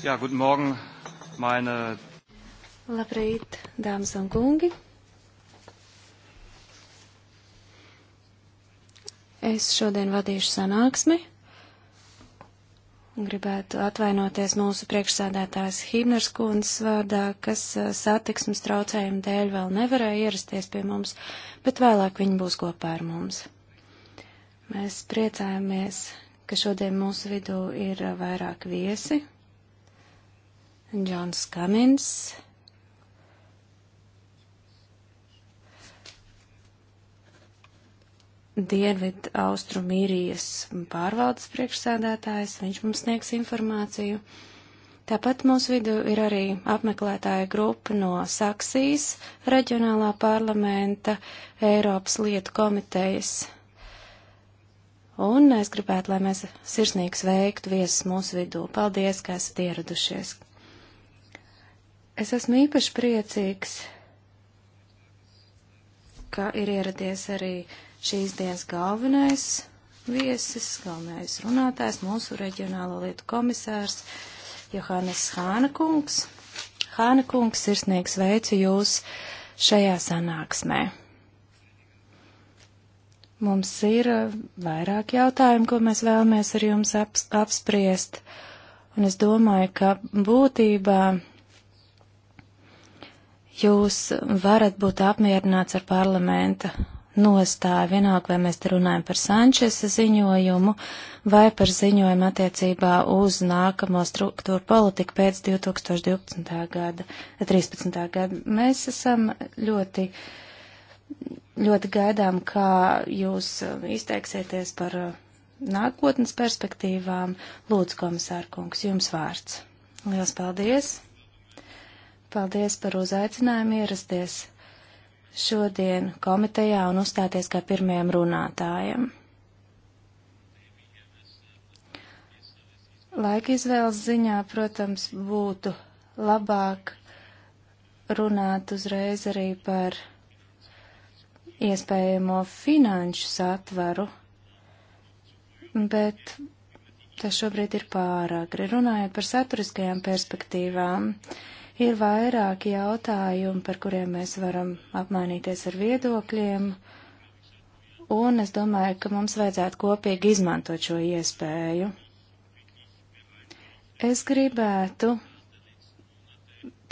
Jā, guten morgen, meine. Labrīt, dāmas un kungi. Es šodien vadīšu sanāksmi un gribētu atvainoties mūsu priekšsādātājs Himners kundas vārdā, kas eh, satiksmes traucējumu dēļ vēl nevarēja ierasties pie mums, bet vēlāk viņi būs kopā ar mums. Mēs priecājamies, ka šodien mūsu vidū ir eh, vairāk viesi, Džons Kamins. Dienvidu Austrumīrijas pārvaldes priekšsēdētājs, viņš mums sniegs informāciju. Tāpat mūsu vidū ir arī apmeklētāja grupa no Saksijas reģionālā parlamenta Eiropas lietu komitejas. Un es gribētu, lai mēs sirsnīgi sveiktu viesus mūsu vidū. Paldies, ka esat ieradušies! Es esmu īpaši priecīgs, ka ir ieradies arī šīs dienas galvenais viesis, galvenais runātājs, mūsu reģionālo lietu komisārs Johannes Hānekungs. Hānekungs sirsnīgs veicu jūs šajā sanāksmē. Mums ir uh, vairāk jautājumu, ko mēs vēlamies ar jums aps, apspriest, un es domāju, ka būtībā jūs varat būt apmierināts ar parlamenta nostāju, vienalga, vai mēs te runājam par Sančesa ziņojumu vai par ziņojumu attiecībā uz nākamo struktūru politiku pēc 2012. gada, 13. gada. Mēs esam ļoti, ļoti gaidām, kā jūs izteiksieties par nākotnes perspektīvām. Lūdzu, komisārkungs, jums vārds. Lielas paldies! Paldies par uzaicinājumu ierasties šodien komitejā un uzstāties kā pirmajam runātājam. Laika izvēles ziņā, protams, būtu labāk runāt uzreiz arī par iespējamo finanšu satvaru, bet tas šobrīd ir pāragri. Runājot par saturiskajām perspektīvām, uh, Ir vairāki jautājumi, par kuriem mēs varam apmainīties ar viedokļiem, un es domāju, ka mums vajadzētu kopīgi izmantot šo iespēju. Es gribētu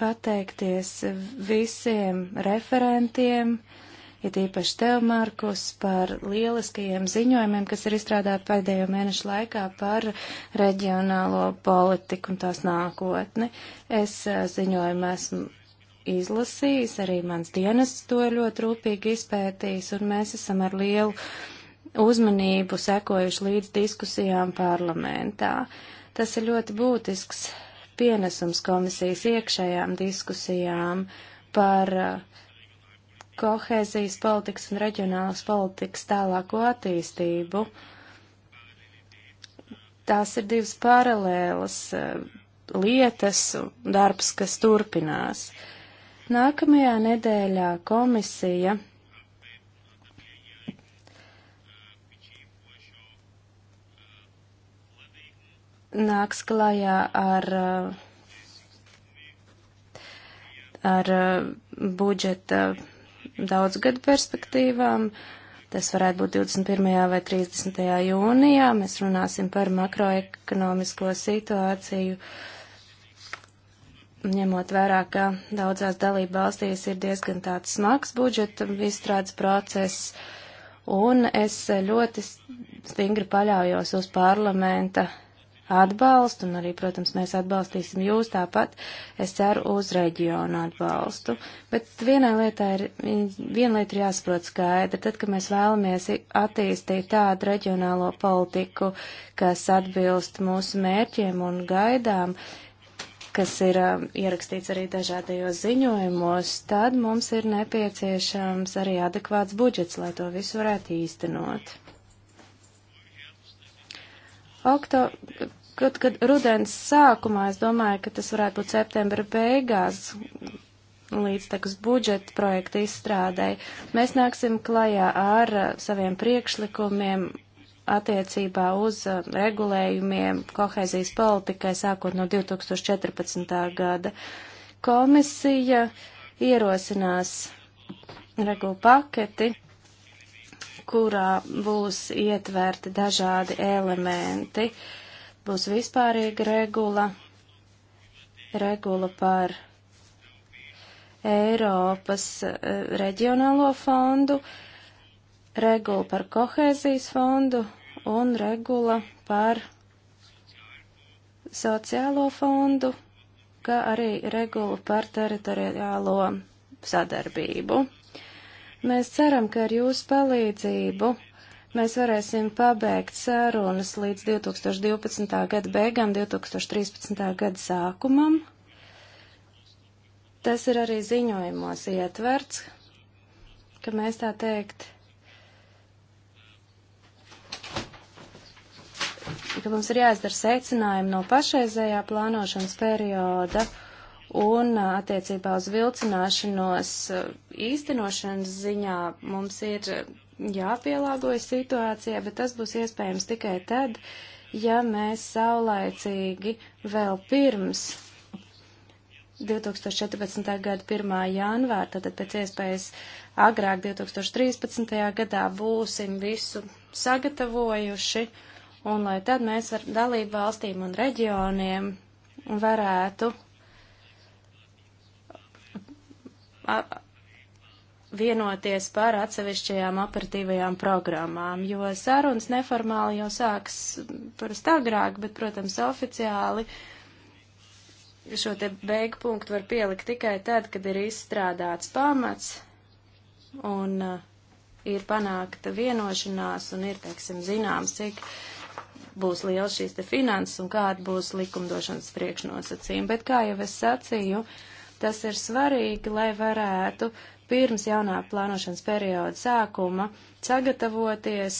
pateikties visiem referentiem, uh, it ja īpaši tev, Markus, par lieliskajiem ziņojumiem, kas ir izstrādāti pēdējo mēnešu laikā par reģionālo politiku un tās nākotni. Es ziņojumu esmu izlasījis, arī mans dienas to ļoti rūpīgi izpētījis, un mēs esam ar lielu uzmanību sekojuši līdz diskusijām parlamentā. Tas ir ļoti būtisks pienesums komisijas iekšējām diskusijām par uh, kohēzijas politikas un reģionālas politikas tālāko attīstību. Tās ir divas paralēlas eh, lietas, darbs, kas turpinās. Nākamajā nedēļā komisija nāks klajā ar, eh, ar eh, budžeta daudz gadu perspektīvām. Tas varētu būt 21. vai 30. jūnijā. Mēs runāsim par makroekonomisko situāciju, ņemot vērā, ka daudzās dalība valstīs ir diezgan tāds smags budžeta izstrādes process. Un es ļoti stingri paļaujos uz parlamenta atbalstu, un arī, protams, mēs atbalstīsim jūs tāpat, es ceru, uz reģionu atbalstu. Bet vienai lietai ir, viena lieta ir jāsaprot skaidri, tad, kad mēs vēlamies attīstīt tādu reģionālo politiku, kas atbilst mūsu mērķiem un gaidām, kas ir uh, ierakstīts arī dažādajos ziņojumos, tad mums ir nepieciešams arī adekvāts budžets, lai to visu varētu īstenot. Okto Kaut kad rudens sākumā es domāju, ka tas varētu būt septembra beigās līdztekus budžeta projekta izstrādēji. Mēs nāksim klajā ar uh, saviem priekšlikumiem attiecībā uz uh, regulējumiem kohēzijas politikai sākot no 2014. gada. Komisija ierosinās regulu paketi, kurā būs ietverti dažādi elementi. Uh, Būs vispārīga regula, regula par Eiropas e, reģionālo fondu, regula par kohēzijas fondu un regula par sociālo fondu, kā arī regula par teritoriālo sadarbību. Mēs ceram, ka ar jūsu palīdzību mēs varēsim pabeigt sarunas līdz 2012. gada beigām, 2013. gada sākumam. Tas ir arī ziņojumos ietverts, ka mēs tā teikt, ka mums ir jāizdara secinājumi no pašreizējā plānošanas perioda un attiecībā uz vilcināšanos īstenošanas ziņā mums ir jāpielāgojas situācijā, bet tas būs iespējams tikai tad, ja mēs saulaicīgi vēl pirms 2014. gada 1. janvāra, tātad pēc iespējas agrāk 2013. gadā būsim visu sagatavojuši, un lai tad mēs ar dalību valstīm un reģioniem varētu vienoties par atsevišķajām operatīvajām programmām, jo sarunas neformāli jau sāks parasti agrāk, bet, protams, oficiāli šo te beigu punktu var pielikt tikai tad, kad ir izstrādāts pamats un uh, ir panākta vienošanās un ir, teiksim, zināms, cik būs liels šīs te finanses un kāda būs likumdošanas priekšnosacījuma. Bet, kā jau es sacīju, tas ir svarīgi, lai varētu uh, pirms jaunā plānošanas perioda sākuma sagatavoties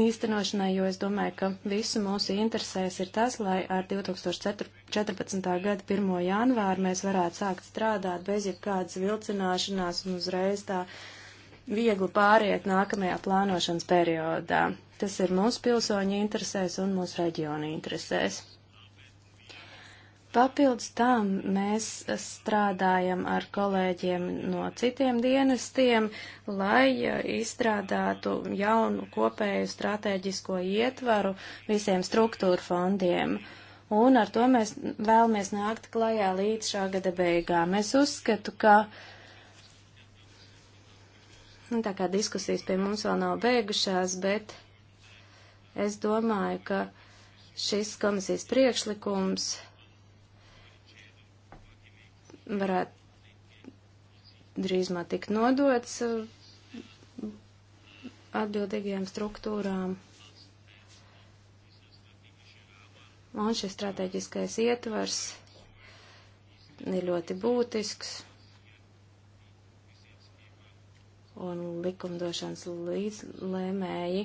īstenošanai, jo es domāju, ka visu mūsu interesēs ir tas, lai ar 2014. gada 1. janvāru mēs varētu sākt strādāt bez jebkādas vilcināšanās un uzreiz tā viegli pāriet nākamajā plānošanas periodā. Tas ir mūsu pilsoņu interesēs un mūsu reģionu interesēs. Papildus tam mēs strādājam ar kolēģiem no citiem dienestiem, lai e, izstrādātu jaunu kopēju strateģisko ietvaru visiem struktūra fondiem. Un ar to mēs vēlamies nākt klajā līdz šā gada beigām. Es uzskatu, ka nu, tā kā diskusijas pie mums vēl nav beigušās, bet es domāju, ka šis komisijas priekšlikums varētu drīzumā tikt nodots uh, atbildīgajām struktūrām. Un šis strateģiskais ietvars ir ļoti būtisks. Un likumdošanas līdzlēmēji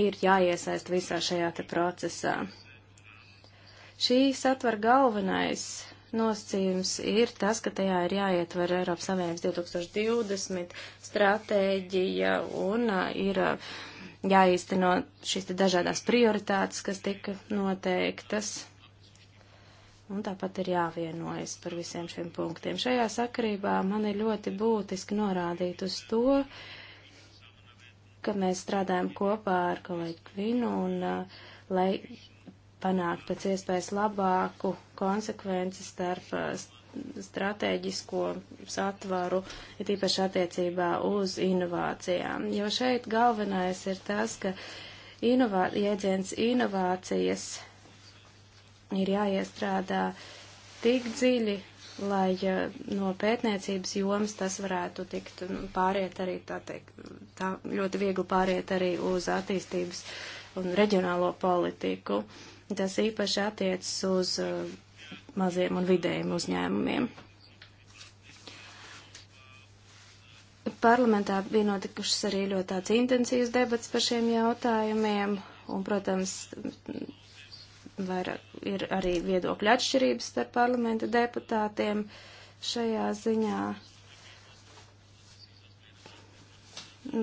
ir jāiesaist visā šajā te procesā. Šī satvara galvenais nosacījums ir tas, ka tajā ir jāietver Eiropas Savienības 2020 stratēģija un ir jāīsteno šīs te dažādās prioritātes, kas tika noteiktas. Un tāpat ir jāvienojas par visiem šiem punktiem. Šajā sakarībā man ir ļoti būtiski norādīt uz to, ka mēs strādājam kopā ar kolēģi Kvinu un uh, lai panākt pēc iespējas labāku konsekvenci starp uh, stratēģisko satvaru, ir īpaši attiecībā uz inovācijām. Jo šeit galvenais ir tas, ka inovā, jēdziens inovācijas ir jāiestrādā tik dziļi, lai uh, no pētniecības jomas tas varētu tikt nu, pāriet arī, tā teikt, tā ļoti viegli pāriet arī uz attīstības un reģionālo politiku. Uh, Tas īpaši attiecas uz uh, maziem un vidējiem uzņēmumiem. Parlamentā bija notikušas arī ļoti tāds intensīvs debats par šiem jautājumiem, un, protams, vairāk ir arī viedokļa atšķirības starp parlamenta deputātiem šajā ziņā.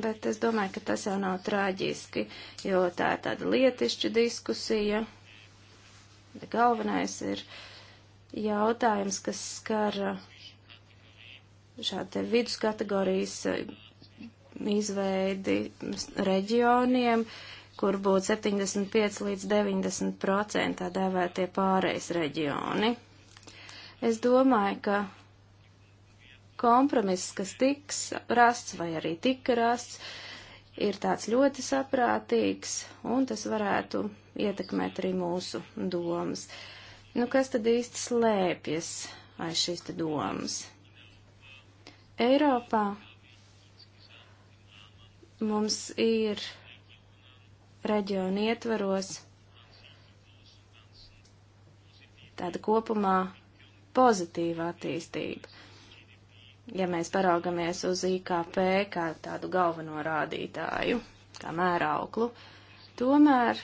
Bet es domāju, ka tas jau nav traģiski, jo tā ir tāda lietišķa diskusija, Bet galvenais ir jautājums, kas skar uh, šāda viduskategorijas uh, izveidi reģioniem, kur būtu 75 līdz 90 procentā dēvētie pārējais reģioni. Es domāju, ka kompromiss, kas tiks rasts vai arī tika rasts, uh, ir tāds ļoti saprātīgs, un tas varētu ietekmēt arī mūsu domas. Nu, kas tad īsti slēpjas aiz šīs te domas? Eiropā mums ir reģionu ietvaros tāda kopumā pozitīva attīstība ja mēs paraugamies uz IKP kā tādu galveno rādītāju, kā mērauklu, tomēr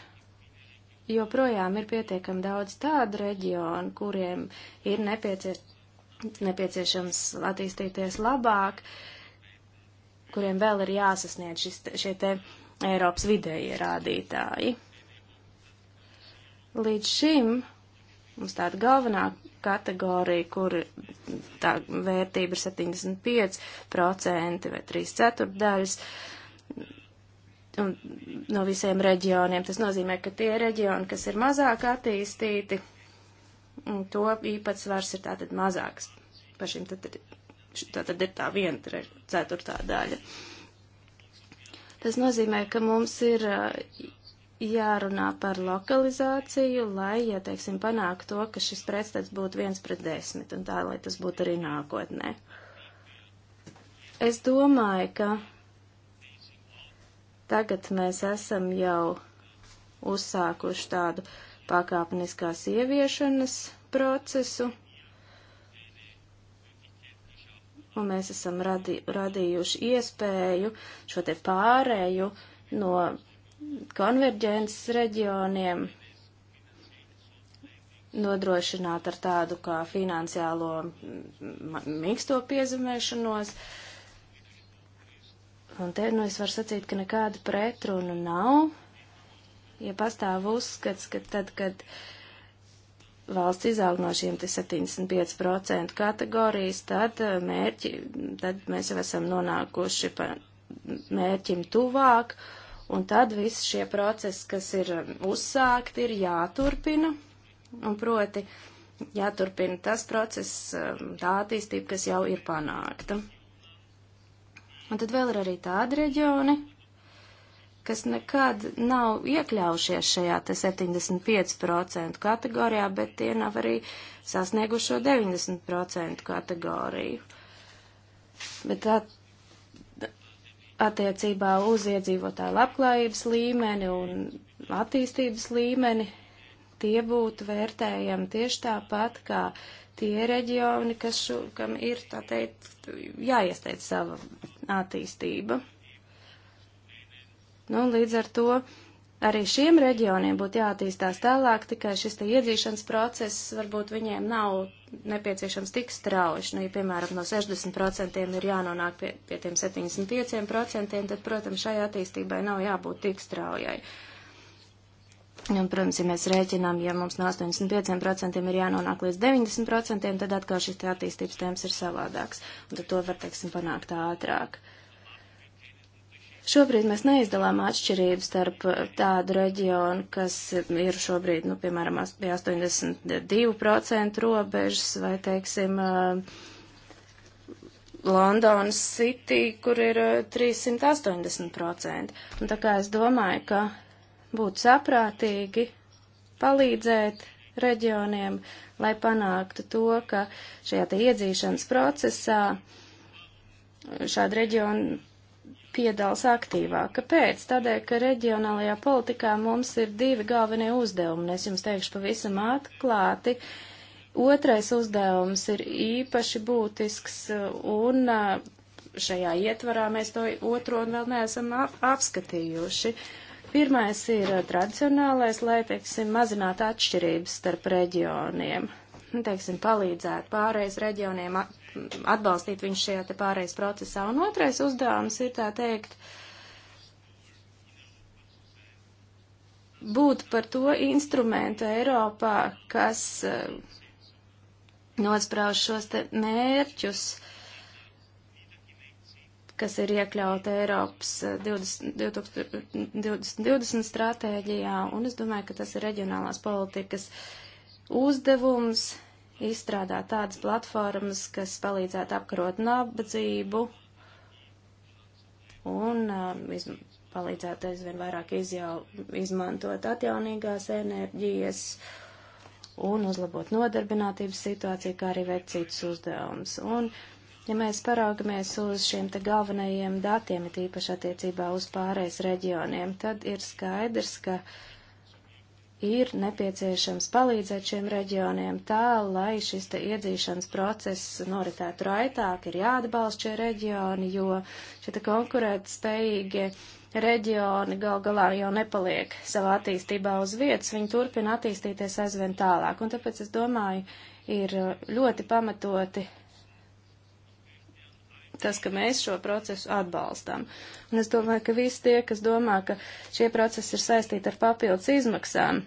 joprojām ir pietiekami daudz tādu reģionu, kuriem ir nepiecie, nepieciešams attīstīties labāk, kuriem vēl ir jāsasniedz šis, šie te Eiropas vidējie rādītāji. Līdz šim mums tāda galvenā kategorija, kur tā vērtība ir 75% vai 3 ceturtdaļas no visiem reģioniem. Tas nozīmē, ka tie reģioni, kas ir mazāk attīstīti, to īpatsvars ir tātad mazāks. Par šim tad ir, tātad ir tā viena tre, ceturtā daļa. Tas nozīmē, ka mums ir jārunā par lokalizāciju, lai, ja teiksim, panāk to, ka šis pretstats būtu viens pret desmit un tā, lai tas būtu arī nākotnē. Es domāju, ka tagad mēs esam jau uzsākuši tādu pakāpeniskās ieviešanas procesu, un mēs esam radi, radījuši iespēju šo te pārēju no konverģences reģioniem nodrošināt ar tādu kā finansiālo miksto piezemēšanos. Un te, nu, es varu sacīt, ka nekāda pretruna nav, ja pastāv uzskats, ka tad, kad valsts izaug no šiem 75% kategorijas, tad eh, mērķi, tad mēs jau esam nonākuši pa mērķim tuvāk, uh, Un tad visi šie procesi, kas ir um, uzsākti, ir jāturpina. Un proti, jāturpina tas process, um, tā attīstība, kas jau ir panākta. Un tad vēl ir arī tādi reģioni, kas nekad nav iekļaujušies šajā 75% kategorijā, bet tie nav arī sasniegušo 90% kategoriju. Bet tā, attiecībā uz iedzīvotāju labklājības līmeni un attīstības līmeni, tie būtu vērtējami tieši tāpat kā tie reģioni, kas šo, kam ir, tā teikt, jāiesteic sava attīstība. Nu, līdz ar to arī šiem reģioniem būtu jātīstās tālāk, tikai šis te iedzīšanas process varbūt viņiem nav nepieciešams tik strauši. Nu, ja, piemēram, no 60% ir jānonāk pie, pie tiem 75%, tad, protams, šai attīstībai nav jābūt tik straujai. Un, protams, ja mēs rēķinām, ja mums no 85% ir jānonāk līdz 90%, tad atkal šis te attīstības temps ir savādāks. Un tad to var, teiksim, panākt ātrāk. Šobrīd mēs neizdalām atšķirību starp uh, tādu reģionu, kas ir šobrīd, nu, piemēram, pie 82% robežas vai, teiksim, uh, Londonas City, kur ir 380%. Uh, Un tā kā es domāju, ka būtu saprātīgi palīdzēt reģioniem, lai panāktu to, ka šajā te iedzīšanas procesā šādi reģioni piedalās aktīvāk. Kāpēc? Tādēļ, ka reģionālajā politikā mums ir divi galvenie uzdevumi, un es jums teikšu pavisam atklāti. Otrais uzdevums ir īpaši būtisks, un eh, šajā ietvarā mēs to otro un vēl neesam ap apskatījuši. Pirmais ir eh, tradicionālais, lai, teiksim, mazinātu atšķirības starp reģioniem. Nu, teiksim, palīdzēt pārējais reģioniem atbalstīt viņu šajā te pārējais procesā. Un otrais uzdevums ir tā teikt, būt par to instrumentu Eiropā, kas eh, nosprauž šos te mērķus, kas ir iekļauti Eiropas 20, 2020, 2020 stratēģijā, un es domāju, ka tas ir reģionālās politikas uzdevums izstrādāt tādas platformas, kas palīdzētu apkarot nabadzību un uh, palīdzētu aizvien vairāk izjau, izmantot atjaunīgās enerģijas un uzlabot nodarbinātības situāciju, kā arī veikt citus uzdevumus. Un, ja mēs paraugamies uz šiem te galvenajiem datiem, it īpaši attiecībā uz pārējais reģioniem, tad ir skaidrs, ka uh, ir nepieciešams palīdzēt šiem reģioniem tā, lai šis te iedzīšanas process noritētu raitāk, ir jāatbalsta šie reģioni, jo šie te konkurēt spējīgi reģioni gal galā jau nepaliek savā attīstībā uz vietas, viņi turpina attīstīties aizvien tālāk. Un tāpēc es domāju, ir ļoti pamatoti tas, ka mēs šo procesu atbalstam. Un es domāju, ka visi tie, kas domā, ka šie procesi ir saistīti ar papildus izmaksām,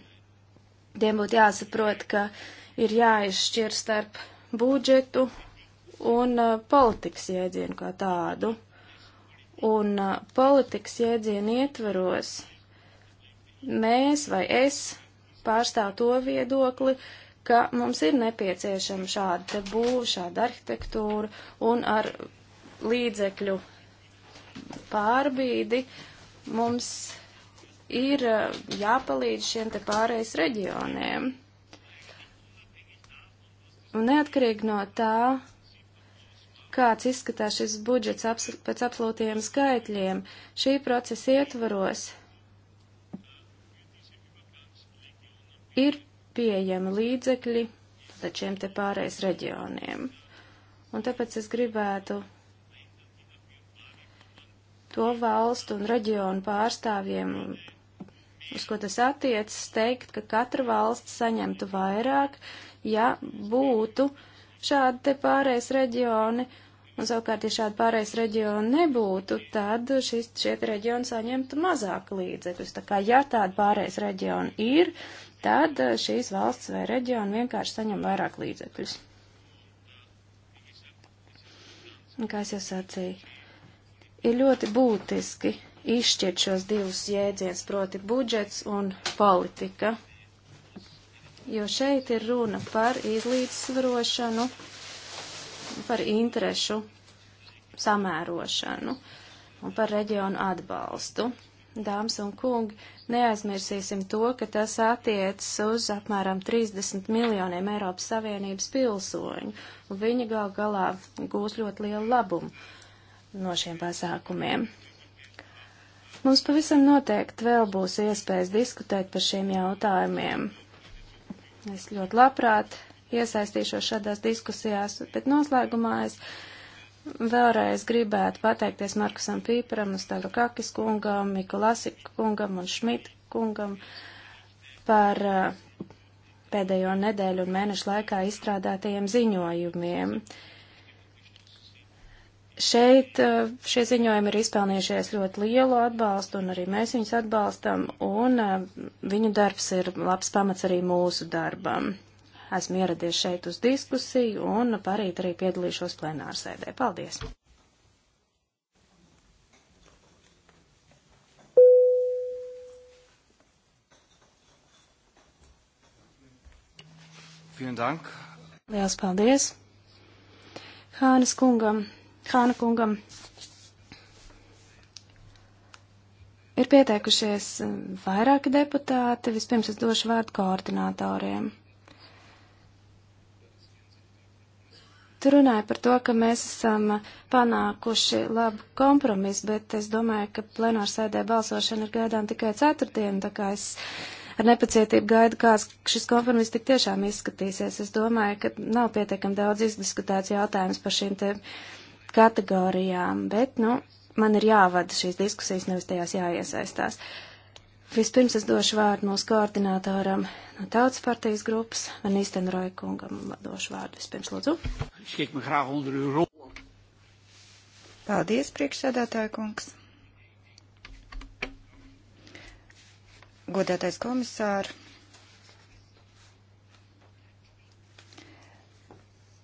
tiem būtu jāsaprot, ka ir jāizšķir starp budžetu un uh, politikas jēdzienu kā tādu. Un uh, politikas jēdzienu ietveros mēs vai es pārstāv to viedokli, ka mums ir nepieciešama šāda būva, šāda arhitektūra un ar līdzekļu pārbīdi, mums ir eh, jāpalīdz šiem te pārējais reģioniem. Un neatkarīgi no tā, kāds izskatās šis budžets abs pēc absolūtiem skaitļiem, šī procesa ietvaros ir pieejami līdzekļi tačiem te pārējais reģioniem. Un tāpēc es gribētu to valstu un reģionu pārstāvjiem, uz ko tas attiecas, teikt, ka katra valsts saņemtu vairāk, ja būtu šādi te pārējais reģioni, un savukārt, ja šādi pārējais reģioni nebūtu, tad šis, šie reģioni saņemtu mazāk līdzekļus. Tā kā, ja tāda pārējais reģiona ir, tad eh, šīs valsts vai reģioni vienkārši saņem vairāk līdzekļus. Un kā es jau sacīju, ir ļoti būtiski izšķirt šos divus jēdzienus, proti budžets un politika. Jo šeit ir runa par izlīdzsvarošanu, par interešu samērošanu un par reģionu atbalstu. Dāmas un kungi, neaizmirsīsim to, ka tas attiecas uz apmēram 30 miljoniem Eiropas Savienības pilsoņu, un viņi gal galā gūs ļoti lielu labumu no šiem pasākumiem. Mums pavisam noteikti vēl būs iespējas diskutēt par šiem jautājumiem. Es ļoti labprāt iesaistīšos šādās diskusijās, bet noslēgumā es vēlreiz gribētu pateikties Markusam Pīperam, Stavrakakis kungam, Mikulasik kungam un Šmit kungam par eh, pēdējo nedēļu un mēnešu laikā izstrādātajiem ziņojumiem. Uh, Šeit eh, šie ziņojumi ir izpelnījušies ļoti lielu atbalstu, un arī mēs viņus atbalstam, un eh, viņu darbs ir labs pamats arī mūsu darbam. Esmu ieradies šeit uz diskusiju, un parīt arī piedalīšos plenārsēdē. Paldies! Vielen Dank. Lielas paldies Hānes kungam. Hāna kungam. Ir pieteikušies vairāki deputāti. Vispirms es došu vārdu koordinātoriem. Tu runāji par to, ka mēs esam panākuši labu kompromisu, bet es domāju, ka plenārsēdē balsošana ir gaidām tikai ceturtdien, tā kā es ar nepacietību gaidu, kāds šis kompromiss tik tiešām izskatīsies. Es domāju, ka nav pietiekami daudz izdiskutēts jautājums par šīm te kategorijām, bet, nu, man ir jāvada šīs diskusijas, nevis tajās jāiesaistās. Vispirms es došu vārdu mūsu koordinātoram no Tautas partijas grupas, Van Istenroja kungam došu vārdu vispirms, lūdzu. Paldies, priekšsēdētāja kungs. Godātais komisāri,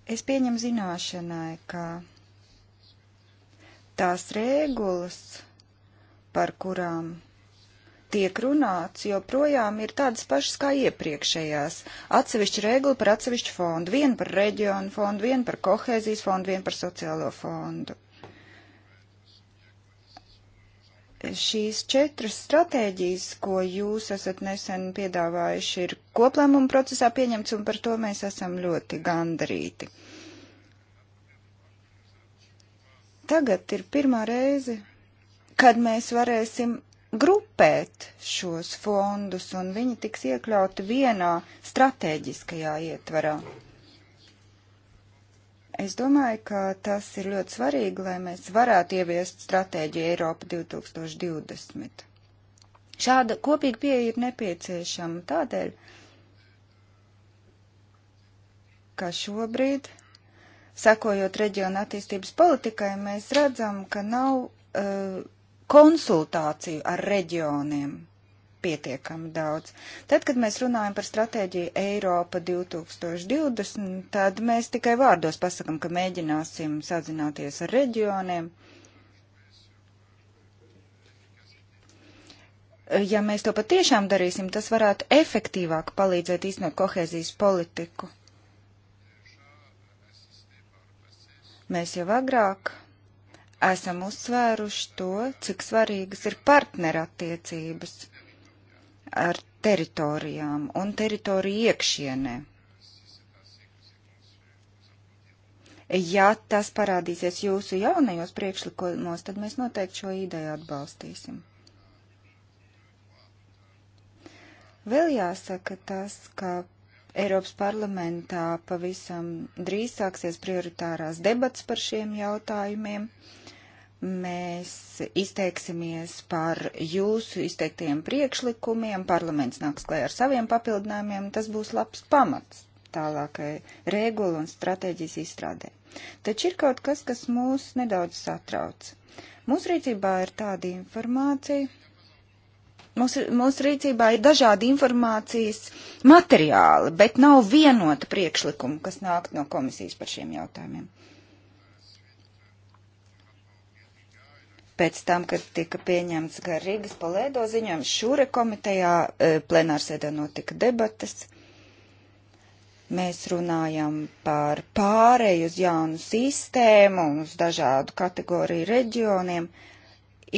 es pieņemu zināšanai, ka Tās regulas, par kurām tiek runāts, joprojām ir tādas pašas kā iepriekšējās. Atsevišķa regula par atsevišķu fondu, viena par reģionu fondu, viena par kohēzijas fondu, viena par sociālo fondu. Šīs četras stratēģijas, ko jūs esat nesen piedāvājuši, ir koplēmuma procesā pieņemts, un par to mēs esam ļoti gandarīti. Uh, Tagad ir pirmā reize, kad mēs varēsim grupēt šos fondus, un viņi tiks iekļauti vienā strateģiskajā ietvarā. Es domāju, ka tas ir ļoti svarīgi, lai mēs varētu ieviest stratēģiju Eiropa 2020. Šāda kopīga pieeja ir nepieciešama tādēļ, ka šobrīd Sekojot reģiona attīstības politikai, mēs redzam, ka nav uh, konsultāciju ar reģioniem pietiekami daudz. Tad, kad mēs runājam par stratēģiju Eiropa 2020, tad mēs tikai vārdos pasakam, ka mēģināsim sazināties ar reģioniem. Ja mēs to patiešām darīsim, tas varētu efektīvāk palīdzēt īstenot kohēzijas politiku. Mēs jau agrāk esam uzsvēruši to, cik svarīgas ir partnerattiecības ar teritorijām un teritoriju iekšienē. Ja tas parādīsies jūsu jaunajos priekšlikumos, tad mēs noteikti šo ideju atbalstīsim. Vēl jāsaka tas, ka Eiropas parlamentā pavisam drīz sāksies prioritārās debats par šiem jautājumiem. Mēs izteiksimies par jūsu izteiktajiem priekšlikumiem, parlaments nāks klē ar saviem papildinājumiem, tas būs labs pamats tālākai regulu un stratēģijas izstrādē. Taču ir kaut kas, kas mūs nedaudz satrauc. Mūsu rīcībā ir tāda informācija, Mums, mūsu rīcībā ir dažādi informācijas materiāli, bet nav vienota priekšlikuma, kas nāk no komisijas par šiem jautājumiem. Pēc tam, kad tika pieņemts gar Rīgas palēdo ziņojums, šūre komitejā e, plenārsēdē notika debatas mēs runājam par pārēju uz jaunu sistēmu un uz dažādu kategoriju reģioniem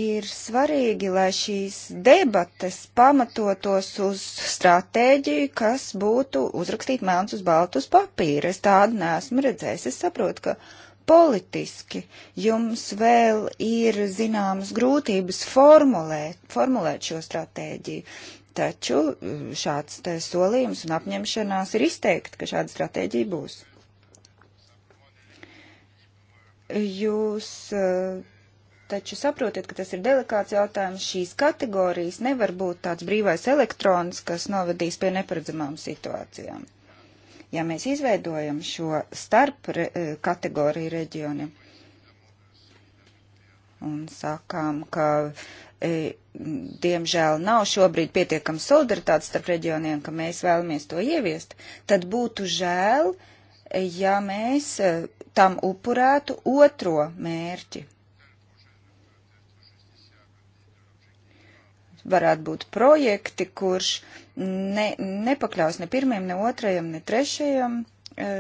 ir svarīgi, lai šīs debates pamatotos uz stratēģiju, kas būtu uzrakstīt melns uz baltu uz papīra. Es tādu neesmu redzējis. Es saprotu, ka politiski jums vēl ir zināmas grūtības formulēt, formulēt šo stratēģiju. Taču mm, šāds solījums un apņemšanās ir izteikti, ka šāda stratēģija būs. Jūs uh, Taču saprotiet, ka tas ir delikāts jautājums. Šīs kategorijas nevar būt tāds brīvais elektrons, kas novadīs pie neparedzamām situācijām. Ja mēs izveidojam šo starp re, e, kategoriju reģioni un sakām, ka e, diemžēl nav šobrīd pietiekama solidaritāte starp reģioniem, ka mēs vēlamies to ieviest, tad būtu žēl, e, ja mēs e, tam upurētu otro mērķi varētu būt projekti, kurš ne, nepakļaus ne pirmajam, ne otrajam, ne trešajam e,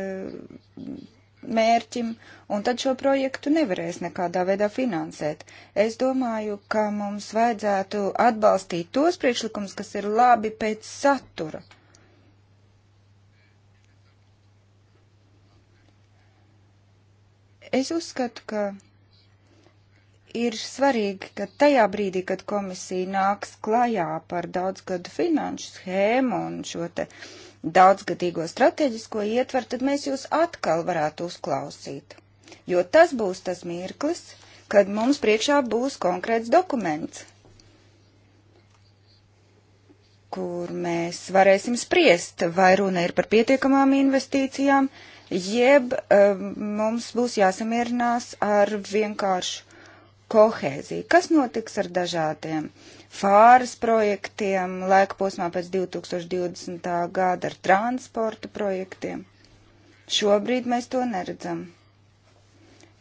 mērķim, un tad šo projektu nevarēs nekādā veidā finansēt. Es domāju, ka mums vajadzētu atbalstīt tos priekšlikumus, kas ir labi pēc satura. Es uzskatu, ka ir svarīgi, ka tajā brīdī, kad komisija nāks klajā par daudzgadu finanšu schēmu un šo te daudzgadīgo strateģisko ietvaru, tad mēs jūs atkal varētu uzklausīt. Jo tas būs tas mirklis, kad mums priekšā būs konkrēts dokuments, kur mēs varēsim spriest, vai runa ir par pietiekamām investīcijām, jeb um, mums būs jāsamierinās ar vienkāršu kohēzija. Kas notiks ar dažādiem fāras projektiem laika posmā pēc 2020. gada, ar transporta projektiem? Šobrīd mēs to neredzam.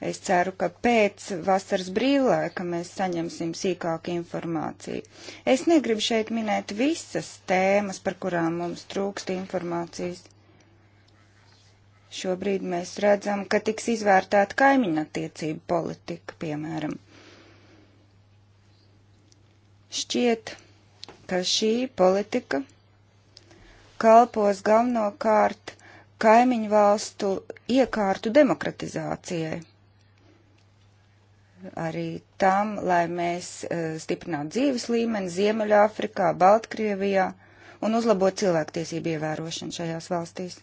Es ceru, ka pēc vasaras brīvlaika mēs saņemsim sīkāku informāciju. Es negribu šeit minēt visas tēmas, par kurām mums trūkst informācijas. Šobrīd mēs redzam, ka tiks izvērtēta kaimiņattiecību politika, piemēram. Šķiet, ka šī politika kalpos galvenokārt kaimiņu valstu iekārtu demokratizācijai. Arī tam, lai mēs eh, stiprinātu dzīves līmeni Ziemeļāfrikā, Baltkrievijā un uzlabot cilvēktiesību ievērošanu šajās valstīs.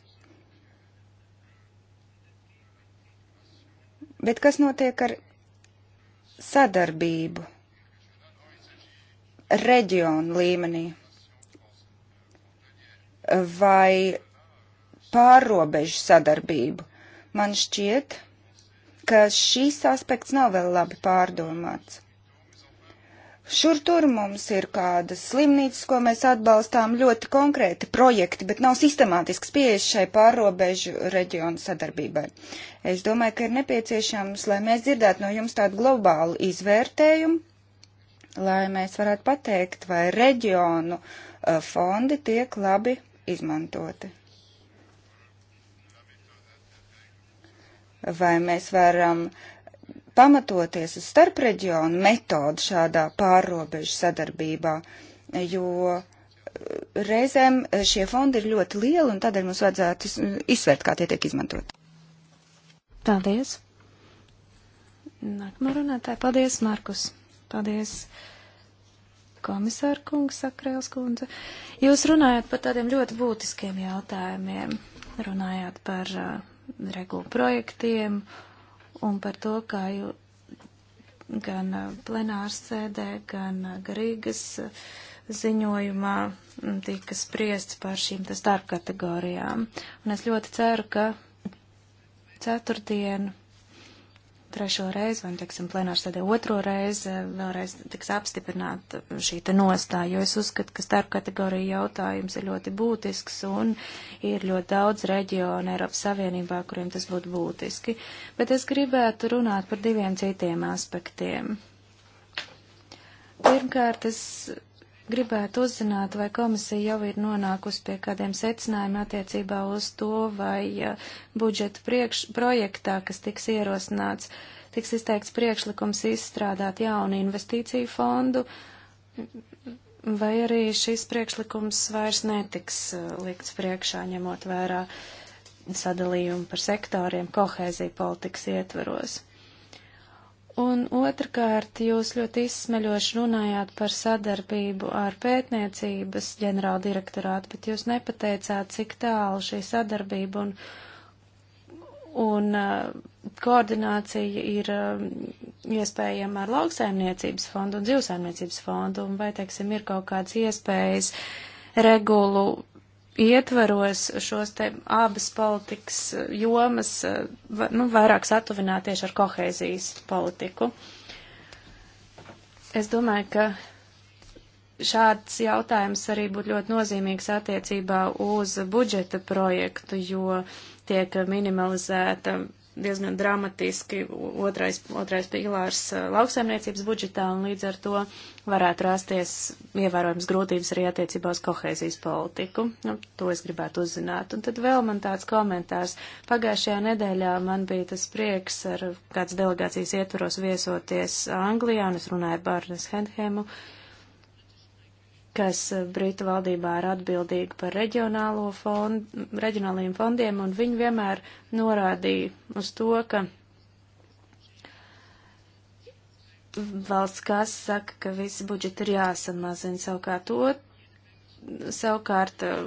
Bet kas notiek ar sadarbību reģionu līmenī? Vai pārrobežu sadarbību? Man šķiet, ka šīs aspekts nav vēl labi pārdomāts. Šur tur mums ir kādas slimnīcas, ko mēs atbalstām, ļoti konkrēti projekti, bet nav sistemātisks pieejas šai pārobežu reģionu sadarbībai. Es domāju, ka ir nepieciešams, lai mēs dzirdētu no jums tādu globālu izvērtējumu lai mēs varētu pateikt, vai reģionu uh, fondi tiek labi izmantoti. Vai mēs varam pamatoties uz starpreģionu metodu šādā pārrobežu sadarbībā, jo uh, reizēm uh, šie fondi ir ļoti lieli un tādēļ mums vajadzētu izsvērt, kā tie tiek izmantot. Paldies! Nākamā runātāja, paldies, Markus! Paldies, komisāra kungs, Sakrēls kundze. Jūs runājat par tādiem ļoti būtiskiem jautājumiem. Runājāt par uh, regulu projektiem un par to, kā jū, gan uh, plenārs sēdē, gan uh, garīgas uh, ziņojumā mm, tika spriests par šīm starp kategorijām. Un es ļoti ceru, ka ceturtdien trešo reizi, vai, nu, teiksim, plenārsēdē otro reizi, vēlreiz tiks apstiprināta šī te nostāja, jo es uzskatu, ka starp kategoriju jautājums ir ļoti būtisks un ir ļoti daudz reģionu Eiropas Savienībā, kuriem tas būtu būtiski. Bet es gribētu runāt par diviem citiem aspektiem. Pirmkārt, es Gribētu uzzināt, vai komisija jau ir nonākusi pie kādiem secinājumiem attiecībā uz to, vai budžeta priekš, projektā, kas tiks ierosināts, tiks izteikts priekšlikums izstrādāt jaunu investīciju fondu, vai arī šis priekšlikums vairs netiks uh, likts priekšā, ņemot vērā sadalījumu par sektoriem kohēzija politikas ietveros. Un otrkārt, jūs ļoti izsmeļoši runājāt par sadarbību ar pētniecības ģenerāla direktorātu, bet jūs nepateicāt, cik tālu šī sadarbība un, un uh, koordinācija ir uh, iespējama ar lauksaimniecības fondu un dzīvsaimniecības fondu, un vai, teiksim, ir kaut kāds iespējas regulu ietveros šos te abas politikas eh, jomas, eh, nu, vairāk satuvināt tieši ar kohēzijas politiku. Es domāju, ka šāds jautājums arī būtu ļoti nozīmīgs attiecībā uz budžeta projektu, jo tiek minimalizēta diezgan dramatiski otrais, otrais pīlārs lauksaimniecības budžetā, un līdz ar to varētu rasties ievērojams grūtības arī attiecībā uz kohēzijas politiku. Nu, to es gribētu uzzināt. Un tad vēl man tāds komentārs. Pagājušajā nedēļā man bija tas prieks ar kāds delegācijas ietvaros viesoties Anglijā, un es runāju ar Barnes Hendhemu. Uh, kas eh, Britu valdībā ir atbildīga par reģionālo fondu, reģionāliem fondiem, un viņi vienmēr norādīja uz to, ka valsts kas saka, ka visi budžeti ir jāsamazina, savukārt to, savukārt eh,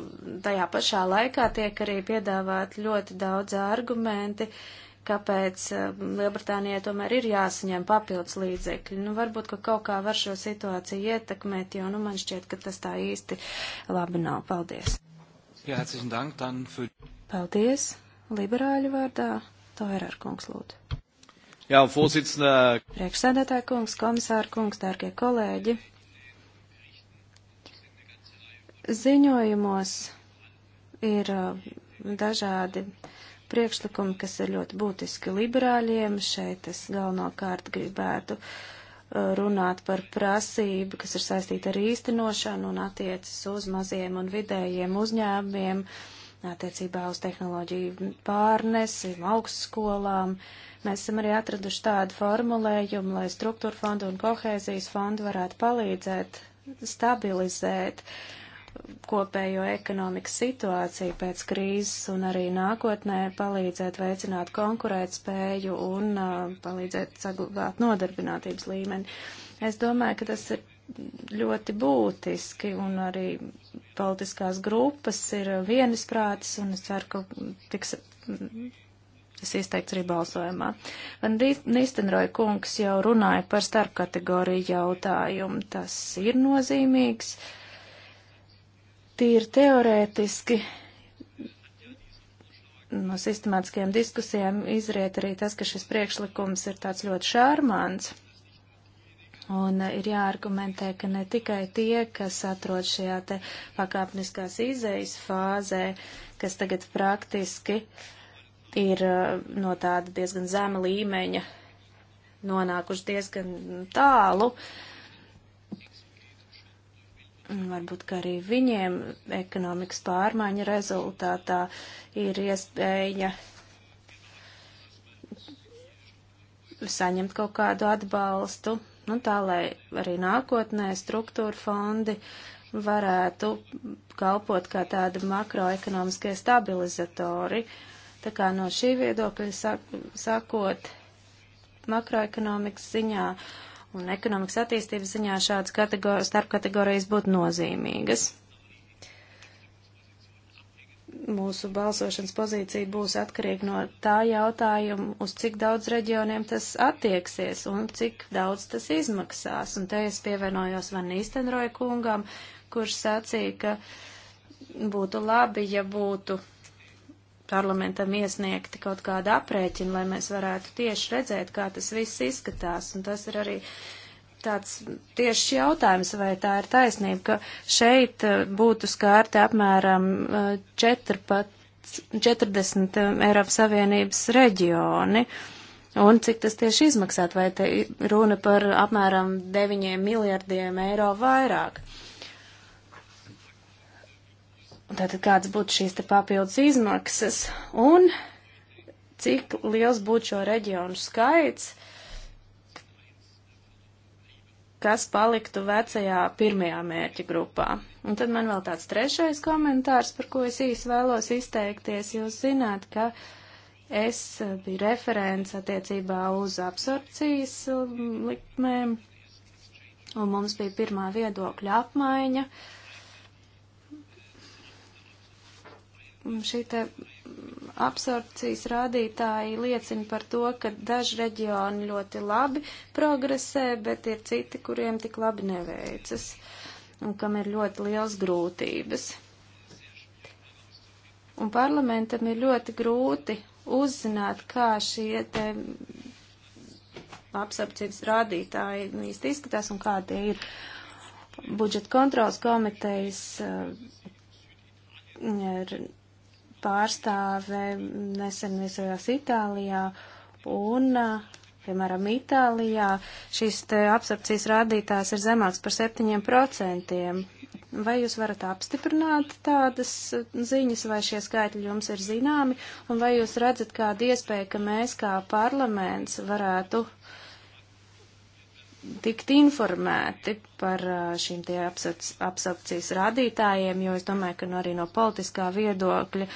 tajā pašā laikā tiek arī piedāvāt ļoti daudz argumenti, uh, kāpēc um, Lielbritānijai tomēr ir jāsaņem papildus līdzekļi. Nu, varbūt, ka kaut kā var šo situāciju ietekmēt, jo, nu, man šķiet, ka tas tā īsti labi nav. Paldies. Jā, dank, dann für... Paldies. Liberāļu vārdā. To ir ar kungs lūdzu. Jā, Fosicnē. Eh, Priekšsēdētāja kungs, komisāra kungs, dārgie kolēģi. Ziņojumos ir eh, dažādi uh, priekšlikumi, kas ir ļoti būtiski liberāļiem. Šeit es galvenokārt gribētu uh, runāt par prasību, kas ir saistīta ar īstenošanu un attiecas uz maziem un vidējiem uzņēmumiem, attiecībā uz tehnoloģiju pārnesi, augstskolām. Mēs esam arī atraduši tādu formulējumu, lai struktūra fondu un kohēzijas fondu varētu palīdzēt stabilizēt uh, kopējo ekonomikas situāciju pēc krīzes un arī nākotnē palīdzēt veicināt konkurētspēju un uh, palīdzēt saglabāt nodarbinātības līmeni. Es domāju, ka tas ir ļoti būtiski un arī politiskās grupas ir vienisprātis un es ceru, ka tiks. Tas izteikts arī balsojumā. Van Nistenroja kungs jau runāja par starpkategoriju jautājumu. Tas ir nozīmīgs. Uh, tīri teorētiski no sistemātiskajām diskusijām izriet arī tas, ka šis priekšlikums ir tāds ļoti šārmāns. Un eh, ir jāargumentē, ka ne tikai tie, kas atrod šajā te pakāpniskās izejas fāzē, kas tagad praktiski ir eh, no tāda diezgan zema līmeņa nonākuši diezgan tālu, uh, Varbūt, ka arī viņiem ekonomikas pārmaiņa rezultātā ir iespēja saņemt kaut kādu atbalstu, nu tā, lai arī nākotnē struktūra fondi varētu kalpot kā tādi makroekonomiskie stabilizatori. Tā kā no šī viedokļa sakot, makroekonomikas ziņā uh, un ekonomikas attīstības ziņā šādas kategor starpkategorijas būtu nozīmīgas. Mūsu balsošanas pozīcija būs atkarīga no tā jautājuma, uz cik daudz reģioniem tas attieksies un cik daudz tas izmaksās. Un te es pievienojos Van Īstenroja kungam, kurš sacīja, ka būtu labi, ja būtu parlamentam iesniegti kaut kāda aprēķina, lai mēs varētu tieši redzēt, kā tas viss izskatās. Un tas ir arī tāds tieši jautājums, vai tā ir taisnība, ka šeit eh, būtu skārti apmēram 14, eh, 40 eh, Eiropas Savienības reģioni. Un cik tas tieši izmaksāt, vai te runa par apmēram 9 miljardiem eiro vairāk? Uh, Tātad kāds būtu šīs te papildus izmaksas un cik liels būtu šo reģionu skaits, kas paliktu vecajā pirmajā mērķa grupā. Un tad man vēl tāds trešais komentārs, par ko es īsti vēlos izteikties. Jūs zināt, ka es biju referents attiecībā uz absorpcijas um, likmēm, un mums bija pirmā viedokļa apmaiņa. Uh, šī te absorpcijas rādītāji liecina par to, ka daži reģioni ļoti labi progresē, bet ir citi, kuriem tik labi neveicas un kam ir ļoti liels grūtības. Un parlamentam ir ļoti grūti uzzināt, kā šie te apsardzības rādītāji īsti izskatās un kā tie ir budžeta kontrolas komitejas eh, pārstāve nesen viesojās Itālijā un, piemēram, Itālijā šis absorpcijas rādītājs ir zemāks par 7%. Vai jūs varat apstiprināt tādas ziņas, vai šie skaitļi jums ir zināmi, un vai jūs redzat kādu iespēju, ka mēs kā parlaments varētu uh, tikt informēti par šīm tie absorpcijas rādītājiem, jo es domāju, ka nu, arī no politiskā viedokļa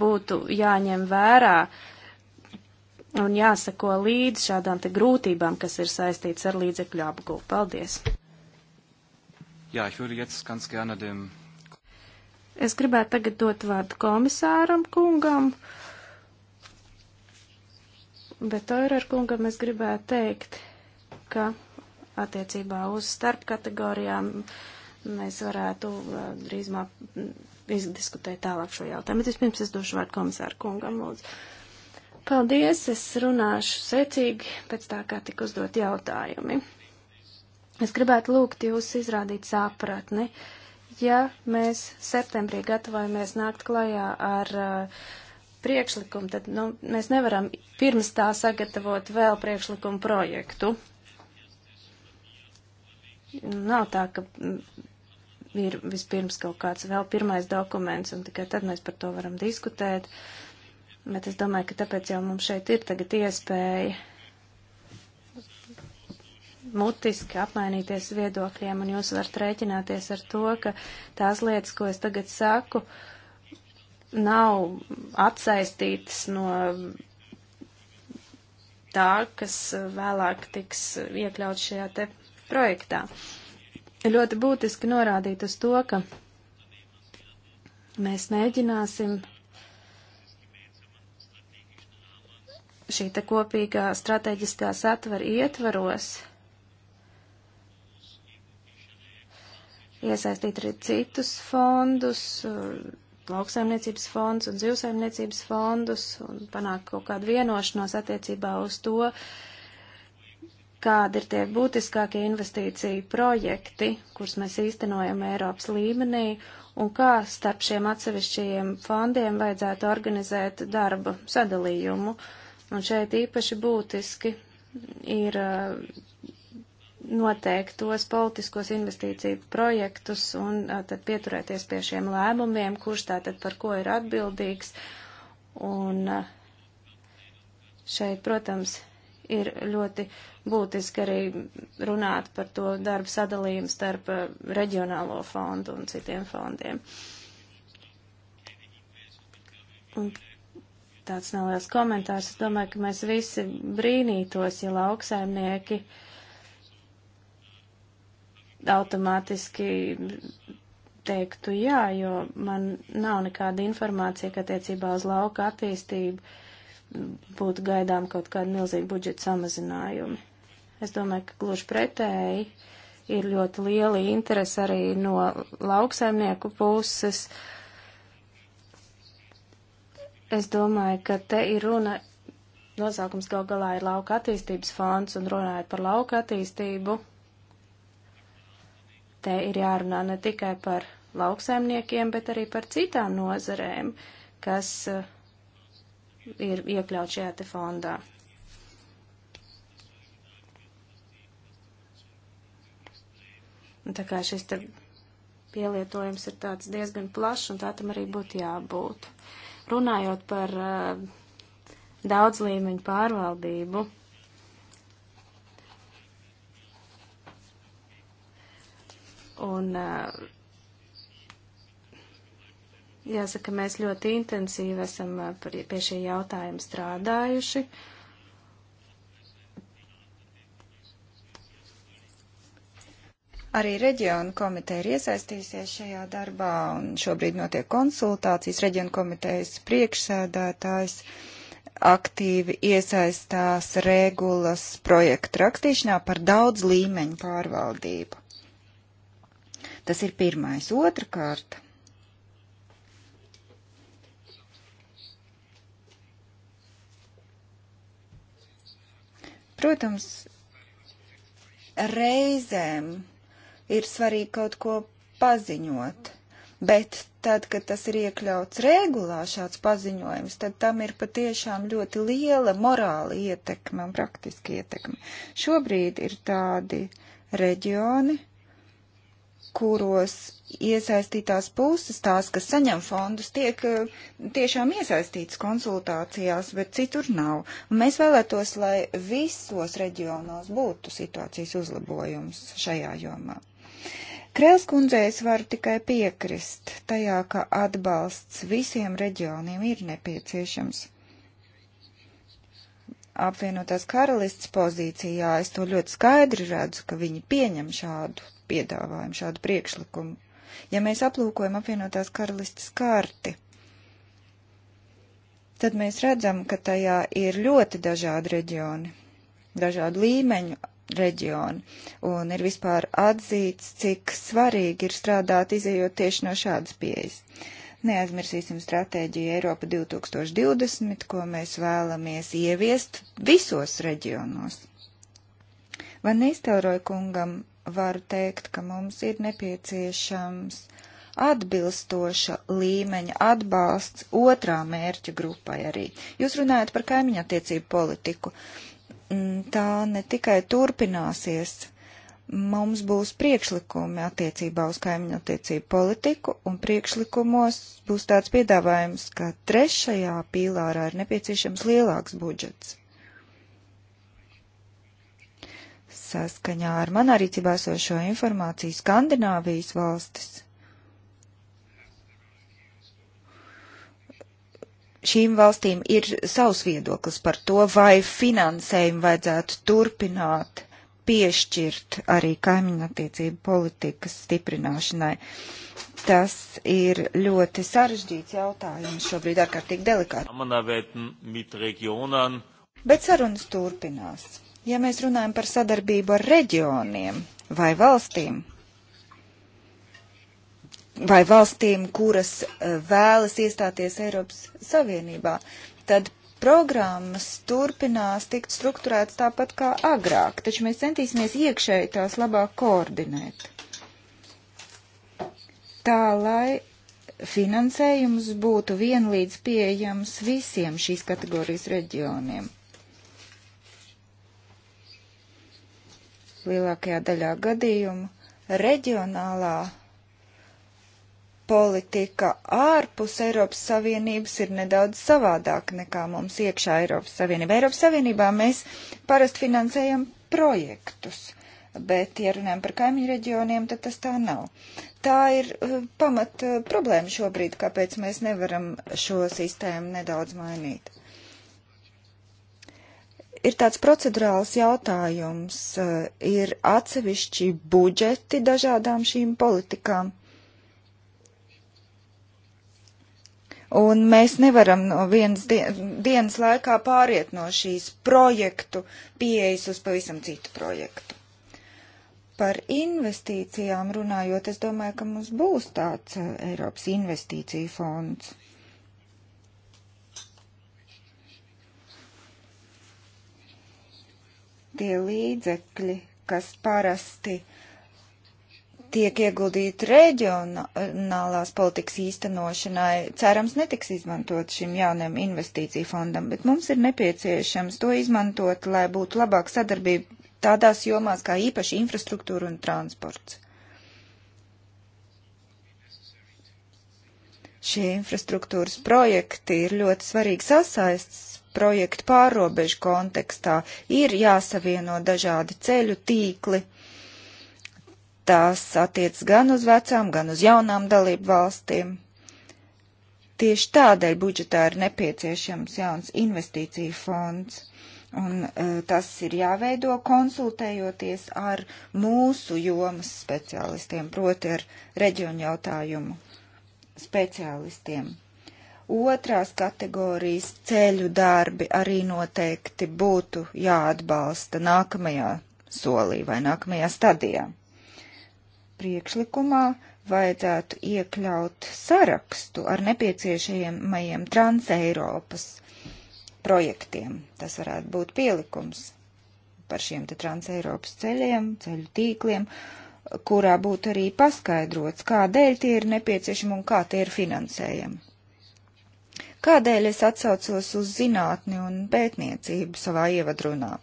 būtu jāņem vērā un jāsako līdz šādām te grūtībām, kas ir saistīts ar līdzekļu apgūvu. Paldies! Jā, ich würde jetzt ganz gerne dem. Es gribētu tagad dot vārdu komisāram kungam, bet Oirar kungam es gribētu teikt, ka attiecībā uz starpkategorijām. Mēs varētu uh, drīzumā mm, izdiskutēt tālāk šo jautājumu. Bet vispirms es došu vārdu komisāru kungam, lūdzu. Paldies, es runāšu secīgi pēc tā, kā tik uzdot jautājumi. Es gribētu lūgt jūs izrādīt sāpratni, ja mēs septembrī gatavojamies nākt klajā ar uh, priekšlikumu, tad nu, mēs nevaram pirms tā sagatavot vēl priekšlikumu projektu. Nav tā, ka ir vispirms kaut kāds vēl pirmais dokuments, un tikai tad mēs par to varam diskutēt. Bet es domāju, ka tāpēc jau mums šeit ir tagad iespēja mutiski apmainīties viedokļiem, un jūs varat rēķināties ar to, ka tās lietas, ko es tagad saku, nav atsaistītas no tā, kas vēlāk tiks iekļauts šajā te projektā. Ir ļoti būtiski norādīt uz to, ka mēs mēģināsim šī te kopīgā strateģiskā satvara ietvaros iesaistīt arī citus fondus, lauksaimniecības fondus un zivsaimniecības fondus un panākt kaut kādu vienošanos attiecībā uz to, uh, kādi ir tie būtiskākie investīciju projekti, kurus mēs īstenojam Eiropas līmenī, un kā starp šiem atsevišķajiem fondiem vajadzētu organizēt darba sadalījumu. Un šeit īpaši būtiski ir uh, noteikt tos politiskos investīciju projektus un uh, tad pieturēties pie šiem lēmumiem, kurš tātad par ko ir atbildīgs. Un uh, šeit, protams, ir ļoti būtiski arī runāt par to darbu sadalījumu starp eh, reģionālo fondu un citiem fondiem. Un tāds neliels komentārs. Es domāju, ka mēs visi brīnītos, ja lauksaimnieki automātiski teiktu jā, jo man nav nekāda informācija, ka attiecībā uz lauka attīstību būtu gaidām kaut kāda milzīga budžeta samazinājumi. Es domāju, ka gluži pretēji ir ļoti liela interese arī no lauksaimnieku puses. Es domāju, ka te ir runa, nosaukums gal galā ir lauka attīstības fonds un runājot par lauka attīstību. Te ir jārunā ne tikai par lauksaimniekiem, bet arī par citām nozarēm, kas uh, ir iekļaut šajā te fondā. Un tā kā šis te pielietojums ir tāds diezgan plašs, un tā tam arī būtu jābūt. Runājot par uh, daudz līmeņu pārvaldību, un uh, Jāsaka, mēs ļoti intensīvi esam uh, pie šī jautājuma strādājuši. Arī reģionu komiteja ir iesaistījusies šajā darbā un šobrīd notiek konsultācijas. Reģionu komitejas priekšsēdētājs aktīvi iesaistās regulas projektu rakstīšanā par daudz līmeņu pārvaldību. Tas ir pirmais. Otrakārt Protams, reizēm ir svarīgi kaut ko paziņot, bet tad, kad tas ir iekļauts regulā šāds paziņojums, tad tam ir patiešām ļoti liela morāla ietekme un praktiska ietekme. Šobrīd ir tādi reģioni, kuros iesaistītās puses, tās, kas saņem fondus, tiek eh, tiešām iesaistītas konsultācijās, bet citur nav. Un mēs vēlētos, lai visos reģionos būtu situācijas uzlabojums šajā jomā. Krēls kundzei es varu tikai piekrist tajā, ka atbalsts visiem reģioniem ir nepieciešams apvienotās karalists pozīcijā, es to ļoti skaidri redzu, ka viņi pieņem šādu piedāvājumu, šādu priekšlikumu. Ja mēs aplūkojam apvienotās karalistes karti, tad mēs redzam, ka tajā ir ļoti dažādi reģioni, dažādu līmeņu reģioni, un ir vispār atzīts, cik svarīgi ir strādāt izējot tieši no šādas pieejas. Neaizmirsīsim stratēģiju Eiropa 2020, ko mēs vēlamies ieviest visos reģionos. Van Nistelroja kungam varu teikt, ka mums ir nepieciešams atbilstoša līmeņa atbalsts otrā mērķa grupai arī. Jūs runājat par kaimiņu attiecību politiku. Mm, tā ne tikai turpināsies, mums būs priekšlikumi attiecībā uz kaimiņu attiecību politiku, un priekšlikumos būs tāds piedāvājums, ka trešajā pīlārā ir nepieciešams lielāks budžets. Saskaņā ar man arī cibāsošo informāciju Skandināvijas valstis. Šīm valstīm ir savs viedoklis par to, vai finansējumu vajadzētu turpināt piešķirt arī kaimiņattiecību politikas stiprināšanai. Tas ir ļoti sarežģīts jautājums, šobrīd ārkārtīgi delikāts. Bet sarunas turpinās. Ja mēs runājam par sadarbību ar reģioniem vai valstīm, vai valstīm, kuras e, vēlas iestāties Eiropas Savienībā, tad programmas turpinās tikt strukturētas tāpat kā agrāk, taču mēs centīsimies iekšēji tās labāk koordinēt. Tā, lai finansējums būtu vienlīdz pieejams visiem šīs kategorijas reģioniem. Lielākajā daļā gadījumu reģionālā politika ārpus Eiropas Savienības ir nedaudz savādāka nekā mums iekšā Eiropas Savienībā. Eiropas Savienībā mēs parasti finansējam projektus, bet, ja runājam par kaimiņu reģioniem, tad tas tā nav. Tā ir uh, pamat uh, problēma šobrīd, kāpēc mēs nevaram šo sistēmu nedaudz mainīt ir tāds procedurāls jautājums. Eh, ir atsevišķi budžeti dažādām šīm politikām. Un mēs nevaram no vienas dienas laikā pāriet no šīs projektu pieejas uz pavisam citu projektu. Par investīcijām runājot, es domāju, ka mums būs tāds eh, Eiropas investīcija fonds. Tie līdzekļi, kas parasti tiek ieguldīti reģionālās politikas īstenošanai, cerams, netiks izmantot šim jaunam investīciju fondam, bet mums ir nepieciešams to izmantot, lai būtu labāka sadarbība tādās jomās kā īpaši infrastruktūra un transports. Šie infrastruktūras projekti ir ļoti svarīgi sasaists projektu pārrobežu kontekstā. Ir jāsavieno dažādi ceļu tīkli. Tās attiec gan uz vecām, gan uz jaunām dalību valstīm. Tieši tādēļ budžetā ir nepieciešams jauns investīciju fonds. Un e, tas ir jāveido konsultējoties ar mūsu jomas speciālistiem, proti ar reģionu jautājumu speciālistiem. Otrās kategorijas ceļu darbi arī noteikti būtu jāatbalsta nākamajā solī vai nākamajā stadijā. Priekšlikumā vajadzētu iekļaut sarakstu ar nepieciešamajiem Transeiropas projektiem. Tas varētu būt pielikums par šiem te Transeiropas ceļiem, ceļu tīkliem, kurā būtu arī paskaidrots, kādēļ tie ir nepieciešami un kā tie ir finansējami. Kādēļ es atsaucos uz zinātni un pētniecību savā ievadrunā?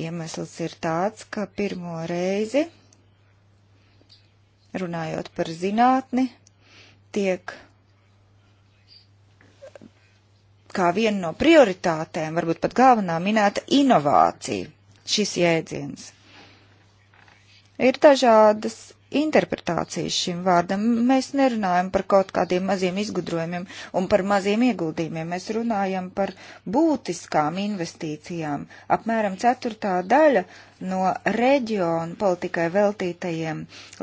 Iemesls ir tāds, ka pirmo reizi, runājot par zinātni, tiek kā viena no prioritātēm, varbūt pat galvenā minēta inovācija, šis jēdziens. Ir dažādas interpretācijas šim vārdam. Mēs nerunājam par kaut kādiem maziem izgudrojumiem un par maziem ieguldījumiem. Mēs runājam par būtiskām investīcijām. Apmēram ceturtā daļa no reģionu politikai veltītajiem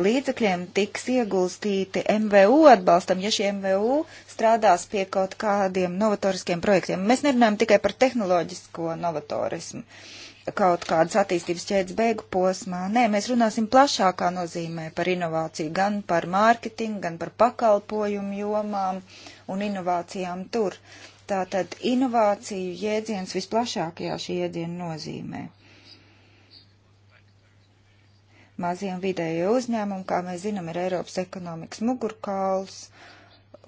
līdzekļiem tiks ieguldīti MVU atbalstam, ja šie MVU strādās pie kaut kādiem novatoriskiem projektiem. Mēs nerunājam tikai par tehnoloģisko novatorismu. Uh, kaut kādas attīstības ķēdes beigu posmā. Nē, mēs runāsim plašākā nozīmē par inovāciju, gan par mārketingu, gan par pakalpojumu jomām un inovācijām tur. Tātad inovāciju jēdziens visplašākajā šī jēdziena nozīmē. Maziem vidējo uzņēmumu, kā mēs zinām, ir Eiropas ekonomikas mugurkauls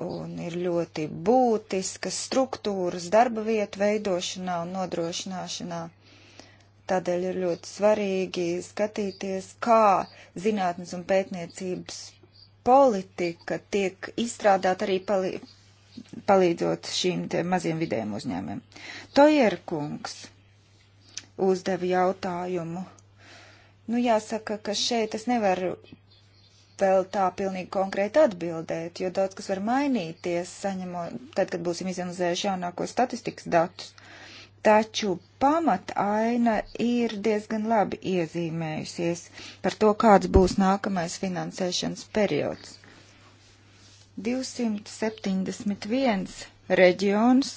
un ir ļoti būtiskas struktūras darba vietu veidošanā un nodrošināšanā Tādēļ ir ļoti svarīgi skatīties, kā zinātnes un pētniecības politika tiek izstrādāta arī palī palīdzot šīm maziem vidējiem uzņēmumiem. Tojer kungs uzdeva jautājumu. Nu, jāsaka, ka šeit es nevaru vēl tā pilnīgi konkrēti atbildēt, jo daudz kas var mainīties, saņemot, tad, kad būsim izanalizējuši jaunāko statistikas datus taču pamataina ir diezgan labi iezīmējusies par to, kāds būs nākamais finansēšanas periods. 271 reģions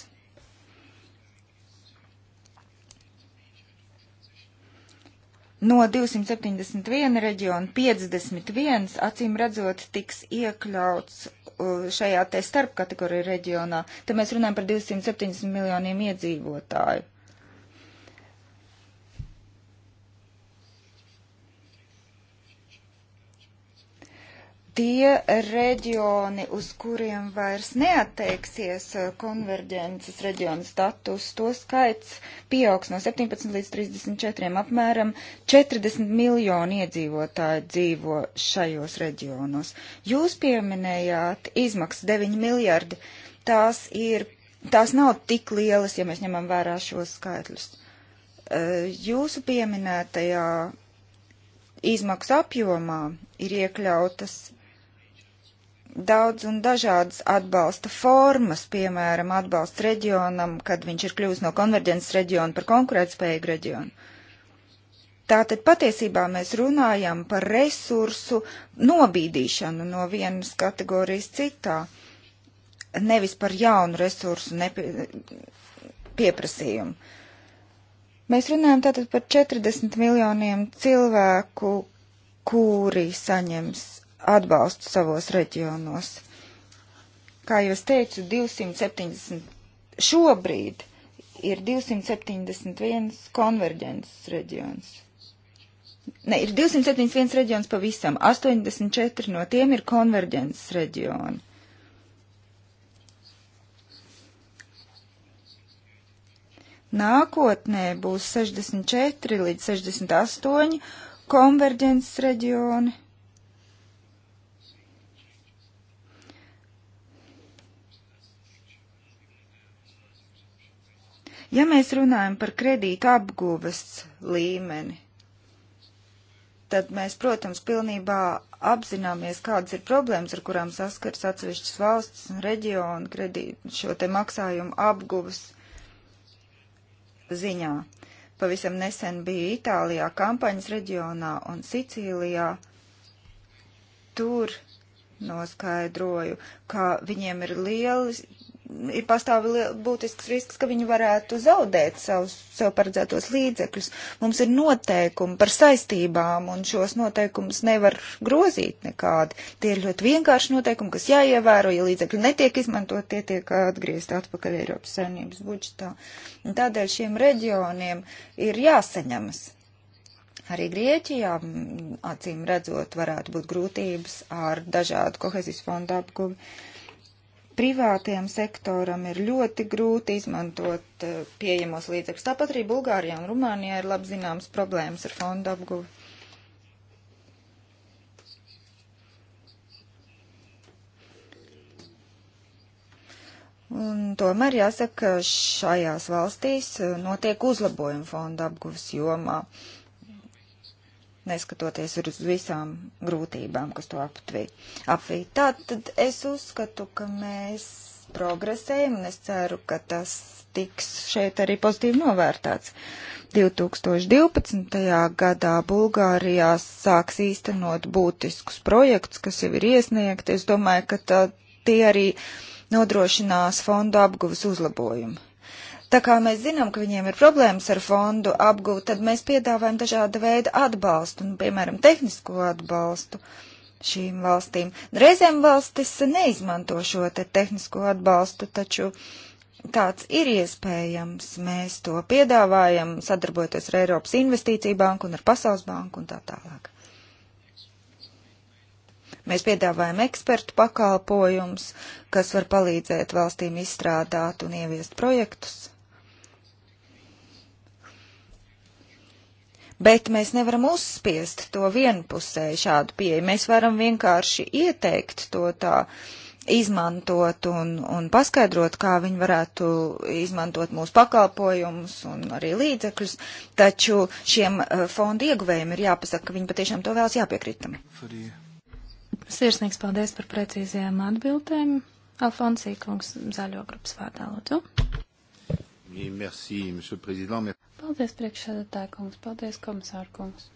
No 271 reģiona 51 acīm redzot tiks iekļauts uh, šajā te starpkategoriju reģionā. Te mēs runājam par 270 miljoniem iedzīvotāju. tie reģioni, uz kuriem vairs neatteiksies eh, konverģences reģionu status, to skaits pieaugs no 17 līdz 34. Apmēram 40 miljoni iedzīvotāji dzīvo šajos reģionos. Jūs pieminējāt izmaksas 9 miljardi. Tās, ir, tās nav tik lielas, ja mēs ņemam vērā šos skaitļus. Eh, jūsu pieminētajā izmaksu apjomā ir iekļautas daudz un dažādas atbalsta formas, piemēram, atbalsts reģionam, kad viņš ir kļuvis no konverģences reģiona par konkurētspējīgu reģionu. Tātad patiesībā mēs runājam par resursu nobīdīšanu no vienas kategorijas citā, nevis par jaunu resursu nepie... pieprasījumu. Mēs runājam tātad par 40 miljoniem cilvēku, kuri saņems atbalstu savos reģionos. Kā jau es teicu, 270 šobrīd ir 271 konverģences reģions. Ne, ir 271 reģions pavisam, 84 no tiem ir konverģences reģioni. Nākotnē būs 64 līdz 68 konverģences reģioni. Ja mēs runājam par kredīta apguves līmeni, tad mēs, protams, pilnībā apzināmies, kādas ir problēmas, ar kurām saskars atsevišķas valsts un reģionu kredītu šo te maksājumu apguves ziņā. Pavisam nesen biju Itālijā, kampaņas reģionā un Sicīlijā. Tur noskaidroju, ka viņiem ir lielis, ir pastāv būtisks risks, ka viņi varētu zaudēt savus sev paredzētos līdzekļus. Mums ir noteikumi par saistībām, un šos noteikumus nevar grozīt nekādi. Tie ir ļoti vienkārši noteikumi, kas jāievēro, ja līdzekļi netiek izmantot, tie tiek atgriezt atpakaļ Eiropas saimnības budžetā. Un tādēļ šiem reģioniem ir jāsaņemas. Arī Grieķijā, acīm redzot, varētu būt grūtības ar dažādu kohezijas fondu apguvi. Uh, privātajam sektoram ir ļoti grūti izmantot eh, pieejamos līdzekļus. Tāpat arī Bulgārijā un Rumānijā ir labi zināmas problēmas ar fondu apguvi. Un tomēr jāsaka, ka šajās valstīs eh, notiek uzlabojumi fonda apguves jomā. Uh, neskatoties uz visām grūtībām, kas to apvīja. Tātad es uzskatu, ka mēs progresējam, un es ceru, ka tas tiks šeit arī pozitīvi novērtēts. 2012. gadā Bulgārijā sāks īstenot būtiskus projektus, kas jau ir iesniegti. Es domāju, ka tā, tie arī nodrošinās fonda apguvas uzlabojumu. Tā kā mēs zinām, ka viņiem ir problēmas ar fondu apgūt, tad mēs piedāvājam dažāda veida atbalstu, nu, piemēram, tehnisko atbalstu šīm valstīm. Reizēm valstis neizmanto šo te tehnisko atbalstu, taču tāds ir iespējams. Mēs to piedāvājam, sadarbojoties ar Eiropas Investīciju banku un ar Pasaules banku un tā tālāk. Mēs piedāvājam ekspertu pakalpojums, kas var palīdzēt valstīm izstrādāt un ieviest projektus. bet mēs nevaram uzspiest to vienpusēji šādu pieeju. Mēs varam vienkārši ieteikt to tā izmantot un, un paskaidrot, kā viņi varētu izmantot mūsu pakalpojumus un arī līdzekļus, taču šiem eh, fondu ieguvējiem ir jāpasaka, ka viņi patiešām to vēlas jāpiekritam. Sirsnīgs paldies par precīzajām atbildēm. Alfonsī kungs, zaļo grupas vārdā, lūdzu. Merci, monsieur président. Paldies, priekšsēdētāja kungs. Paldies, komisāra kungs.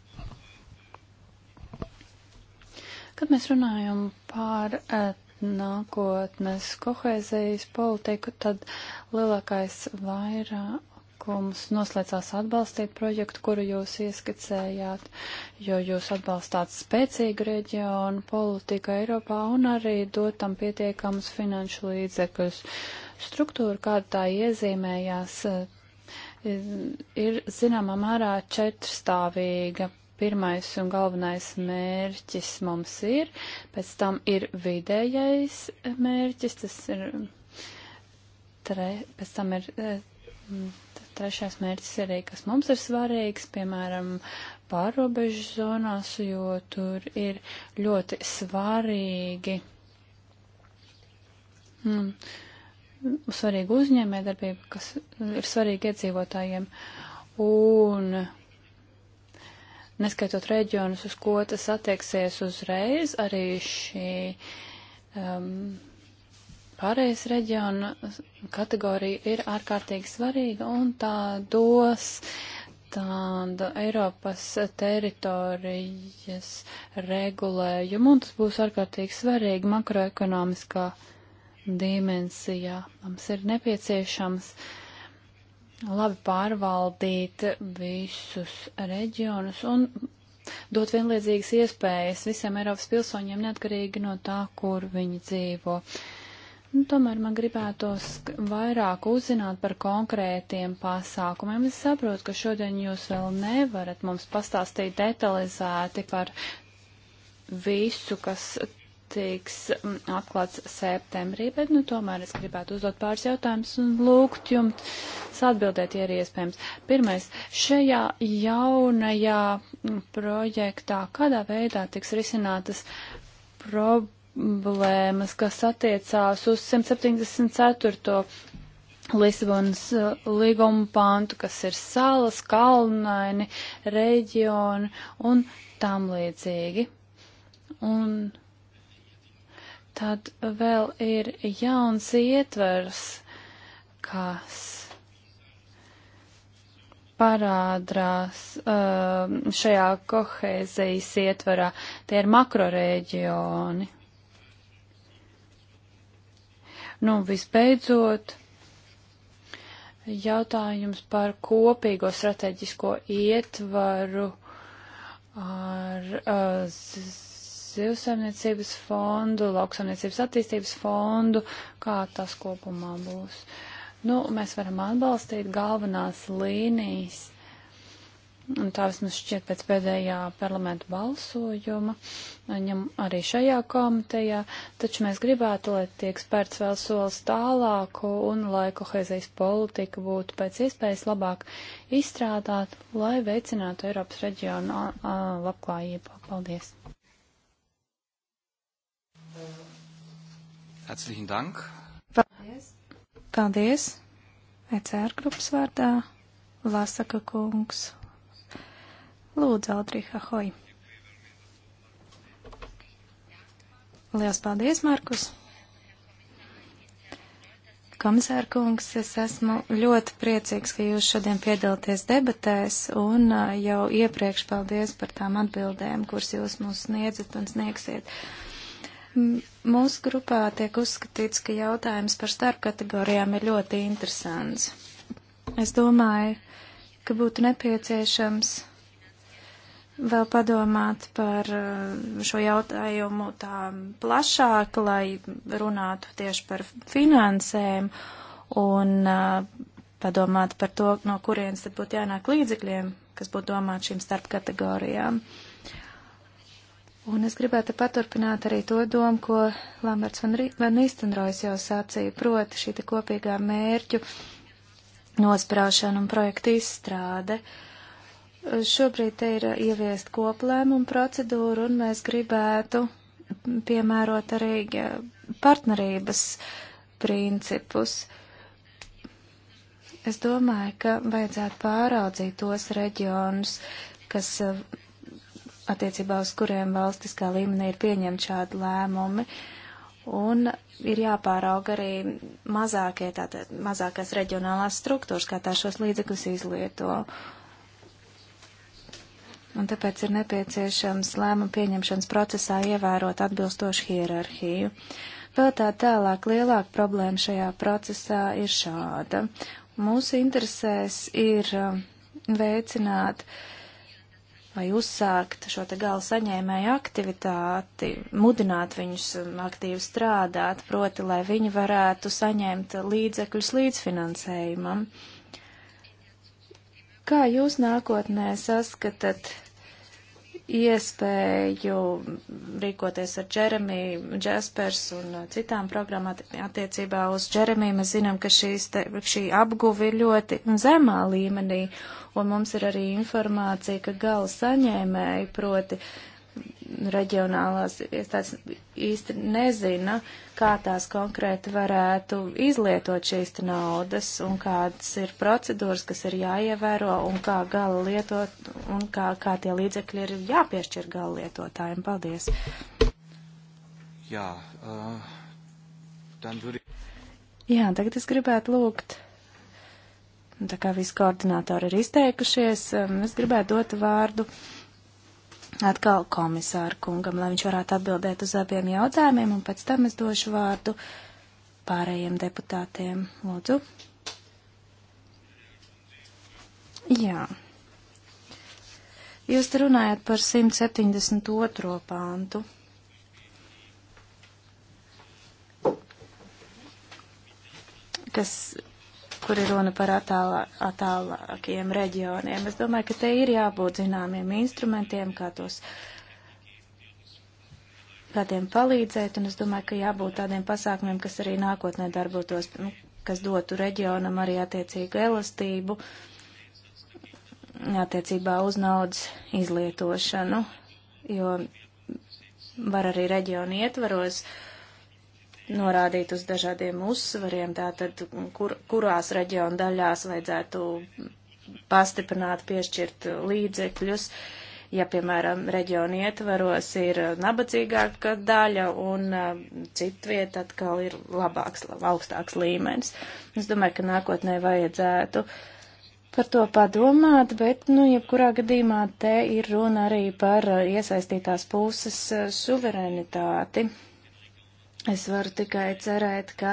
Kad mēs runājam par eh, nākotnes kohēzijas politiku, tad lielākais vairākums noslēdzās atbalstīt projektu, kuru jūs ieskicējāt, jo jūs atbalstāt spēcīgu reģionu politiku Eiropā un arī dotam pietiekamus finanšu līdzekļus. Uh, Struktūra, kāda tā iezīmējās, eh, ir zināmā mērā četrstāvīga. Pirmais un galvenais mērķis mums ir, pēc tam ir vidējais mērķis, tas ir, tre, pēc tam ir eh, trešais mērķis arī, kas mums ir svarīgs, piemēram, pārobežu zonās, jo tur ir ļoti svarīgi. Mm svarīga uzņēmējdarbība, kas ir svarīga iedzīvotājiem. Un neskaitot reģionus, uz ko tas attieksies uzreiz, arī šī um, pārējais reģiona kategorija ir ārkārtīgi svarīga un tā dos tādu Eiropas teritorijas regulējumu, un tas būs ārkārtīgi svarīgi makroekonomiskā dimensijā. Mums ir nepieciešams labi pārvaldīt visus reģionus un dot vienlīdzīgas iespējas visiem Eiropas pilsoņiem, neatkarīgi no tā, kur viņi dzīvo. Nu, tomēr man gribētos vairāk uzzināt par konkrētiem pasākumiem. Es saprotu, ka šodien jūs vēl nevarat mums pastāstīt detalizēti par visu, kas tiks mm, atklāts septembrī, bet nu, tomēr es gribētu uzdot pāris jautājumus un lūgt jums atbildēt, ja ir iespējams. Pirmais, šajā jaunajā mm, projektā kādā veidā tiks risinātas problēmas, kas attiecās uz 174. Lisabonas uh, līguma pantu, kas ir salas, kalnaini, reģioni un tam līdzīgi. Un Tad vēl ir jauns ietvers, kas parādās um, šajā kohēzijas ietvarā. Tie ir makroreģioni. Nu, visbeidzot, jautājums par kopīgo strateģisko ietvaru ar uh, zivsaimniecības fondu, lauksaimniecības attīstības fondu, kā tas kopumā būs. Nu, mēs varam atbalstīt galvenās līnijas, un tā vismaz šķiet pēc pēdējā parlamentu balsojuma, ņem arī šajā komitejā, taču mēs gribētu, lai tiek spērts vēl solis tālāk un lai kohēzijas politika būtu pēc iespējas labāk izstrādāt, lai veicinātu Eiropas reģionu labklājību. Paldies! Herzlichen Dank. Paldies. Paldies. ECR grupas vārdā Lasaka kungs. Lūdzu, Aldriha Hoj. Lielas paldies, Markus. Komisāra kungs, es esmu ļoti priecīgs, ka jūs šodien piedalāties debatēs un uh, jau iepriekš paldies par tām atbildēm, kuras jūs mums sniedzat un sniegsiet. Uh, Mūsu grupā tiek uzskatīts, ka jautājums par starp kategorijām ir ļoti interesants. Es domāju, ka būtu nepieciešams vēl padomāt par uh, šo jautājumu tā plašāk, lai runātu tieši par finansēm un uh, padomāt par to, no kurienes tad būtu jānāk līdzekļiem, kas būtu domāti šīm starp kategorijām. Uh, Un es gribētu paturpināt arī to domu, ko Lamberts van, van Nistenrojas jau sacīja, proti šī kopīgā mērķu nospraušana un projekta izstrāde. Šobrīd te ir ieviest koplēmumu procedūru, un mēs gribētu piemērot arī partnerības principus. Es domāju, ka vajadzētu pāraudzīt tos reģionus, kas attiecībā uz kuriem valstiskā līmenī ir pieņemti šādi lēmumi. Un ir jāpārauga arī mazākie, tātad mazākās reģionālās struktūras, kā tā šos līdzekļus izlieto. Un tāpēc ir nepieciešams lēmumu pieņemšanas procesā ievērot atbilstošu hierarhiju. Vēl tā tālāk lielāka problēma šajā procesā ir šāda. Mūsu interesēs ir um, veicināt uh, vai uzsākt šo te gala saņēmēju aktivitāti, mudināt viņus um, aktīvi strādāt, proti, lai viņi varētu saņemt līdzekļus līdzfinansējumam. Kā jūs nākotnē saskatat iespēju rīkoties ar Džeremiju, Jaspers un uh, citām programmām attiecībā uz Džeremiju. Mēs zinām, ka šīs, te, šī apguva ir ļoti zemā līmenī, un mums ir arī informācija, ka gala saņēmēji, proti reģionālās iestādes īsti nezina, kā tās konkrēti varētu izlietot šīs naudas un kādas ir procedūras, kas ir jāievēro un kā gala lietot un kā, kā tie līdzekļi ir jāpiešķir gala lietotājiem. Paldies! Jā, uh, tad... Jā, tagad es gribētu lūgt Tā kā visi koordinātori ir izteikušies, um, es gribētu dot vārdu atkal komisāru kungam, lai viņš varētu atbildēt uz abiem jautājumiem, un pēc tam es došu vārdu pārējiem deputātiem. Lūdzu. Jā. Jūs te runājat par 172. pāntu. kas kur ir runa par attālā, attālākiem reģioniem. Es domāju, ka te ir jābūt zināmiem instrumentiem, kā tos kādiem palīdzēt, un es domāju, ka jābūt tādiem pasākumiem, kas arī nākotnē darbotos, nu, kas dotu reģionam arī attiecīgu elastību attiecībā uz naudas izlietošanu, jo var arī reģionu ietvaros uh, norādīt uz dažādiem uzsvariem, tātad kur, kurās reģiona daļās vajadzētu pastiprināt, piešķirt līdzekļus, ja, piemēram, reģiona ietvaros ir nabadzīgāka daļa un eh, citviet atkal ir labāks, augstāks līmenis. Es domāju, ka nākotnē vajadzētu par to padomāt, bet, nu, jebkurā gadījumā te ir runa arī par eh, iesaistītās puses eh, suverenitāti Es varu tikai cerēt, ka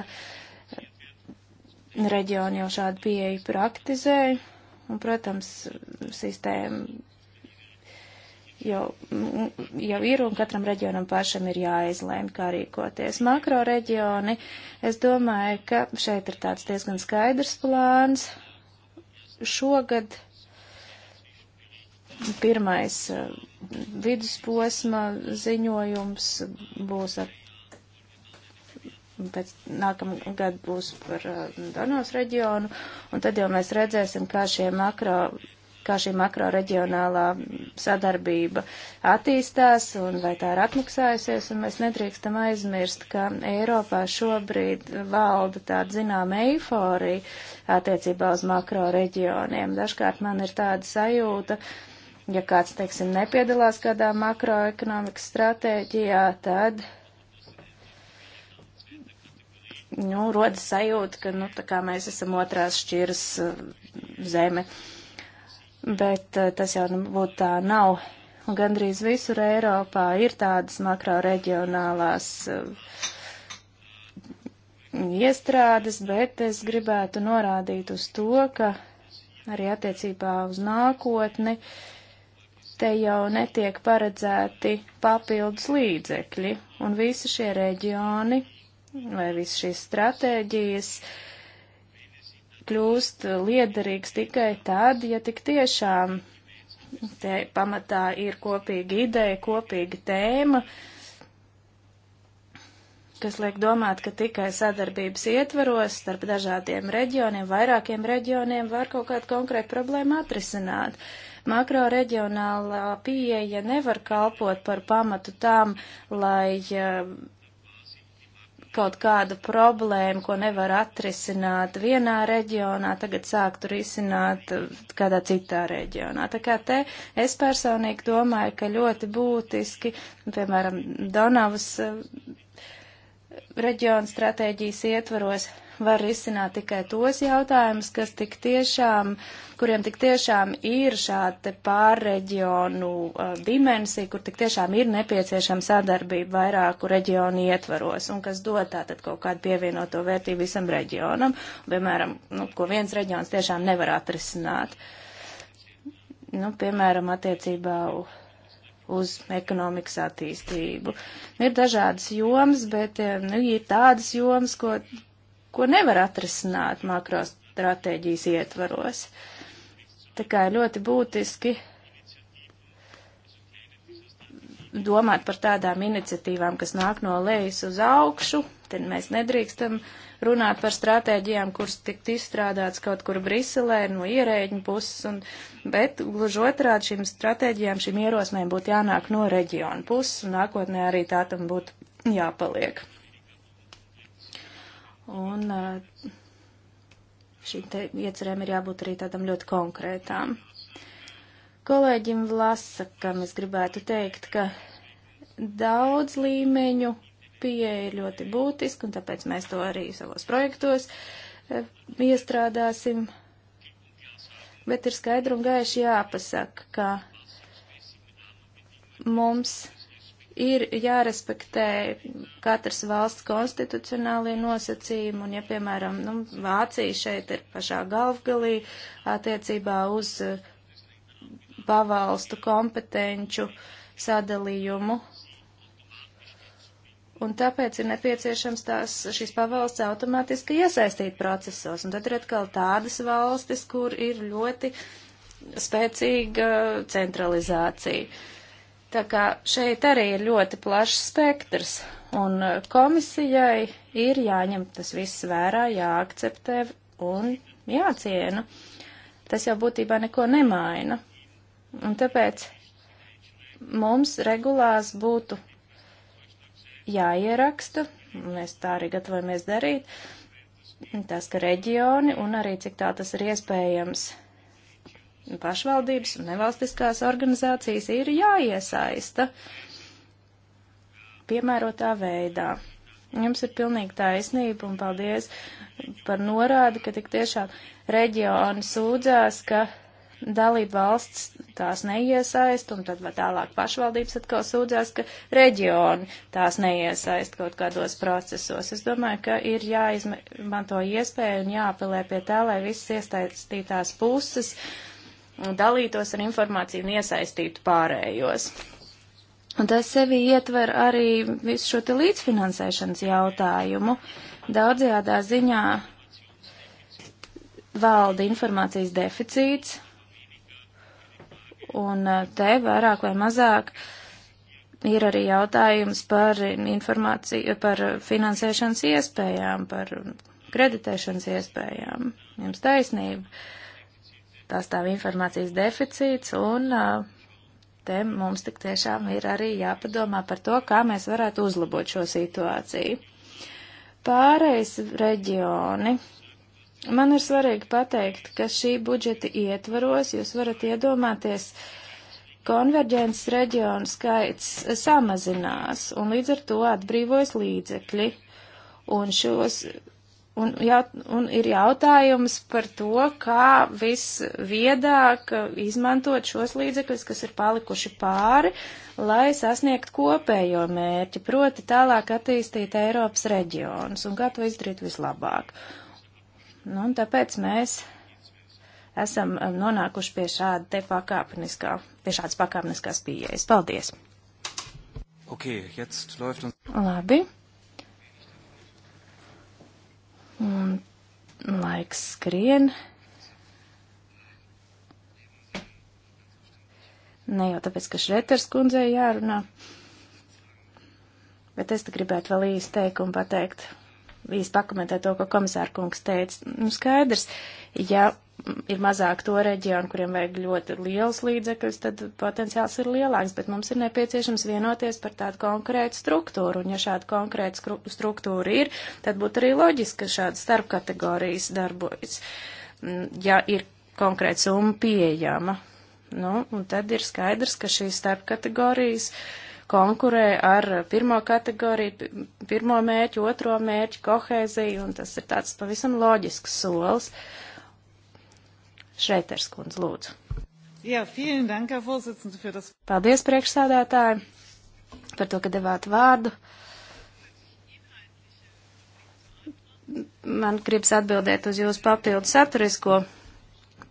reģioni jau šādu pieeju praktizē, un, protams, sistēma jau, jau ir, un katram reģionam pašam ir jāizlēma, kā rīkoties. Makro reģioni, es domāju, ka šeit ir tāds diezgan skaidrs plāns. Šogad pirmais eh, vidusposma ziņojums būs ar pēc nākamgad būs par uh, Donos reģionu, un tad jau mēs redzēsim, kā šie makro kā šī makro reģionālā sadarbība attīstās un vai tā ir atmaksājusies, un mēs nedrīkstam aizmirst, ka Eiropā šobrīd valda tāda zināma eiforija attiecībā uz makro reģioniem. Dažkārt man ir tāda sajūta, ja kāds, teiksim, nepiedalās kādā makroekonomikas stratēģijā, tad nu, rodas sajūta, ka nu, mēs esam otrās šķiras eh, zeme. Bet eh, tas jau nu, būtu tā nav. Un gandrīz visur Eiropā ir tādas makro reģionālās eh, iestrādes, bet es gribētu norādīt uz to, ka arī attiecībā uz nākotni te jau netiek paredzēti papildus līdzekļi, un visi šie reģioni vai viss šīs stratēģijas kļūst liederīgs tikai tad, ja tik tiešām te pamatā ir kopīga ideja, kopīga tēma, kas liek domāt, ka tikai sadarbības ietvaros starp dažādiem reģioniem, vairākiem reģioniem var kaut kādu konkrētu problēmu atrisināt makroreģionālā pieeja nevar kalpot par pamatu tam, lai eh, kaut kādu problēmu, ko nevar atrisināt vienā reģionā, tagad sāktu risināt uh, kādā citā reģionā. Tā kā te es personīgi domāju, ka ļoti būtiski, piemēram, Donavas uh, reģiona stratēģijas ietvaros var risināt tikai tos jautājumus, kas tik tiešām, kuriem tik tiešām ir šāda pārreģionu uh, dimensija, kur tik tiešām ir nepieciešama sadarbība vairāku reģionu ietvaros un kas dod tātad kaut kādu pievienoto vērtību visam reģionam, piemēram, nu, ko viens reģions tiešām nevar atrisināt. Nu, piemēram, attiecībā uz uz ekonomikas attīstību. Ir dažādas jomas, bet eh, nu, ir tādas jomas, ko ko nevar atrisināt makrostratēģijas ietvaros. Tā kā ir ļoti būtiski domāt par tādām iniciatīvām, kas nāk no lejas uz augšu, tad mēs nedrīkstam runāt par stratēģijām, kuras tikt izstrādāts kaut kur Briselē no ierēģņu puses, un, bet gluži otrādi šīm stratēģijām, šīm ierosmēm būtu jānāk no reģiona puses, un nākotnē arī tā tam būtu jāpaliek. Un eh, šīm te iecerēm ir jābūt arī tādam ļoti konkrētām. Kolēģim Vlasakam es gribētu teikt, ka daudz līmeņu pieeja ir ļoti būtiska, un tāpēc mēs to arī savos projektos eh, iestrādāsim. Bet ir skaidri un gaiši jāpasaka, ka mums ir jārespektē katras valsts konstitucionālie nosacījumi, un ja, piemēram, nu, Vācija šeit ir pašā galvgalī attiecībā uz eh, pavalstu kompetenču sadalījumu, un tāpēc ir nepieciešams tās, šīs pavalsts automātiski iesaistīt procesos, un tad ir atkal tādas valstis, kur ir ļoti spēcīga centralizācija. Uh, Tā kā šeit arī ir ļoti plašs spektrs, un komisijai ir jāņem tas viss vērā, jāakceptē un jāciena. Tas jau būtībā neko nemaina. Un tāpēc mums regulās būtu jāieraksta, mēs tā arī gatavojamies darīt, tas, ka reģioni un arī cik tā tas ir iespējams pašvaldības un nevalstiskās organizācijas ir jāiesaista piemērotā veidā. Jums ir pilnīgi taisnība un paldies par norādi, ka tik tiešām reģioni sūdzās, ka dalība valsts tās neiesaist, un tad tālāk pašvaldības atkal sūdzās, ka reģioni tās neiesaist kaut kādos procesos. Es domāju, ka ir jāizmanto iespēju un jāapelē pie tā, lai visas iesaistītās puses uh, dalītos ar informāciju un iesaistītu pārējos. Un tas sevi ietver arī visu šo te līdzfinansēšanas jautājumu. Daudzajādā ziņā valda informācijas deficīts, un eh, te vairāk vai mazāk ir arī jautājums par informāciju, par finansēšanas iespējām, par kreditēšanas iespējām. Jums taisnība. Uh, pastāv informācijas deficīts, un te mums tik tiešām ir arī jāpadomā par to, kā mēs varētu uzlabot šo situāciju. Pārējais reģioni. Man ir svarīgi pateikt, ka šī budžeta ietvaros jūs varat iedomāties, konverģences reģionu skaits samazinās, un līdz ar to atbrīvojas līdzekļi. Un šos Un, jā, un ir jautājums par to, kā visviedāk izmantot šos līdzekļus, kas ir palikuši pāri, lai sasniegt kopējo mērķi, proti tālāk attīstīt Eiropas reģionus un kā to izdarīt vislabāk. Nu, un tāpēc mēs esam eh, nonākuši pie šāda te pakāpeniskā, pie šādas pakāpeniskās pieejas. Paldies! Okay, jetzt läuft uns... Labi. Un laiks skrien. Ne jau tāpēc, ka Šreters kundzei jārunā, bet es te gribētu vēl īsti teikumu pateikt īsti pakomentēt to, ko komisāra kungs teica. Nu, skaidrs, ja ir mazāk to reģionu, kuriem vajag ļoti liels līdzekļus, tad potenciāls ir lielāks, bet mums ir nepieciešams vienoties par tādu konkrētu struktūru, un ja šāda konkrēta struktūra ir, tad būtu arī loģiski, ka šāda starpkategorijas darbojas, mm, ja ir konkrēta summa pieejama. Nu, un tad ir skaidrs, ka šīs starpkategorijas. Uh, konkurē ar pirmo kategoriju, pirmo mērķu, otro mērķu, kohēziju, un tas ir tāds pavisam loģisks solis. Šreiters kundz, lūdzu. Jā, vielen dank, Herr Vorsitzende, für das. Paldies, priekšsādātāji, par to, ka devāt vārdu. Man gribas atbildēt uz jūsu papildu saturisko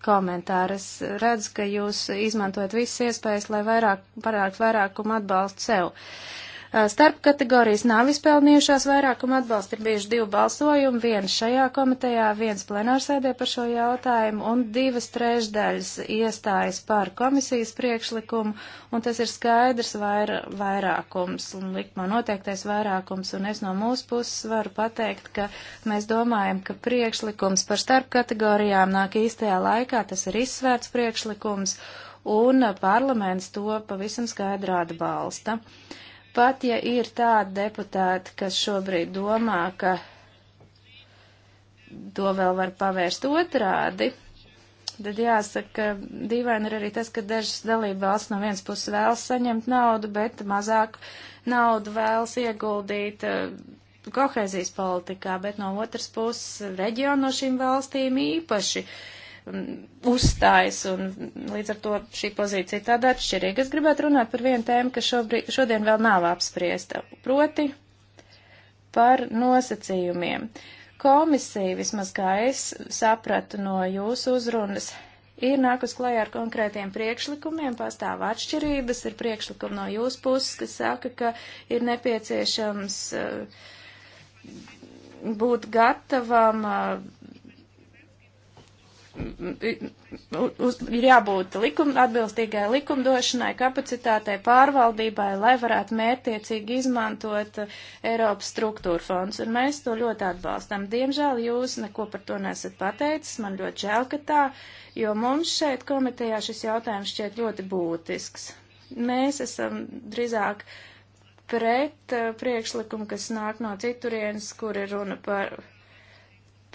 komentāru. Es redzu, ka jūs izmantojat visas iespējas, lai vairāk, parādītu vairākumu atbalstu sev. Uh, Starp kategorijas nav izpelnījušās vairākuma atbalsta ir bijuši divi balsojumi, viens šajā komitejā, viens plenārsēdē par šo jautājumu un divas trešdaļas iestājas par komisijas priekšlikumu, un tas ir skaidrs vair, vairākums un likmā noteiktais vairākums, un es no mūsu puses varu pateikt, ka mēs domājam, ka priekšlikums par starp kategorijām nāk īstajā laikā, tas ir izsvērts priekšlikums, un parlaments to pavisam skaidrā atbalsta. Uh, Pat ja ir tādi deputāti, kas šobrīd domā, ka to vēl var pavērst otrādi, tad jāsaka, ka dīvaini ir arī tas, ka dažas dalība valsts no vienas puses vēlas saņemt naudu, bet mazāk naudu vēlas ieguldīt uh, kohēzijas politikā, bet no otras puses reģionu no šīm valstīm īpaši uh, uzstājas, un līdz ar to šī pozīcija tāda atšķirīga. Es gribētu runāt par vienu tēmu, kas šobrīd, šodien vēl nav apspriesta, proti par nosacījumiem. Komisija, vismaz kā es sapratu no jūsu uzrunas, ir nākus klajā ar konkrētiem priekšlikumiem, pastāv atšķirības, ir priekšlikumi no jūsu puses, kas saka, ka ir nepieciešams eh, būt gatavam eh, uz, ir jābūt likum, atbilstīgai likumdošanai, kapacitātei, pārvaldībai, lai varētu mērtiecīgi izmantot Eiropas struktūra fonds. Un mēs to ļoti atbalstam. Diemžēl jūs neko par to nesat pateicis. Man ļoti žēl, ka tā, jo mums šeit komitejā šis jautājums šķiet ļoti būtisks. Mēs esam drīzāk pret uh, priekšlikumu, kas nāk no citurienes, kur ir runa par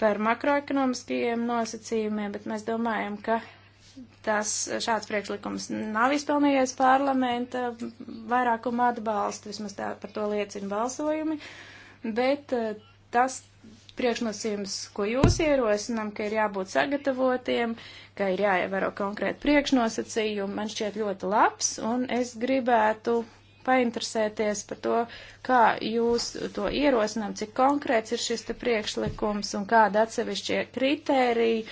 par makroekonomiskajiem nosacījumiem, bet mēs domājam, ka tas šāds priekšlikums nav izpelnījies parlamenta vairākuma atbalstu, vismaz tā par to liecina balsojumi, bet eh, tas priekšnosījums, ko jūs ierosinam, ka ir jābūt sagatavotiem, ka ir jāievēro konkrēti priekšnosacījumi, man šķiet ļoti labs, un es gribētu painteresēties par to, kā jūs to ierosinām, cik konkrēts ir šis te priekšlikums un kāda atsevišķie kritēriji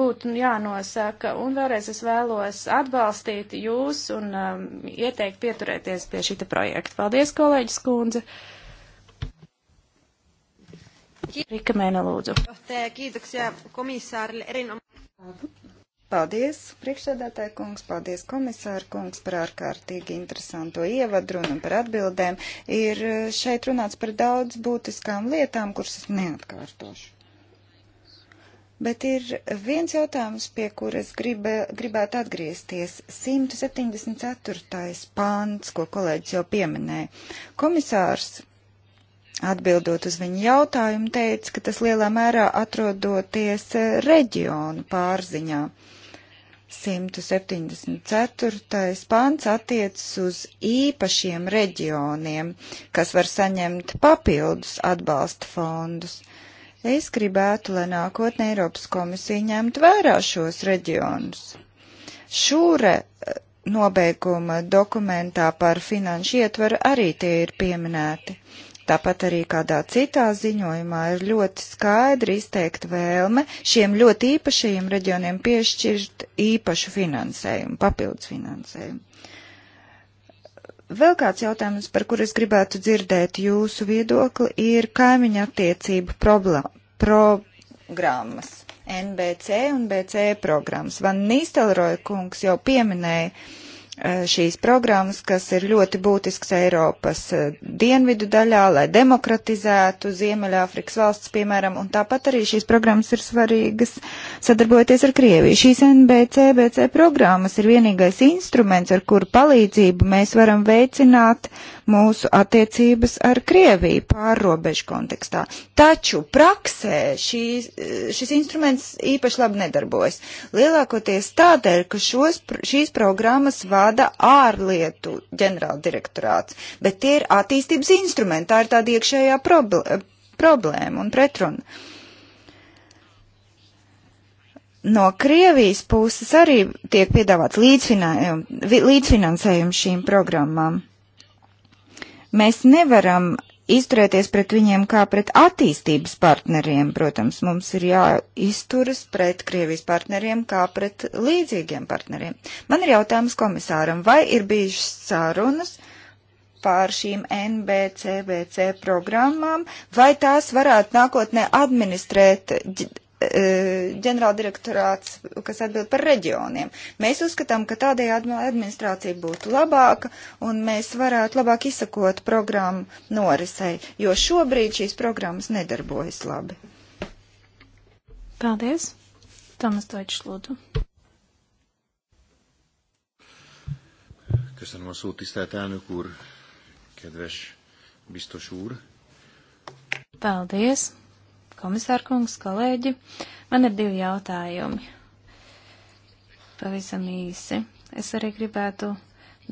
būtu jānosaka. Un vēlreiz es vēlos atbalstīt jūs un um, ieteikt pieturēties pie šita projekta. Paldies, kolēģis Kundze! Rika Mēne, lūdzu. Kiitoksia komissaarille erinomaisesta Paldies, priekšsēdētāja kungs, paldies komisāra kungs par ārkārtīgi interesanto ievadrunu un par atbildēm. Ir eh, šeit runāts par daudz būtiskām lietām, kuras es neatkārtošu. Bet ir viens jautājums, pie kuras grib, gribētu atgriezties. 174. pāns, ko kolēģis jau pieminēja. Komisārs Atbildot uz viņu jautājumu, teica, ka tas lielā mērā atrodoties eh, reģionu pārziņā. Uh, 174. pants attiecas uz īpašiem reģioniem, kas var saņemt papildus atbalsta fondus. Es gribētu, lai nākotnē Eiropas komisija ņemtu vērā šos reģionus. Šūre eh, nobeiguma dokumentā par finanšu ietvaru arī tie ir pieminēti. Tāpat arī kādā citā ziņojumā ir ļoti skaidri izteikta vēlme šiem ļoti īpašajiem reģioniem piešķirt īpašu finansējumu, papildus finansējumu. Vēl kāds jautājums, par kur es gribētu dzirdēt jūsu viedokli, ir kaimiņa attiecību programmas. NBC un BC programmas. Van Nīstelroja kungs jau pieminēja Eh, šīs programmas, kas ir ļoti būtisks Eiropas eh, dienvidu daļā, lai demokratizētu Ziemeļāfrikas valsts, piemēram, un tāpat arī šīs programmas ir svarīgas sadarbojoties ar Krieviju. Šīs NBCBC programmas ir vienīgais instruments, ar kuru palīdzību mēs varam veicināt mūsu attiecības ar Krieviju pārrobežu kontekstā. Taču praksē šī, šis instruments īpaši labi nedarbojas. Lielākoties tādēļ, ka šos, šīs programmas vada ārlietu ģenerāldirektorāts, bet tie ir attīstības instrumenti, tā ir tāda iekšējā problēma, problēma un pretruna no Krievijas puses arī tiek piedāvāts līdzfinansējums šīm programmām. Mēs nevaram izturēties pret viņiem kā pret attīstības partneriem. Protams, mums ir jāizturas pret Krievijas partneriem kā pret līdzīgiem partneriem. Man ir jautājums komisāram, vai ir bijušas sārunas pār šīm NBCBC programmām, vai tās varētu nākotnē administrēt Eh, ģenerāldirektorāts, kas atbild par reģioniem. Mēs uzskatām, ka tādējādi administrācija būtu labāka un mēs varētu labāk izsakot programmu norisei, jo šobrīd šīs programmas nedarbojas labi. Paldies. Tomas Deutsch, lūdzu. Köszönöm a szót, tisztelt elnök úr, kedves biztos úr. Paldies komisārkungs, kolēģi. Man ir divi jautājumi. Pavisam īsi. Es arī gribētu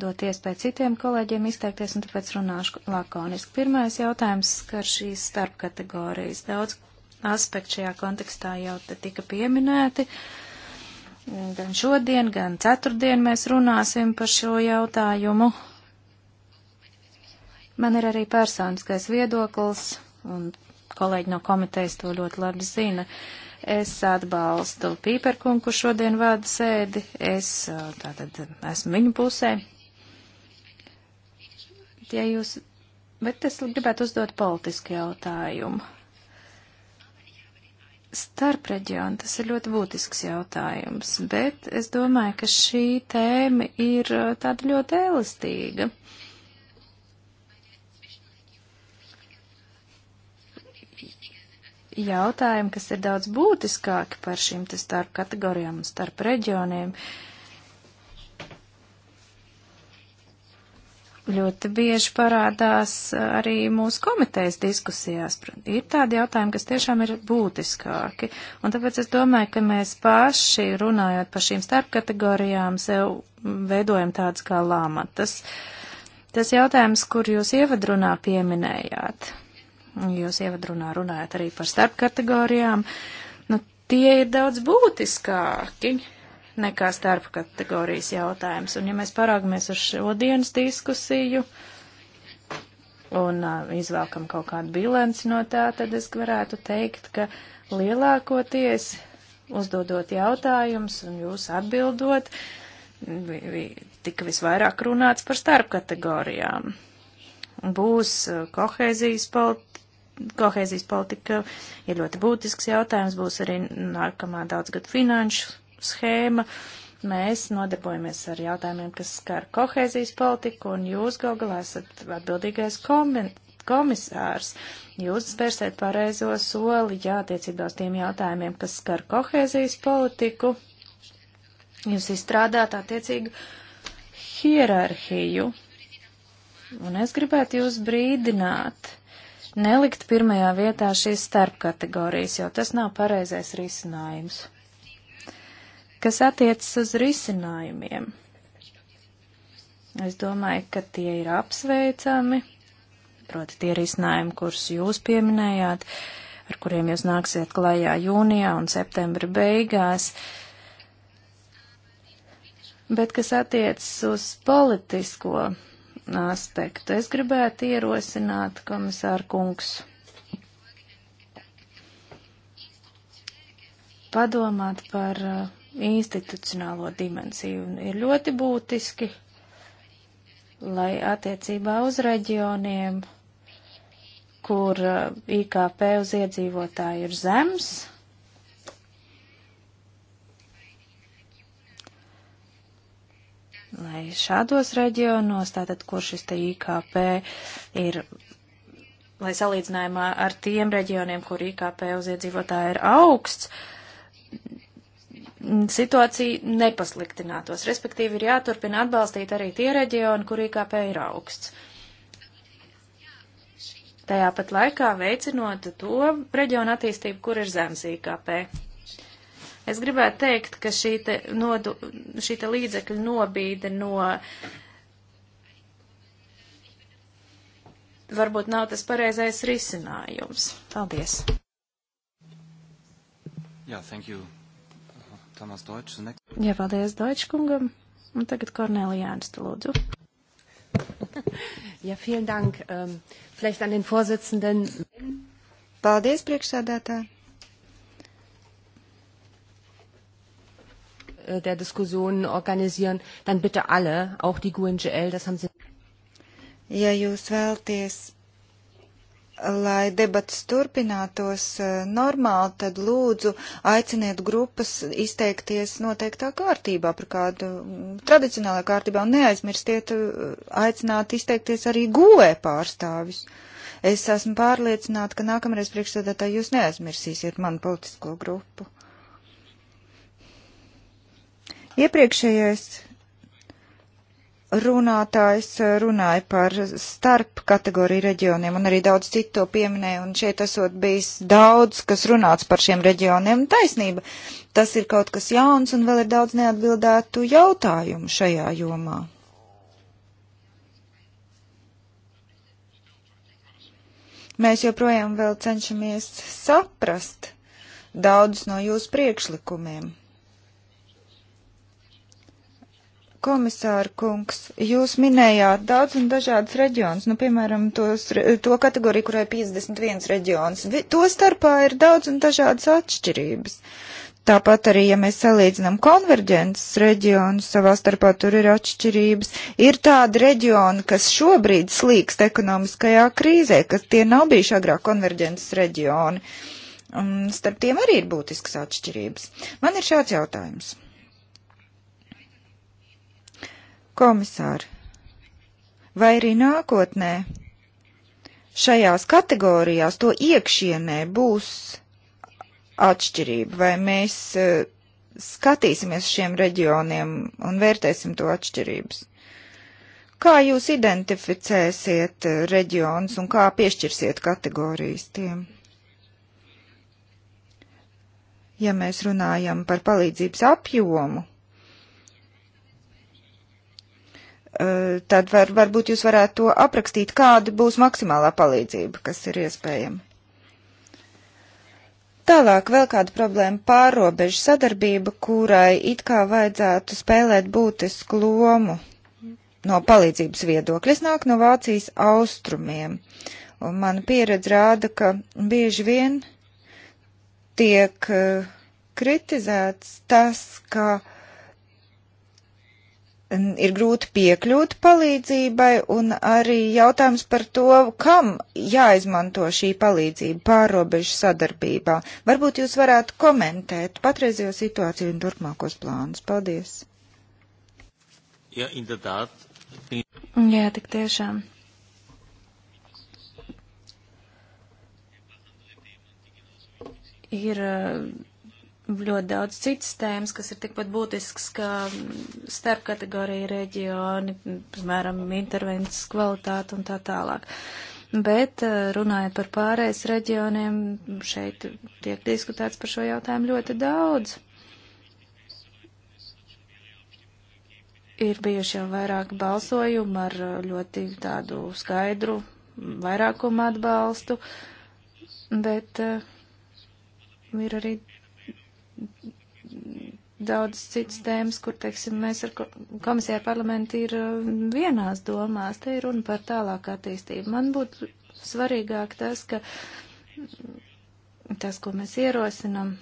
dot iespēju citiem kolēģiem izteikties, un tāpēc runāšu lakoniski. Pirmais jautājums skar šīs starpkategorijas. Daudz aspektu šajā kontekstā jau te tika pieminēti. Gan šodien, gan ceturtdien mēs runāsim par šo jautājumu. Man ir arī personiskais viedoklis, un kolēģi no komitejas to ļoti labi zina. Es atbalstu Pīperkungu, kurš šodien vada sēdi. Es tātad esmu viņu pusē. Ja jūs, bet es gribētu uzdot politisku jautājumu. Starp reģionu tas ir ļoti būtisks jautājums, bet es domāju, ka šī tēma ir tāda ļoti elastīga. Uh, jautājumi, kas ir daudz būtiskāki par šīm te starp kategorijām un starp reģioniem. Ļoti bieži parādās uh, arī mūsu komitejas diskusijās. Ir tādi jautājumi, kas tiešām ir būtiskāki. Un tāpēc es domāju, ka mēs paši, runājot par šīm starpkategorijām, sev veidojam tādas kā lāmatas. Tas jautājums, kur jūs ievadrunā pieminējāt, Jūs ievadrunā runājat arī par starpkategorijām. Nu, tie ir daudz būtiskāki nekā starpkategorijas jautājums. Un ja mēs parāgamies uz šodienas diskusiju un uh, izvēlkam kaut kādu bilanci no tā, tad es varētu teikt, ka lielākoties uzdodot jautājumus un jūs atbildot, vi, vi, tika visvairāk runāts par starpkategorijām. Būs uh, kohēzijas politika kohēzijas politika ir ļoti būtisks jautājums, būs arī nākamā daudzgad finanšu schēma. Mēs nodarbojamies ar jautājumiem, kas skar kohēzijas politiku, un jūs gal galā esat atbildīgais komisārs. Jūs spērsiet pareizo soli, jā, attiecībā uz tiem jautājumiem, kas skar kohēzijas politiku. Jūs izstrādāt attiecīgu hierarhiju. Un es gribētu jūs brīdināt nelikt pirmajā vietā šīs starpkategorijas, jo tas nav pareizais risinājums. Kas attiecas uz risinājumiem? Es domāju, ka tie ir apsveicami, proti tie risinājumi, kurus jūs pieminējāt, ar kuriem jūs nāksiet klajā jūnijā un septembra beigās. Bet kas attiecas uz politisko aspektu. Es gribētu ierosināt, komisāra kungs, padomāt par uh, institucionālo dimensiju. Ir ļoti būtiski, lai attiecībā uz reģioniem, kur uh, IKP uz iedzīvotāju ir zems, lai šādos reģionos, tātad, kur šis te IKP ir, lai salīdzinājumā ar tiem reģioniem, kur IKP uz iedzīvotāju ir augsts, situācija nepasliktinātos. Respektīvi, ir jāturpina atbalstīt arī tie reģioni, kur IKP ir augsts. Tajā pat laikā veicinot to reģionu attīstību, kur ir zems IKP. Es gribētu teikt, ka šī te, nodu, šī te līdzekļu nobīde no varbūt nav tas pareizais risinājums. Paldies. Jā, yeah, thank you. Tomas Deutsch. Next... Jā, paldies Deutsch kungam. Un tagad Kornelija Ernsta, lūdzu. Jā, ja, vielen dank. Um, vielleicht an den Vorsitzenden. Paldies, priekšsēdētāji. Äh, der Diskussionen organisieren, dann bitte alle, auch die GUNGL, das haben sie. Ja jūs vēlties, lai debats turpinātos äh, normāli, tad lūdzu aiciniet grupas izteikties noteiktā kārtībā, par kādu mm, tradicionālā kārtībā, un neaizmirstiet uh, aicināt izteikties arī GUE pārstāvis. Es esmu pārliecināta, ka nākamreiz priekšstādātā jūs neaizmirsīsiet manu politisko grupu. Iepriekšējais runātājs runāja par starp kategoriju reģioniem, un arī daudz citu to pieminēja, un šeit esot bijis daudz, kas runāts par šiem reģioniem, taisnība. Tas ir kaut kas jauns, un vēl ir daudz neatbildētu jautājumu šajā jomā. Mēs joprojām vēl cenšamies saprast daudzus no jūsu priekšlikumiem. Komisāra kungs, jūs minējāt daudz un dažādas reģionus, nu, piemēram, tos, to kategoriju, kurai 51 reģions. To starpā ir daudz un dažādas atšķirības. Tāpat arī, ja mēs salīdzinām konverģences reģionus, savā starpā tur ir atšķirības. Ir tādi reģioni, kas šobrīd slīkst ekonomiskajā krīzē, kas tie nav bijuši agrāk konverģences reģioni. Um, starp tiem arī ir būtiskas atšķirības. Man ir šāds jautājums. Komisāri, vai arī nākotnē šajās kategorijās, to iekšienē būs atšķirība, vai mēs uh, skatīsimies šiem reģioniem un vērtēsim to atšķirības? Kā jūs identificēsiet e, reģionus un kā piešķirsiet kategorijas tiem? Ja mēs runājam par palīdzības apjomu, Eh, tad var, varbūt jūs varētu to aprakstīt, kāda būs maksimālā palīdzība, kas ir iespējama. Tālāk vēl kāda problēma pārobežu sadarbība, kurai it kā vajadzētu spēlēt būtisku lomu no palīdzības viedokļa. Es nāku no Vācijas austrumiem, un mana pieredze rāda, ka bieži vien tiek eh, kritizēts tas, ka uh, ir grūti piekļūt palīdzībai, un arī jautājums par to, kam jāizmanto šī palīdzība pārobežu sadarbībā. Varbūt jūs varētu komentēt patreizējo situāciju un turpmākos plānus. Paldies! Ja, Jā, tik tiešām. Ir uh, ļoti daudz citas tēmas, kas ir tikpat būtisks, kā mm, starpkategorija reģioni, piemēram, intervences kvalitāte un tā tālāk. Bet eh, runājot par pārējais reģioniem, šeit tiek diskutēts par šo jautājumu ļoti daudz. Ir bijuši jau vairāki balsojumi ar ļoti tādu skaidru vairākumu atbalstu, bet eh, ir arī daudz citas tēmas, kur, teiksim, mēs ar komisiju ar parlamentu ir mm, vienās domās. Te ir runa par tālāku attīstību. Man būtu svarīgāk tas, ka mm, tas, ko mēs ierosinam,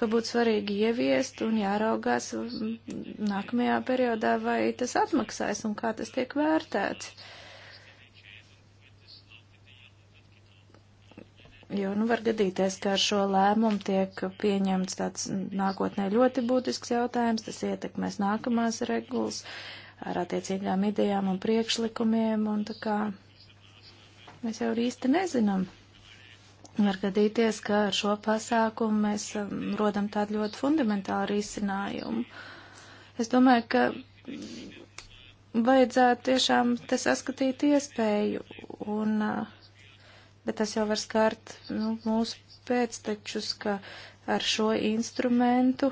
to būtu svarīgi ieviest un jāraugās mm, nākamajā periodā, vai tas atmaksājas un kā tas tiek vērtēts. jo nu var gadīties, ka ar šo lēmumu tiek pieņemts tāds nākotnē ļoti būtisks jautājums, tas ietekmēs nākamās regulas ar attiecīgām idejām un priekšlikumiem, un tā kā mēs jau īsti nezinām. Var gadīties, ka ar šo pasākumu mēs um, rodam tādu ļoti fundamentālu risinājumu. Es domāju, ka vajadzētu tiešām te saskatīt iespēju un uh, ka tas jau var skart nu, mūsu pēctečus, ka ar šo instrumentu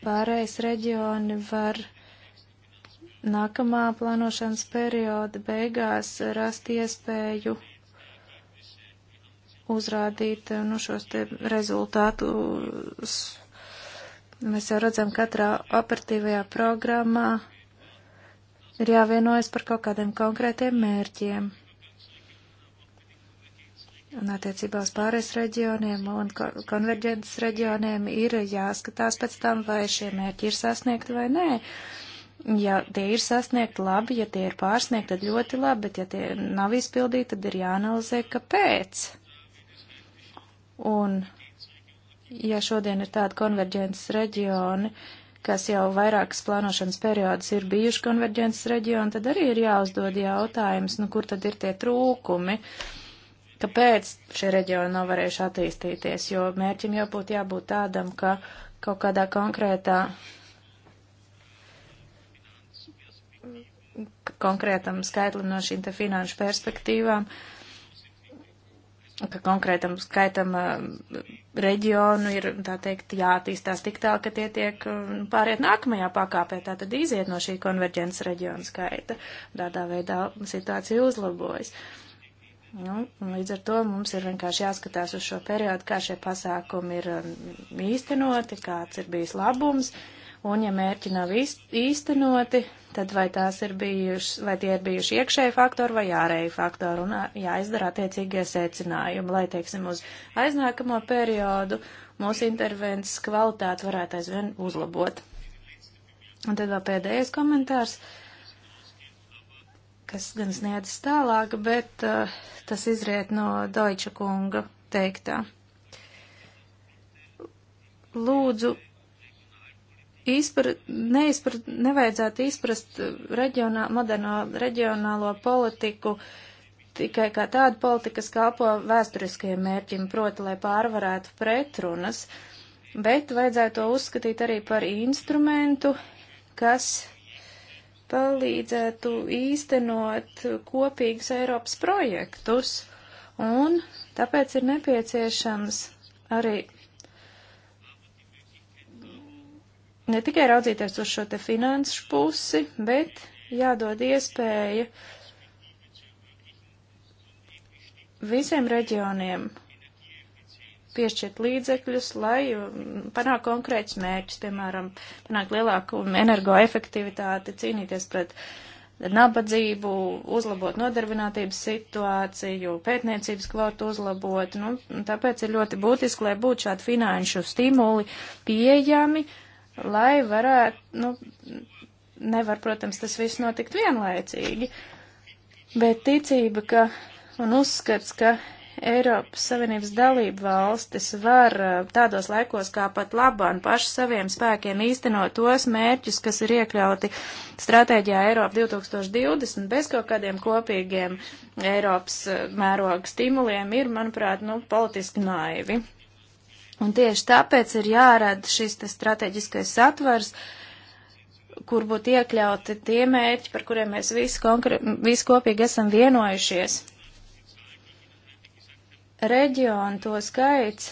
pārējais reģioni var nākamā plānošanas perioda beigās rast iespēju uzrādīt nu, šos te rezultātus. Mēs jau redzam, katrā operatīvajā programmā ir jāvienojas par kaut kādiem konkrētiem mērķiem. Un attiecībā uz pārējais reģioniem un konverģences reģioniem ir jāskatās pēc tam, vai šie mērķi ir sasniegti vai nē. Ja tie ir sasniegti labi, ja tie ir pārsniegti, tad ļoti labi, bet ja tie nav izpildīti, tad ir jāanalizē, kāpēc. Un ja šodien ir tādi konverģences reģioni, kas jau vairākas plānošanas periodus ir bijuši konverģences reģioni, tad arī ir jāuzdod jautājums, nu kur tad ir tie trūkumi. Uh, Kāpēc šie reģioni nav varējuši attīstīties? Jo mērķim jau būtu jābūt tādam, ka kaut kādā konkrētā konkrētam skaitlim no šīm te finanšu perspektīvām, ka konkrētam skaitam eh, reģionu ir, tā teikt, jātīstās tik tālu, ka tie tiek mm, pāriet nākamajā pakāpē, tā tad iziet no šī konverģences reģiona skaita. Tādā veidā situācija uzlabojas. Uh, Nu, līdz ar to mums ir vienkārši jāskatās uz šo periodu, kā šie pasākumi ir um, īstenoti, kāds ir bijis labums, un ja mērķi nav īstenoti, tad vai, ir bijuši, vai tie ir bijuši iekšēji faktori vai ārēji faktori, un jāizdara attiecīgie secinājumi, lai, teiksim, uz aiznākamo periodu mūsu intervences kvalitāti varētu aizvien uzlabot. Un tad vēl pēdējais komentārs. Uh, kas gan sniedzas tālāk, bet uh, tas izriet no Deutsche kunga teiktā. Lūdzu, izpar, neizpar, nevajadzētu izprast reģionā, moderno reģionālo politiku tikai kā tādu politiku, kas kalpo vēsturiskajiem mērķim, proti, lai pārvarētu pretrunas, bet vajadzētu to uzskatīt arī par instrumentu, kas palīdzētu īstenot kopīgus Eiropas projektus, un tāpēc ir nepieciešams arī ne tikai raudzīties uz šo te finanšu pusi, bet jādod iespēja visiem reģioniem piešķirt līdzekļus, lai mm, panāk konkrēts mērķis, piemēram, panāk lielāku energoefektivitāti, cīnīties pret nabadzību, uzlabot nodarbinātības situāciju, pētniecības kvotu uzlabot. Nu, tāpēc ir ļoti būtiski, lai būtu šādi finanšu stimuli pieejami, lai varētu, nu, nevar, protams, tas viss notikt vienlaicīgi, bet ticība, ka un uzskats, ka Eiropas Savienības dalību valstis var eh, tādos laikos kā pat labāk paši saviem spēkiem īstenot tos mērķus, kas ir iekļauti stratēģijā Eiropa 2020 bez kaut kādiem kopīgiem Eiropas eh, mēroga stimuliem ir, manuprāt, nu, politiski naivi. Un tieši tāpēc ir jārada šis strateģiskais satvers, kur būtu iekļauti tie mērķi, par kuriem mēs visi, visi kopīgi esam vienojušies reģionu, to skaits,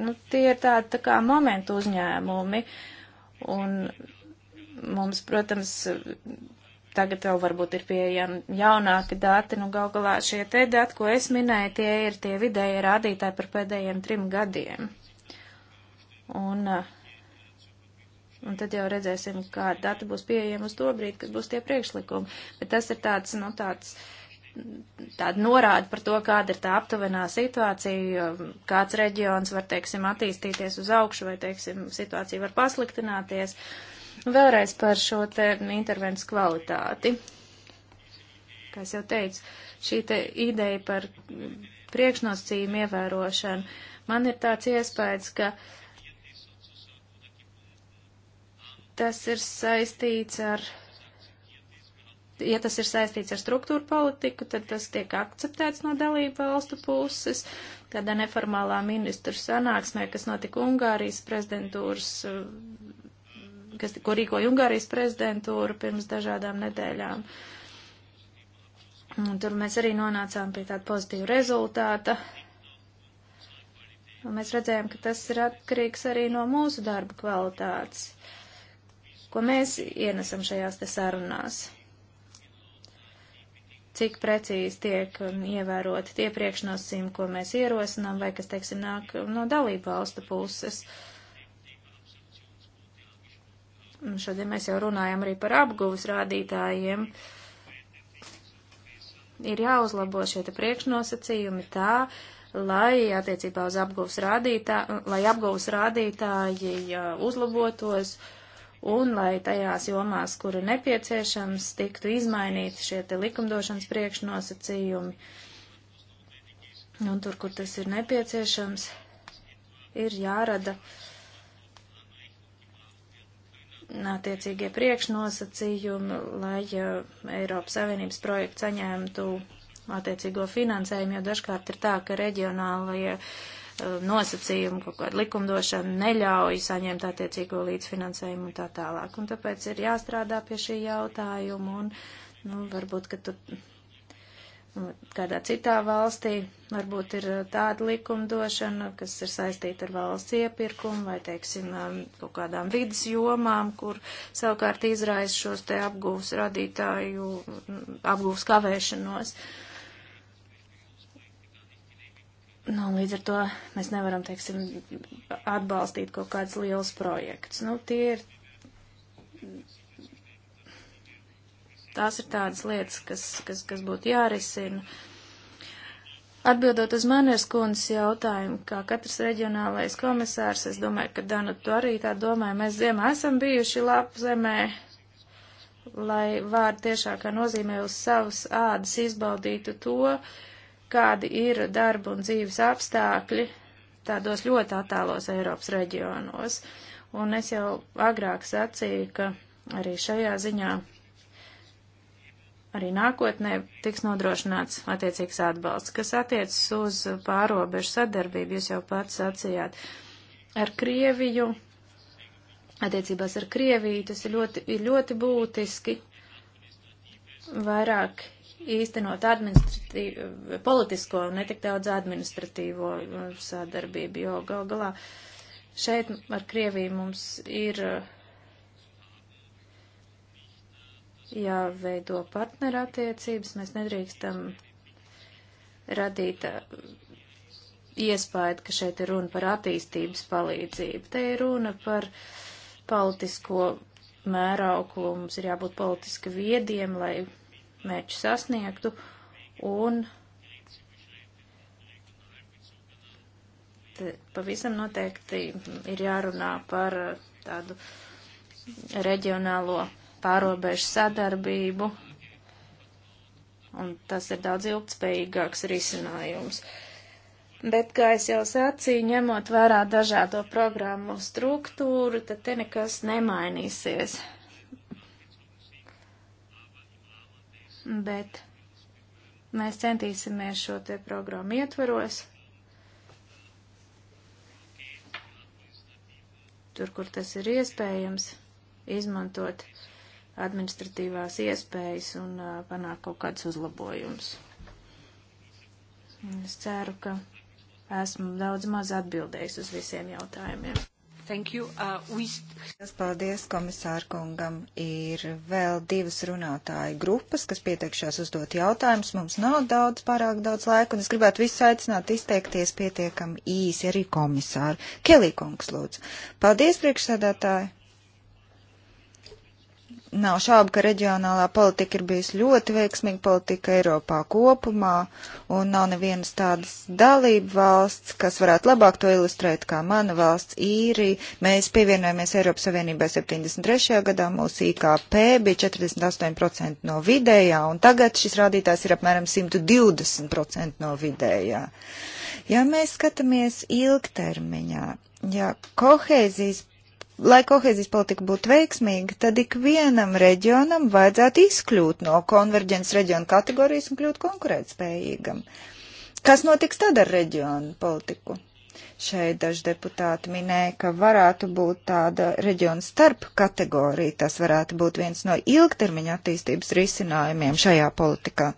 nu, tie ir tādi tā kā momentu uzņēmumi. Un mums, protams, tagad vēl varbūt ir pieejami jaunāki dati, nu gal galā šie te dati, ko es minēju, tie ir tie vidēji rādītāji par pēdējiem trim gadiem. Un, eh, un tad jau redzēsim, kādi dati būs pieejami uz to brīdi, kad būs tie priekšlikumi. Bet tas ir tāds, nu, tāds. Uh, tāda norāda par to, kāda ir tā aptuvenā situācija, kāds reģions var, teiksim, attīstīties uz augšu vai, teiksim, situācija var pasliktināties. Vēlreiz par šo te intervences kvalitāti. Kā es jau teicu, šī te ideja par priekšnosacījumu ievērošanu, man ir tāds iespējas, ka tas ir saistīts ar ja tas ir saistīts ar struktūru politiku, tad tas tiek akceptēts no dalību valstu puses. Tādā neformālā ministru sanāksmē, kas notika Ungārijas prezidentūras, kas, ko rīkoja Ungārijas prezidentūra pirms dažādām nedēļām. Un tur mēs arī nonācām pie tāda pozitīva rezultāta. Un mēs redzējām, ka tas ir atkarīgs arī no mūsu darba kvalitātes, ko mēs ienesam šajās te sarunās cik precīzi tiek um, ievēroti tie priekšnosīmi, ko mēs ierosinām, vai kas, teiksim, nāk um, no dalību valstu puses. Un šodien mēs jau runājam arī par apguvas rādītājiem. Ir jāuzlabo šie priekšnosacījumi tā, lai attiecībā uz apguvas rādītāji, lai apguvas rādītāji uzlabotos. Uh, un lai tajās jomās, kur ir nepieciešams, tiktu izmainīti šie te likumdošanas priekšnosacījumi. Un tur, kur tas ir nepieciešams, ir jārada attiecīgie priekšnosacījumi, lai Eiropas Savienības projekts saņemtu attiecīgo finansējumu, jo dažkārt ir tā, ka reģionālajie ja Uh, nosacījumu, kaut kāda likumdošana neļauj saņemt attiecīgo līdzfinansējumu un tā tālāk. Un tāpēc ir jāstrādā pie šī jautājuma un, nu, varbūt, ka tur nu, kādā citā valstī varbūt ir uh, tāda likumdošana, kas ir saistīta ar valsts iepirkumu vai, teiksim, um, kaut kādām vidas jomām, kur savukārt izraisa šos te apgūvs radītāju, mm, apgūvs kavēšanos. Uh, Nu, līdz ar to mēs nevaram, teiksim, atbalstīt kaut kāds liels projekts. Nu, tie ir, tās ir tādas lietas, kas, kas, kas būtu jārisina. Atbildot uz manieres kundas jautājumu, kā katrs reģionālais komisārs, es domāju, ka Danu tu arī tā domāju, mēs ziemā esam bijuši lapu zemē, lai vārdu tiešākā nozīmē uz savas ādas izbaudītu to, uh, kādi ir darba un dzīves apstākļi tādos ļoti attālos Eiropas reģionos. Un es jau agrāk sacīju, ka arī šajā ziņā arī nākotnē tiks nodrošināts attiecīgs atbalsts, kas attiecas uz pārobežu sadarbību, jūs jau pats sacījāt, ar Krieviju, attiecībās ar Krieviju, tas ir ļoti, ir ļoti būtiski, vairāk īstenot administratīvo, politisko un netik daudz administratīvo uh, sadarbību, jo gal galā šeit ar Krieviju mums ir uh, jāveido partnerattiecības, mēs nedrīkstam radīt uh, iespēju, ka šeit ir runa par attīstības palīdzību. Te ir runa par politisko mērauklu, mums ir jābūt politiski viediem, lai mērķu sasniegtu un pavisam noteikti ir jārunā par uh, tādu reģionālo pārobežu sadarbību, un tas ir daudz ilgtspējīgāks risinājums. Bet, kā es jau sacīju, ņemot vērā dažādo programmu struktūru, tad te nekas nemainīsies. bet mēs centīsimies šo te programmu ietvaros, tur, kur tas ir iespējams, izmantot administratīvās iespējas un uh, panākt kaut kādus uzlabojumus. Es ceru, ka esmu daudz maz atbildējis uz visiem jautājumiem. Thank you. Uh, we... Paldies komisārkungam. Ir vēl divas runātāju grupas, kas pieteikšās uzdot jautājumus. Mums nav daudz, pārāk daudz laika, un es gribētu visus aicināt izteikties pietiekami īsi arī komisāru. Kelī kungs, lūdzu. Paldies, priekšsēdētāji. Nav šaubu, ka reģionālā politika ir bijusi ļoti veiksmīga politika Eiropā kopumā, un nav nevienas tādas dalību valsts, kas varētu labāk to ilustrēt kā mana valsts īrija. Mēs pievienojamies Eiropas Savienībai 73. gadā, mūsu IKP bija 48% no vidējā, un tagad šis rādītājs ir apmēram 120% no vidējā. Ja mēs skatāmies ilgtermiņā, ja kohēzijas lai kohēzijas politika būtu veiksmīga, tad ikvienam reģionam vajadzētu izkļūt no konverģences reģionu kategorijas un kļūt konkurētspējīgam. Kas notiks tad ar reģionu politiku? Šeit daži deputāti minēja, ka varētu būt tāda reģiona starp kategorija. Tas varētu būt viens no ilgtermiņa attīstības risinājumiem šajā politikā.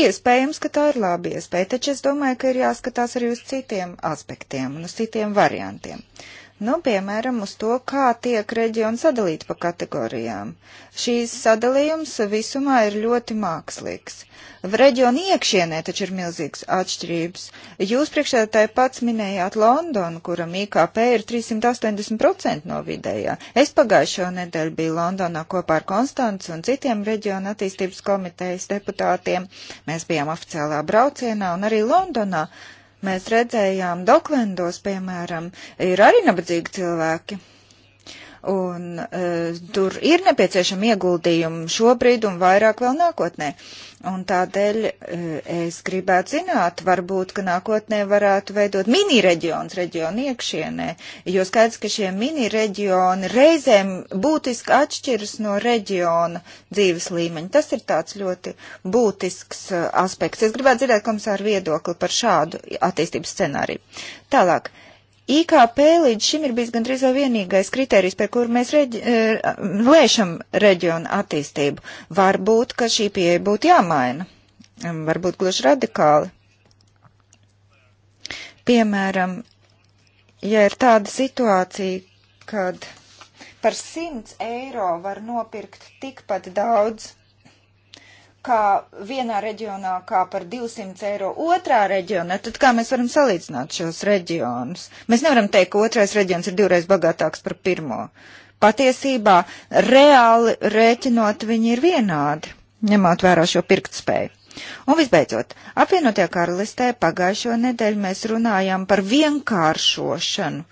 Iespējams, ka tā ir laba iespēja, taču es domāju, ka ir jāskatās arī uz citiem aspektiem un uz citiem variantiem. Uh, Nu, piemēram, uz to, kā tiek reģioni sadalīti pa kategorijām. Šīs sadalījums visumā ir ļoti mākslīgs. V reģionu iekšienē taču ir milzīgs atšķirības. Jūs priekšētāji pats minējāt Londonu, kuram IKP ir 380% no vidējā. Es pagājušo nedēļu biju Londonā kopā ar Konstants un citiem reģionu attīstības komitejas deputātiem. Mēs bijām oficiālā braucienā un arī Londonā. Uh, Mēs redzējām Doklendos, piemēram, ir arī nabadzīgi cilvēki. Un uh, tur ir nepieciešama ieguldījuma šobrīd un vairāk vēl nākotnē. Un tādēļ uh, es gribētu zināt, varbūt, ka nākotnē varētu veidot mini reģions reģionu iekšienē, jo skaidrs, ka šie mini reģioni reizēm būtiski atšķiras no reģiona dzīves līmeņa. Tas ir tāds ļoti būtisks uh, aspekts. Es gribētu dzirdēt komisāru viedokli par šādu attīstības scenāriju. Tālāk. Uh, IKP līdz šim ir bijis gandrīz vai vienīgais kriterijs, par kur mēs reģi, e, lēšam reģionu attīstību. Varbūt, ka šī pieeja būtu jāmaina. Varbūt gluži radikāli. Piemēram, ja ir tāda situācija, kad par 100 eiro var nopirkt tikpat daudz kā vienā reģionā, kā par 200 eiro otrā reģionā, tad kā mēs varam salīdzināt šos reģionus? Mēs nevaram teikt, ka otrais reģions ir divreiz bagātāks par pirmo. Patiesībā reāli rēķinot viņi ir vienādi, ņemot vērā šo pirktspēju. Un visbeidzot, apvienotajā karalistē pagājušo nedēļu mēs runājām par vienkāršošanu.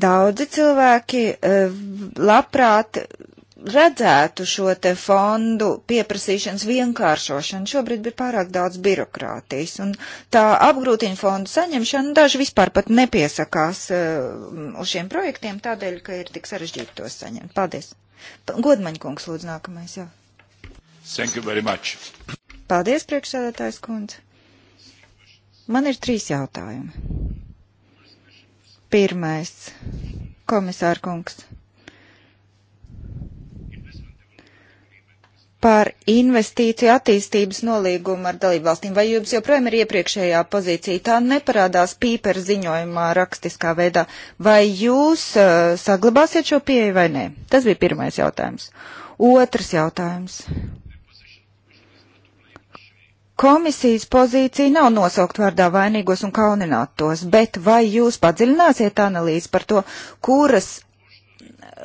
Daudzi cilvēki eh, labprāt redzētu šo te fondu pieprasīšanas vienkāršošanu. Šobrīd bija pārāk daudz birokrātijas, un tā apgrūtina fondu saņemšanu daži vispār pat nepiesakās uh, uz šiem projektiem tādēļ, ka ir tik sarežģīti tos saņemt. Paldies. Godmaņkungs, lūdzu, nākamais, jā. Thank you very much. Paldies, priekšsēdētājs kundze. Man ir trīs jautājumi. Pirmais, komisārkungs par investīciju attīstības nolīgumu ar dalībvalstīm. Vai jums joprojām ir iepriekšējā pozīcija? Tā neparādās pīper ziņojumā rakstiskā veidā. Vai jūs uh, saglabāsiet šo pieeju vai nē? Tas bija pirmais jautājums. Otrs jautājums. Komisijas pozīcija nav nosaukt vārdā vainīgos un kaunināt tos, bet vai jūs padziļināsiet analīzi par to, kuras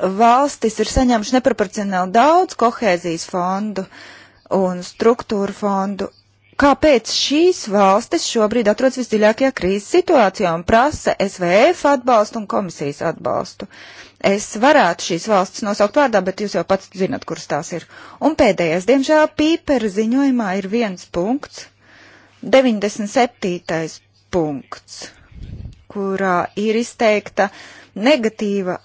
valstis ir saņēmuši neproporcionāli daudz kohēzijas fondu un struktūru fondu. Kāpēc šīs valstis šobrīd atrodas visdziļākajā krīzes situācijā un prasa SVF atbalstu un komisijas atbalstu? Es varētu šīs valstis nosaukt vārdā, bet jūs jau pats zinat, kuras tās ir. Un pēdējais, diemžēl, pīpera ziņojumā ir viens punkts, 97. punkts, kurā ir izteikta negatīva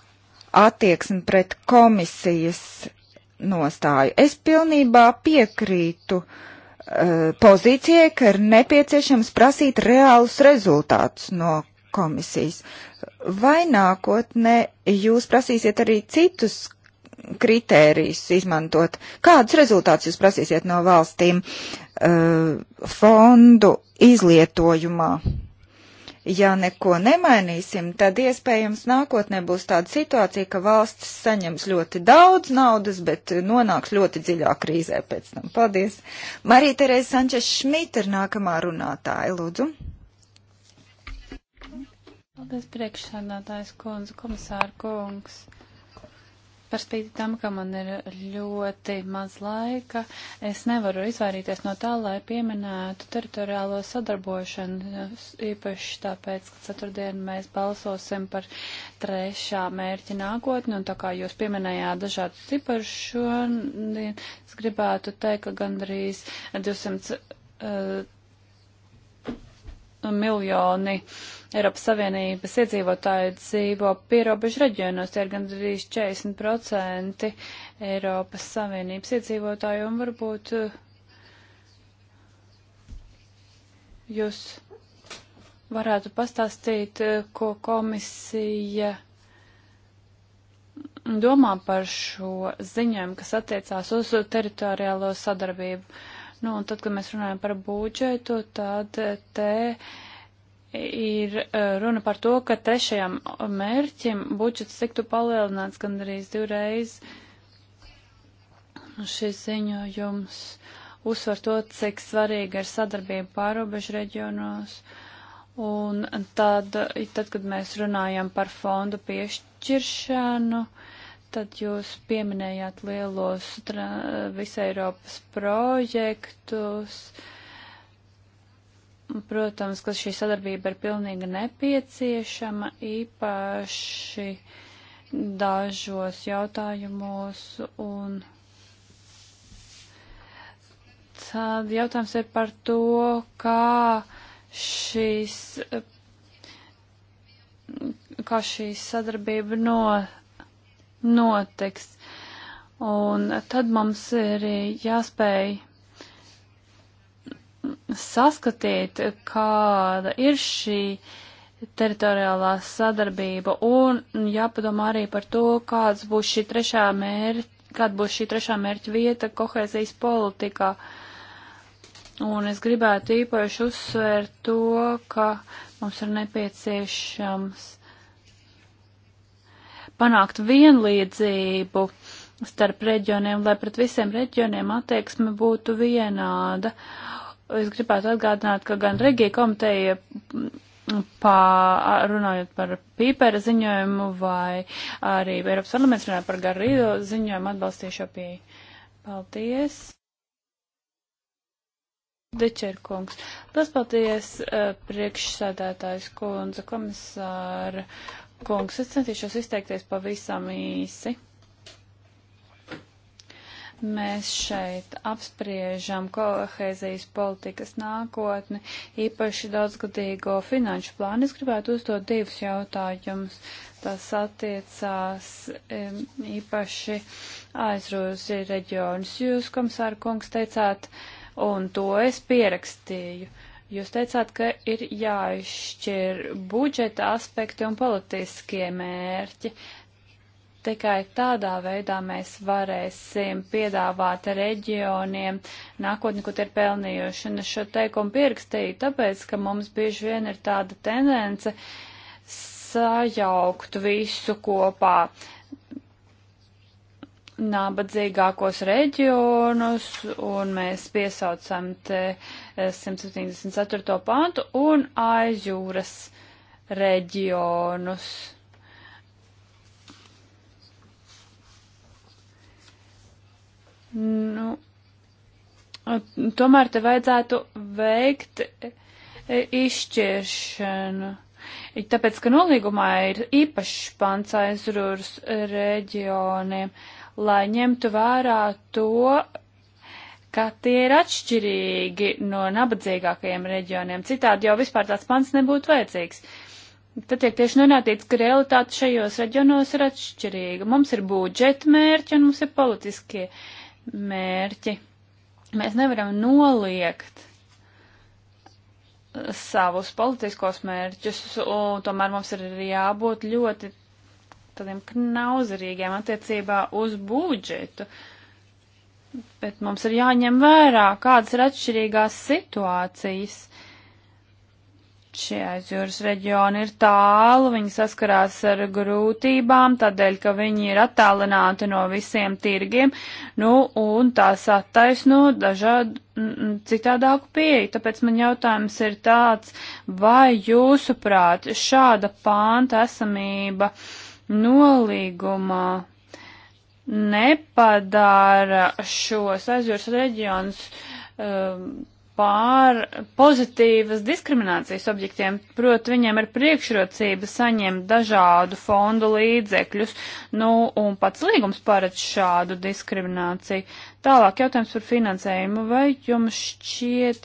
attieksmi pret komisijas nostāju. Es pilnībā piekrītu uh, pozīcijai, ka ir nepieciešams prasīt reālus rezultātus no komisijas. Vai nākotnē jūs prasīsiet arī citus kritērijus izmantot? Kādus rezultātus jūs prasīsiet no valstīm uh, fondu izlietojumā? Ja neko nemainīsim, tad iespējams nākotnē būs tāda situācija, ka valsts saņems ļoti daudz naudas, bet nonāks ļoti dziļā krīzē pēc tam. Paldies! Marija Terēza Sančes Šmita ir nākamā runātāja, lūdzu. Paldies, priekšsādātājs kundze, komisāra kungs. Par spīti tam, ka man ir ļoti maz laika, es nevaru izvairīties no tā, lai pieminētu teritoriālo sadarbošanu, īpaši tāpēc, ka ceturtdien mēs balsosim par trešā mērķa nākotni, un tā kā jūs pieminējāt dažādus ciparus šodien, es gribētu teikt, ka gandrīz 200 uh, eh, miljoni uh, Eiropas Savienības iedzīvotāji dzīvo pierobežu reģionos, tie ir gandrīz 40% Eiropas Savienības iedzīvotāju un varbūt eh, jūs varētu pastāstīt, eh, ko komisija domā par šo ziņojumu, kas attiecās uz teritoriālo sadarbību. Nu, un tad, kad mēs runājam par budžetu, tad eh, te ir eh, runa par to, ka trešajam mērķim budžets tiktu palielināts gandrīz divreiz. Šis ziņojums uzsver to, cik svarīga ir sadarbība pārobežu reģionos. Un tad, tad, kad mēs runājam par fondu piešķiršanu, tad jūs pieminējāt lielos visai Eiropas projektus. Uh, Protams, ka šī sadarbība ir pilnīgi nepieciešama, īpaši dažos jautājumos. Un tad jautājums ir par to, kā šīs, kā šī sadarbība no, notiks. Un tad mums ir jāspēj saskatīt, kāda ir šī teritoriālā sadarbība un jāpadomā arī par to, kāds būs šī trešā mērķa, kāda būs šī trešā mērķa vieta kohēzijas politikā. Un es gribētu īpaši uzsvērt to, ka mums ir nepieciešams panākt vienlīdzību starp reģioniem, lai pret visiem reģioniem attieksme būtu vienāda. Uh, es gribētu atgādināt, ka gan Regija komiteja Pā, runājot par pīpēra ziņojumu vai arī Eiropas parlaments runāja par garīdo ziņojumu atbalstīšo pieeju. Paldies. Dečerkungs. Tas paldies priekšsēdētājs kundze komisāra kungs. Es centīšos izteikties pavisam īsi. Mēs šeit apspriežam kohēzijas politikas nākotni, īpaši daudzgadīgo finanšu plānu. Es gribētu uzdot divus jautājumus. Tas attiecās īpaši aizrūzi reģionus. Jūs, komisāra kungs, teicāt, un to es pierakstīju. Jūs teicāt, ka ir jāizšķir budžeta aspekti un politiskie mērķi. Uh, Tikai tādā veidā mēs varēsim piedāvāt reģioniem nākotni, ko tie ir pelnījuši. Un es šo teikumu pierakstīju, tāpēc, ka mums bieži vien ir tāda tendence sajaukt visu kopā nabadzīgākos reģionus, un mēs piesaucam te 174. Eh, pantu un aiz jūras reģionus. Nu, tomēr te vajadzētu veikt izšķiršanu. Tāpēc, ka nolīgumā ir īpašs pants aizrūras reģioniem, lai ņemtu vērā to, ka tie ir atšķirīgi no nabadzīgākajiem reģioniem. Citādi jau vispār tāds pants nebūtu vajadzīgs. Tad tiek tieši norādīts, ka realitāte šajos reģionos ir atšķirīga. Mums ir budžeta mērķi un mums ir politiskie mērķi mērķi. Mēs nevaram noliegt savus politiskos mērķus, un tomēr mums ir jābūt ļoti tādiem knauzerīgiem attiecībā uz budžetu. Bet mums ir jāņem vērā, kādas ir atšķirīgās situācijas šie aizjūras reģioni ir tālu, viņi saskarās ar grūtībām, tādēļ, ka viņi ir attālināti no visiem tirgiem, nu, un tās attaisno dažādu citādāku pieeju. Tāpēc man jautājums ir tāds, vai jūsuprāt šāda pānta esamība nolīgumā nepadara šos aizjūras reģionus um, pār pozitīvas diskriminācijas objektiem, proti viņiem ir priekšrocība saņemt dažādu fondu līdzekļus, nu un pats līgums paredz šādu diskrimināciju. Tālāk jautājums par finansējumu. Vai jums šķiet,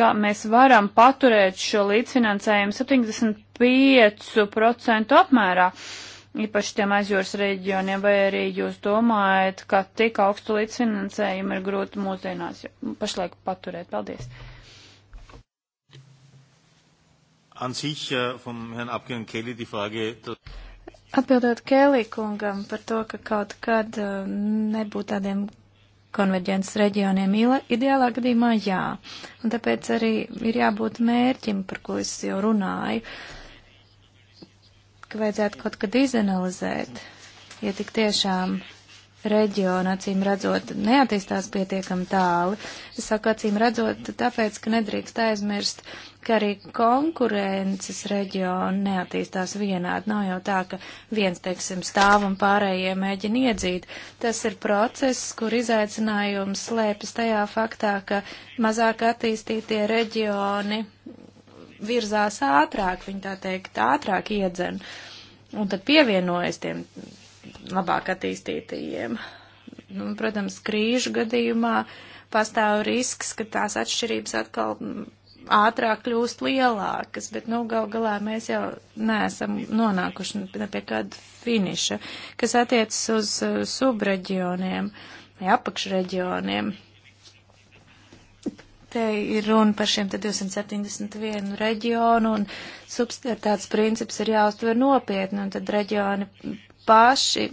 ka mēs varam paturēt šo līdzfinansējumu 75% apmērā? Uh, īpaši tiem aizjūras reģioniem, vai arī jūs domājat, ka tik augstu līdzfinansējumu ir grūti mūsdienās pašlaik paturēt? Paldies! An sich äh, vom Herrn Abgeordneten Kelly die Frage. Atbildot Kelly kungam par to, ka kaut kad äh, nebūtu tādiem konverģences reģioniem ideālā gadījumā jā. Un tāpēc arī ir jābūt mērķim, par ko es jau runāju. Uh, ka vajadzētu kaut kad izanalizēt, ja tik tiešām reģiona, acīm redzot, neattīstās pietiekami tālu. Es saku, acīm redzot, tāpēc, ka nedrīkst aizmirst, ka arī konkurences reģioni neattīstās vienādi. Nav jau tā, ka viens, teiksim, stāv un pārējie mēģina iedzīt. Tas ir process, kur izaicinājums slēpjas tajā faktā, ka mazāk attīstītie reģioni virzās ātrāk, viņi tā teikt ātrāk iedzen un tad pievienojas tiem labāk attīstītajiem. Nu, protams, krīžu gadījumā pastāv risks, ka tās atšķirības atkal ātrāk kļūst lielākas, bet, nu, gal galā mēs jau neesam nonākuši pie kāda finiša, kas attiecas uz eh, subreģioniem vai apakšreģioniem. Te ir runa par šiem 271 reģionu un subsidiaritātes princips ir jāuztver nopietni un tad reģioni paši,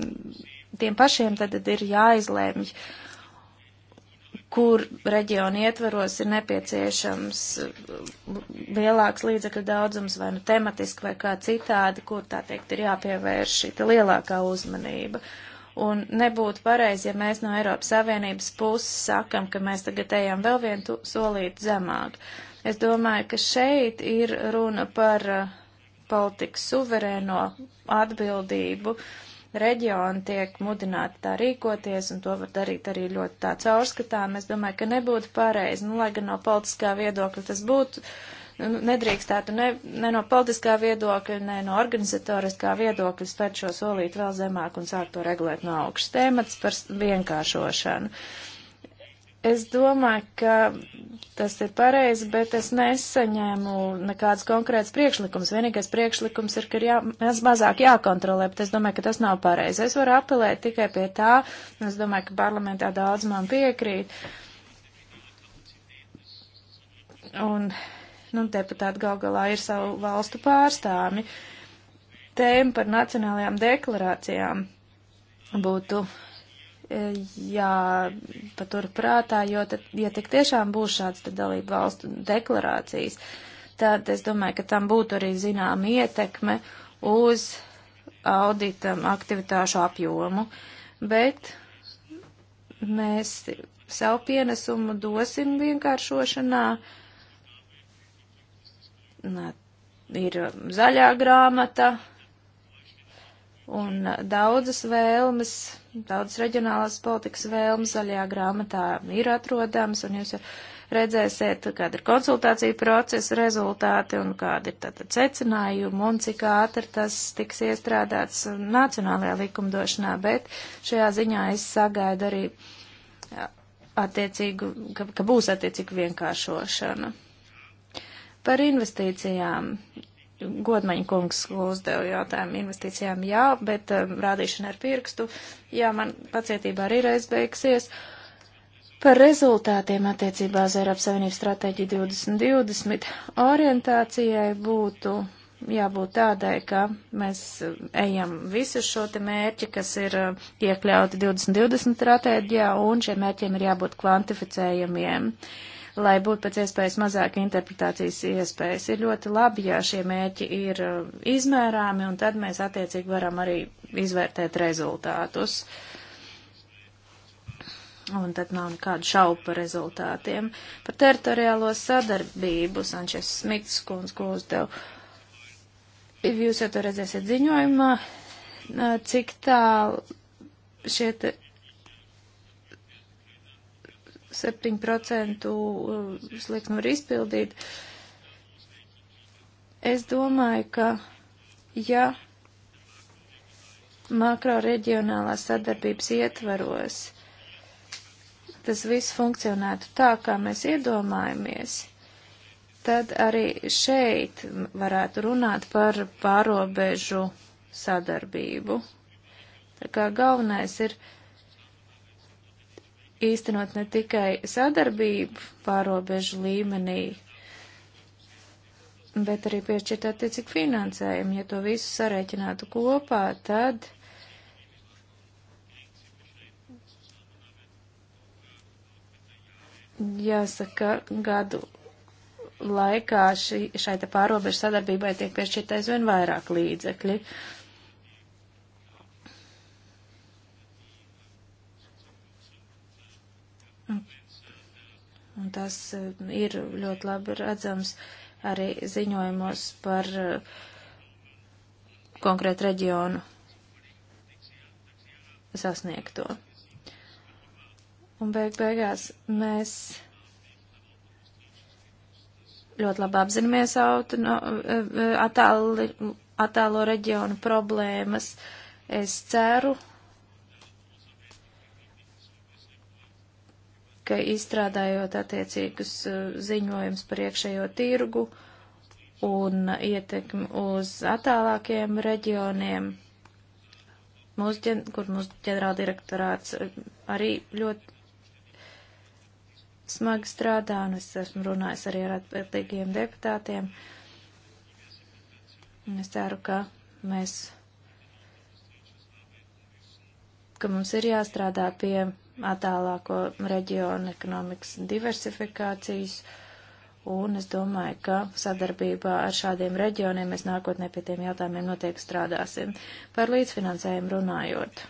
tiem pašiem tad ir jāizlēmj, kur reģionu ietveros ir nepieciešams lielāks līdzekļu daudzums vai nu tematiski vai kā citādi, kur tā teikt ir jāpievērš šī lielākā uzmanība. Uh, Un nebūtu pareizi, ja mēs no Eiropas Savienības puses sakam, ka mēs tagad ejam vēl vienu solīti zemāk. Es domāju, ka šeit ir runa par uh, politikas suverēno atbildību. Reģioni tiek mudināti tā rīkoties, un to var darīt arī ļoti tā caurskatām. Es domāju, ka nebūtu pareizi, nu, lai gan no politiskā viedokļa tas būtu nu, nedrīkstētu ne, ne no politiskā viedokļa, ne no organizatoriskā viedokļa spērt šo solīt vēl zemāk un sākt to regulēt no augšas. Tēmats par vienkāršošanu. Es domāju, ka tas ir pareizi, bet es nesaņēmu nekāds konkrēts priekšlikums. Vienīgais priekšlikums ir, ka ir jā, mazāk jākontrolē, bet es domāju, ka tas nav pareizi. Es varu apelēt tikai pie tā, un es domāju, ka parlamentā daudz man piekrīt. Un nu, deputāti gal galā ir savu valstu pārstāvi. Tēma par nacionālajām deklarācijām būtu e, jāpatur prātā, jo, tad, ja tik tiešām būs šāds dalību valstu deklarācijas, tad es domāju, ka tam būtu arī zinām ietekme uz auditam aktivitāšu apjomu, bet mēs savu pienesumu dosim vienkāršošanā, uh, ir um, zaļā grāmata un daudzas vēlmes, daudzas reģionālās politikas vēlmes zaļajā grāmatā ir atrodamas, un jūs redzēsiet, kāda ir konsultācija procesa rezultāti un kāda ir tātad secinājuma un cik ātri tas tiks iestrādāts nacionālajā likumdošanā, bet šajā ziņā es sagaidu arī attiecīgu, ka, ka būs attiecīga vienkāršošana. Par investīcijām. Godmaņa kungs uzdeva jautājumu investīcijām, jā, bet um, rādīšana ar pirkstu, jā, man pacietība arī reiz beigsies. Par rezultātiem attiecībā uz Eiropas Savienības stratēģiju 2020 orientācijai būtu jābūt tādai, ka mēs um, ejam visu šo te mērķi, kas ir um, iekļauti 2020 stratēģijā, un šiem mērķiem ir jābūt kvantificējumiem. Uh, lai būtu pēc iespējas mazāk interpretācijas iespējas. Ir ļoti labi, ja šie mērķi ir uh, izmērāmi, un tad mēs attiecīgi varam arī izvērtēt rezultātus. Un tad nav nekādu šaubu par rezultātiem. Par teritoriālo sadarbību Sančes Smits kundz, ko uzdev. Jūs jau to redzēsiet ziņojumā, uh, cik tālu šie te 7% uh, slieks nevar izpildīt. Es domāju, ka ja makroreģionālās sadarbības ietvaros tas viss funkcionētu tā, kā mēs iedomājamies, tad arī šeit varētu runāt par pārobežu sadarbību. Tā kā galvenais ir īstenot ne tikai sadarbību pārobežu līmenī, bet arī piešķirt attiecīgi finansējumu. Ja to visu sarēķinātu kopā, tad jāsaka, gadu laikā šī, šai te pārobežu sadarbībai tiek piešķirt aizvien vairāk līdzekļi. Uh, un tas eh, ir ļoti labi redzams arī ziņojumos par eh, konkrētu reģionu sasniegto. Un beig beigās mēs ļoti labi apzināmies autono, eh, attāli, attālo reģionu problēmas. Es ceru, ka izstrādājot attiecīgus uh, ziņojums par iekšējo tirgu un ietekmi uz attālākiem reģioniem, mūs, kur mūsu ģenerāldirektorāts uh, arī ļoti smagi strādā, un es esmu runājis arī ar atbildīgiem deputātiem. Un es ceru, ka mēs, ka mums ir jāstrādā pie attālāko reģionu ekonomikas diversifikācijas. Un es domāju, ka sadarbībā ar šādiem reģioniem mēs nākotnē pie tiem jautājumiem noteikti strādāsim. Par līdzfinansējumu runājot.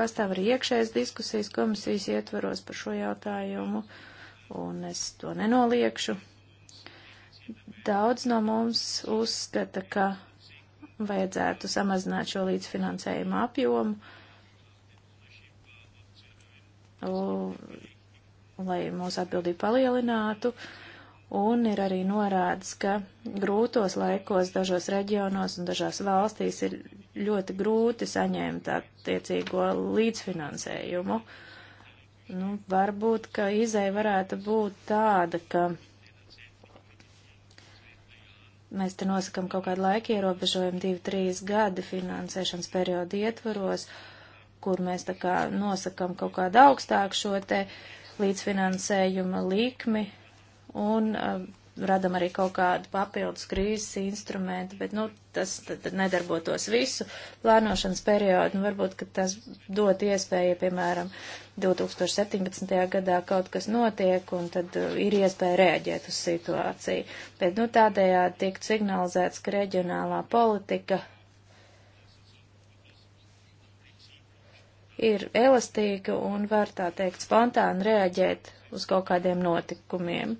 Pastāv arī iekšējas diskusijas komisijas ietvaros par šo jautājumu, un es to nenoliekšu. Daudz no mums uzskata, ka vajadzētu samazināt šo līdzfinansējumu apjomu lai mūsu atbildību palielinātu. Un ir arī norādes, ka grūtos laikos dažos reģionos un dažās valstīs ir ļoti grūti saņemt attiecīgo līdzfinansējumu. Nu, varbūt, ka izēja varētu būt tāda, ka mēs te nosakam kaut kādu laika ierobežojumu 2-3 gadi finansēšanas periodu ietvaros, uh, kur mēs tā kā nosakam kaut kādu augstāku šo te līdzfinansējuma likmi un uh, radam arī kaut kādu papildus krīzes instrumentu, bet, nu, tas tad nedarbotos visu plānošanas periodu, nu, varbūt, ka tas dot iespēju, piemēram, 2017. gadā kaut kas notiek, un tad eh, ir iespēja reaģēt uz situāciju. Bet, nu, tādējādi tiek signalizēts, ka reģionālā politika ir elastīga un var, tā teikt, spontāni reaģēt uz kaut kādiem notikumiem.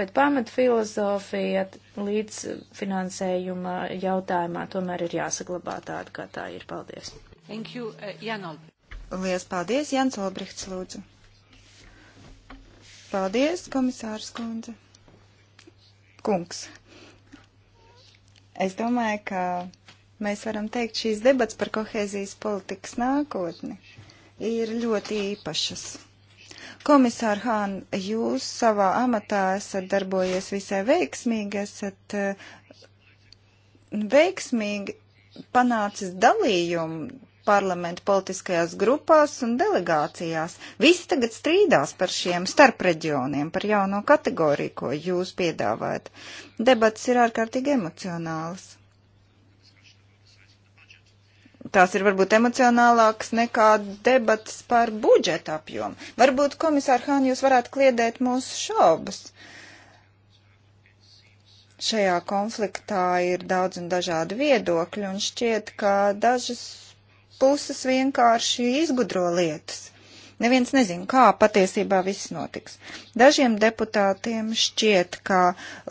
Bet pamatfilozofija līdz finansējuma jautājumā tomēr ir jāsaglabā tāda, kā tā ir. Paldies! Thank you, uh, Jan Olbrichts. Lielas paldies, Jans Olbrichts, lūdzu. Paldies, komisārs kundze. Kungs. Es domāju, ka mēs varam teikt šīs debats par kohēzijas politikas nākotni ir ļoti īpašas. Komisār Hān, jūs savā amatā esat darbojies visai veiksmīgi, esat eh, veiksmīgi panācis dalījumu parlamentu politiskajās grupās un delegācijās. Visi tagad strīdās par šiem starpreģioniem, par jauno kategoriju, ko jūs piedāvājat. Debats ir ārkārtīgi emocionāls tās ir varbūt emocionālākas nekā debats par budžeta apjomu. Varbūt, komisār Hāni, jūs varētu kliedēt mūsu šaubas. Šajā konfliktā ir daudz un dažādi viedokļi, un šķiet, ka dažas puses vienkārši izgudro lietas. Neviens nezina, kā patiesībā viss notiks. Dažiem deputātiem šķiet, ka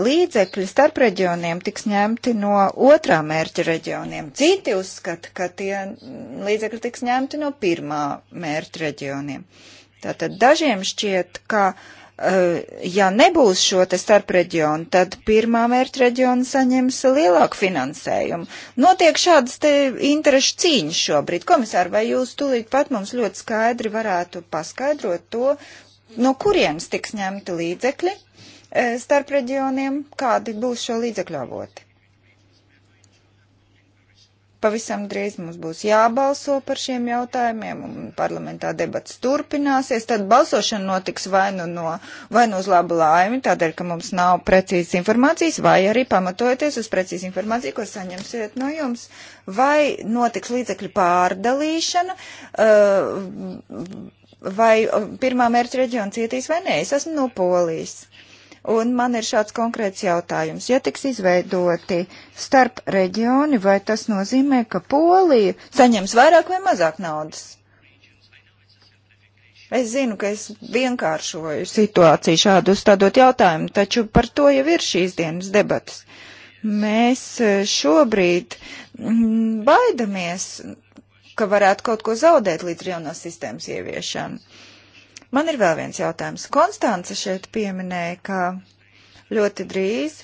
līdzekļi starp reģioniem tiks ņemti no otrā mērķa reģioniem. Citi uzskata, ka tie līdzekļi tiks ņemti no pirmā mērķa reģioniem. Tātad dažiem šķiet, ka uh, Eh, ja nebūs šo te starpreģionu, tad pirmā mērķa reģiona saņems lielāku finansējumu. Notiek šādas te interešu cīņas šobrīd. Komisār, vai jūs tūlīt pat mums ļoti skaidri varētu paskaidrot to, no kurienes tiks ņemti līdzekļi eh, starpreģioniem, kādi būs šo līdzekļu avoti? Pavisam drīz mums būs jābalso par šiem jautājumiem, un parlamentā debats turpināsies. Tad balsošana notiks vai nu, no, vai nu uz labu laimi, tādēļ, ka mums nav precīzas informācijas, vai arī pamatojoties uz precīzu informāciju, ko saņemsiet no jums. Vai notiks līdzekļu pārdalīšana, uh, vai uh, pirmā mērķa reģiona cietīs vai nē. Es esmu no Polijas. Un man ir šāds konkrēts jautājums. Ja tiks izveidoti starp reģioni, vai tas nozīmē, ka Polija saņems vairāk vai mazāk naudas? Es zinu, ka es vienkāršoju situāciju šādu uzstādot jautājumu, taču par to jau ir šīs dienas debatas. Mēs e, šobrīd baidamies, ka varētu kaut ko zaudēt līdz jaunās sistēmas ieviešanu. Man ir vēl viens jautājums. Konstance šeit pieminēja, ka ļoti drīz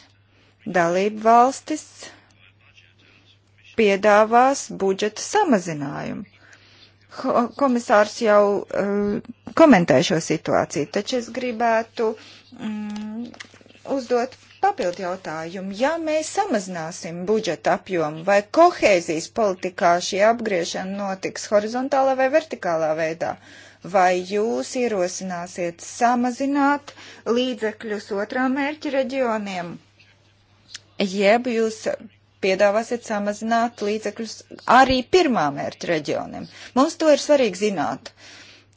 dalību valstis piedāvās budžeta samazinājumu. Komisārs jau uh, eh, komentē šo situāciju, taču es gribētu mm, uzdot papildu jautājumu. Ja mēs samazināsim budžeta apjomu, vai kohēzijas politikā šī apgriešana notiks horizontālā vai vertikālā veidā? Uh, Vai jūs ierosināsiet samazināt līdzekļus otrām mērķa reģioniem? Jeb jūs piedāvāsiet samazināt līdzekļus arī pirmā mērķa reģioniem? Mums to ir svarīgi zināt.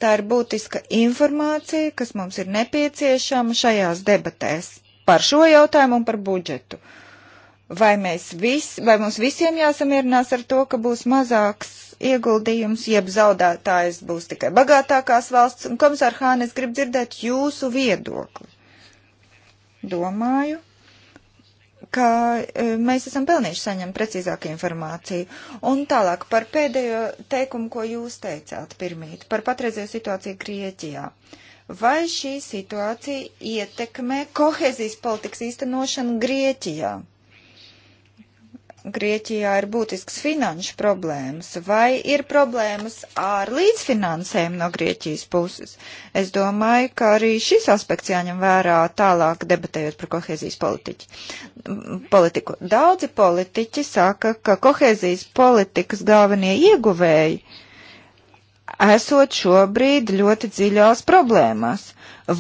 Tā ir būtiska informācija, kas mums ir nepieciešama šajās debatēs par šo jautājumu un par budžetu. Uh, Vai, vis, vai mums visiem jāsamierinās ar to, ka būs mazāks ieguldījums, jeb zaudētājs būs tikai bagātākās valsts? Un, komisār Hāne, es gribu dzirdēt jūsu viedokli. Domāju, ka e, mēs esam pelnījuši saņemt precīzāku informāciju. Un tālāk par pēdējo teikumu, ko jūs teicāt pirmīt, par patreizējo situāciju Grieķijā. Vai šī situācija ietekmē kohezijas politikas īstenošanu Grieķijā? Grieķijā ir būtisks finanšu problēmas, vai ir problēmas ar līdzfinansēm no Grieķijas puses? Es domāju, ka arī šis aspekts jāņem vērā tālāk debatējot par kohēzijas politiķi. politiku. Daudzi politiķi saka, ka kohēzijas politikas galvenie ieguvēji esot šobrīd ļoti dziļās problēmās.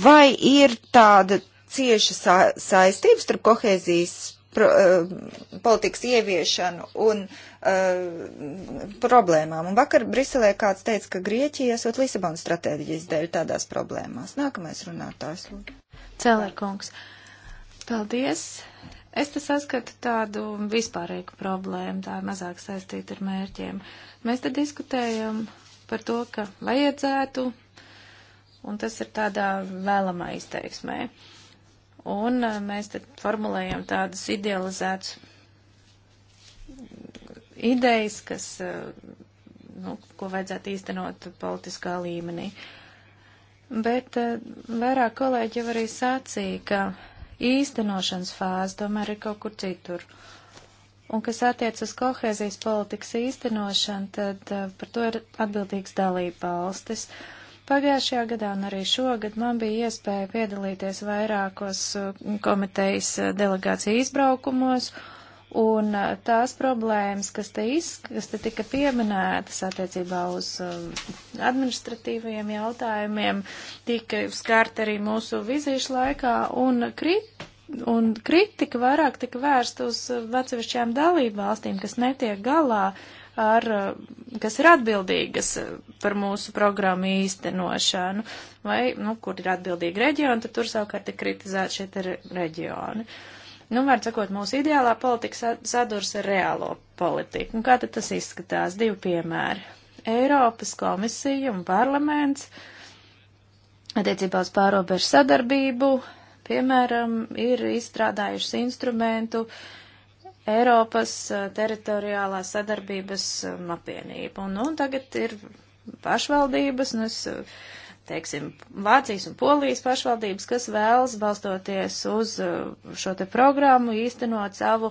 Vai ir tāda cieša sa saistības starp kohēzijas pro, eh, politikas ieviešanu un uh, problēmām. Un vakar Briselē kāds teica, ka Grieķija esot Lisabonas stratēģijas dēļ tādās problēmās. Nākamais runātājs. Cēlērkungs. Paldies. Es te saskatu tādu vispārīgu problēmu, tā ir mazāk saistīta ar mērķiem. Mēs te diskutējam par to, ka vajadzētu, un tas ir tādā vēlamā izteiksmē. Uh, Un eh, mēs tad formulējam tādas idealizētas idejas, kas, eh, nu, ko vajadzētu īstenot politiskā līmenī. Bet eh, vairāk kolēģi jau arī sacīja, ka īstenošanas fāze tomēr ir kaut kur citur. Un kas attiec uz kohēzijas politikas īstenošanu, tad par to ir atbildīgs dalība valstis. Uh, Pagājušajā gadā un arī šogad man bija iespēja piedalīties vairākos uh, komitejas uh, delegāciju izbraukumos, un uh, tās problēmas, kas te, iz, kas te tika pieminētas attiecībā uz administratīvajiem jautājumiem, tika skārta arī mūsu vizīšu laikā, un krit, un kritika vairāk tika vērsta uz atsevišķām dalību valstīm, kas netiek galā ar, eh, kas ir atbildīgas eh, par mūsu programmu īstenošanu, vai, nu, kur ir atbildīgi reģioni, tad tur savukārt ir kritizēti šie reģioni. Nu, var sakot, mūsu ideālā politika sadurs ar reālo politiku. Un kā tad tas izskatās? Divi piemēri. Eiropas komisija un parlaments attiecībā uz pārobežu sadarbību, piemēram, ir izstrādājušas instrumentu uh, Eiropas teritoriālās sadarbības apvienība. Un, un tagad ir pašvaldības, nu es, teiksim, Vācijas un Polijas pašvaldības, kas vēlas balstoties uz šo te programmu īstenot savu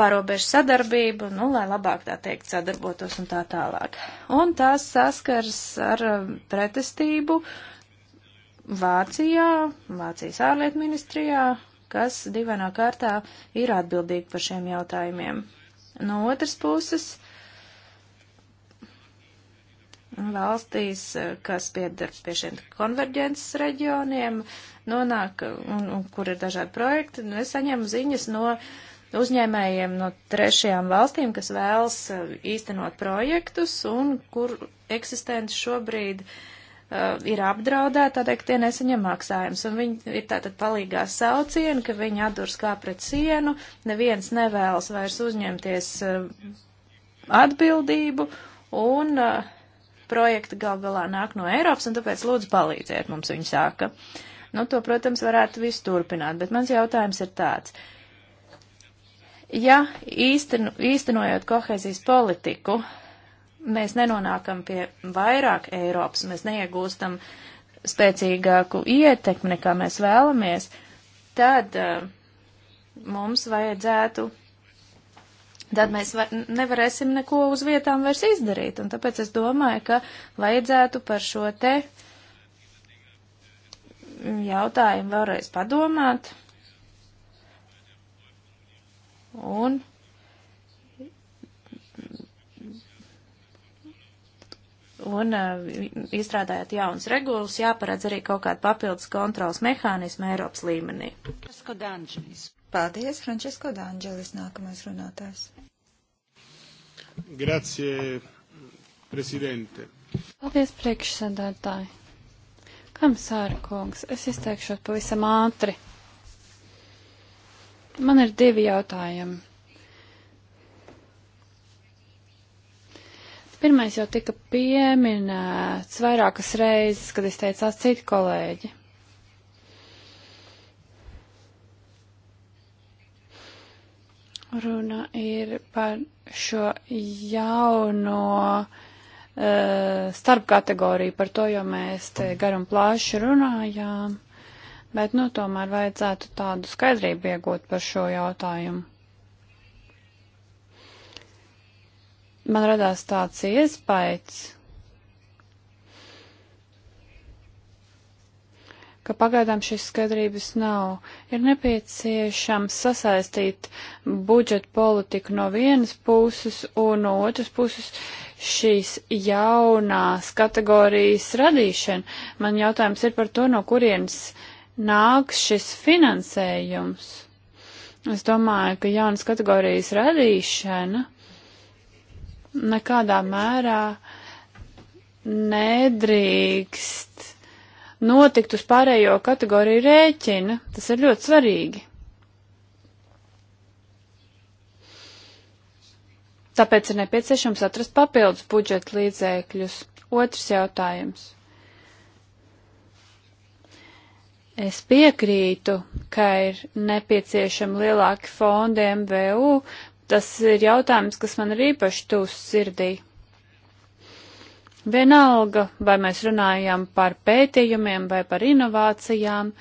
pārobežu sadarbību, nu, lai labāk tā teikt sadarbotos un tā tālāk. Un tās saskars ar pretestību Vācijā, Vācijas ārlietu ministrijā kas divainā kārtā ir atbildīgi par šiem jautājumiem. No otras puses, valstīs, kas piedar pie šiem konverģences reģioniem, nonāk, un, un kur ir dažādi projekti, nu, es saņemu ziņas no uzņēmējiem no trešajām valstīm, kas vēlas uh, īstenot projektus un kur eksistents šobrīd uh, uh, ir apdraudēti, tādēļ, ka tie nesaņem maksājumus. Un viņi ir tātad palīgā saucieni, ka viņi atdurs kā pret sienu, neviens nevēlas vairs uzņemties uh, atbildību un uh, projekti gal galā nāk no Eiropas, un tāpēc lūdzu palīdziet mums, viņi sāka. Nu, to, protams, varētu visu turpināt, bet mans jautājums ir tāds. Ja īsteno, īstenojot kohēzijas politiku, uh, mēs nenonākam pie vairāk Eiropas, mēs neiegūstam spēcīgāku ietekmi, nekā mēs vēlamies, tad uh, mums vajadzētu, tad mēs va nevarēsim neko uz vietām vairs izdarīt. Un tāpēc es domāju, ka vajadzētu par šo te jautājumu vēlreiz padomāt. Un un uh, izstrādājot jaunas regulas, jāparedz arī kaut kāda papildus kontrols mehānisma Eiropas līmenī. Paldies, Francesco D'Angelis, nākamais runātājs. Grazie, prezidente. Paldies, priekšsēdētāji. Kamsāra kungs, es izteikšos pavisam ātri. Man ir divi jautājumi. Pirmais jau tika pieminēts vairākas reizes, kad es teicās citi kolēģi. Runa ir par šo jauno uh, starpkategoriju, par to jau mēs te gar un plāši runājām, bet nu tomēr vajadzētu tādu skaidrību iegūt par šo jautājumu. man radās tāds iespējas, ka pagaidām šīs skaidrības nav. Ir nepieciešams sasaistīt budžeta politiku no vienas puses un no otras puses šīs jaunās kategorijas radīšana. Man jautājums ir par to, no kurienes nāks šis finansējums. Es domāju, ka jaunas kategorijas radīšana uh, nekādā mērā nedrīkst notikt uz pārējo kategoriju rēķina. Tas ir ļoti svarīgi. Tāpēc ir nepieciešams atrast papildus budžeta līdzēkļus. Otrs jautājums. Es piekrītu, ka ir nepieciešama lielāka fonda MVU, Tas ir jautājums, kas man ir īpaši tūs sirdī. Vienalga, vai mēs runājam par pētījumiem vai par inovācijām,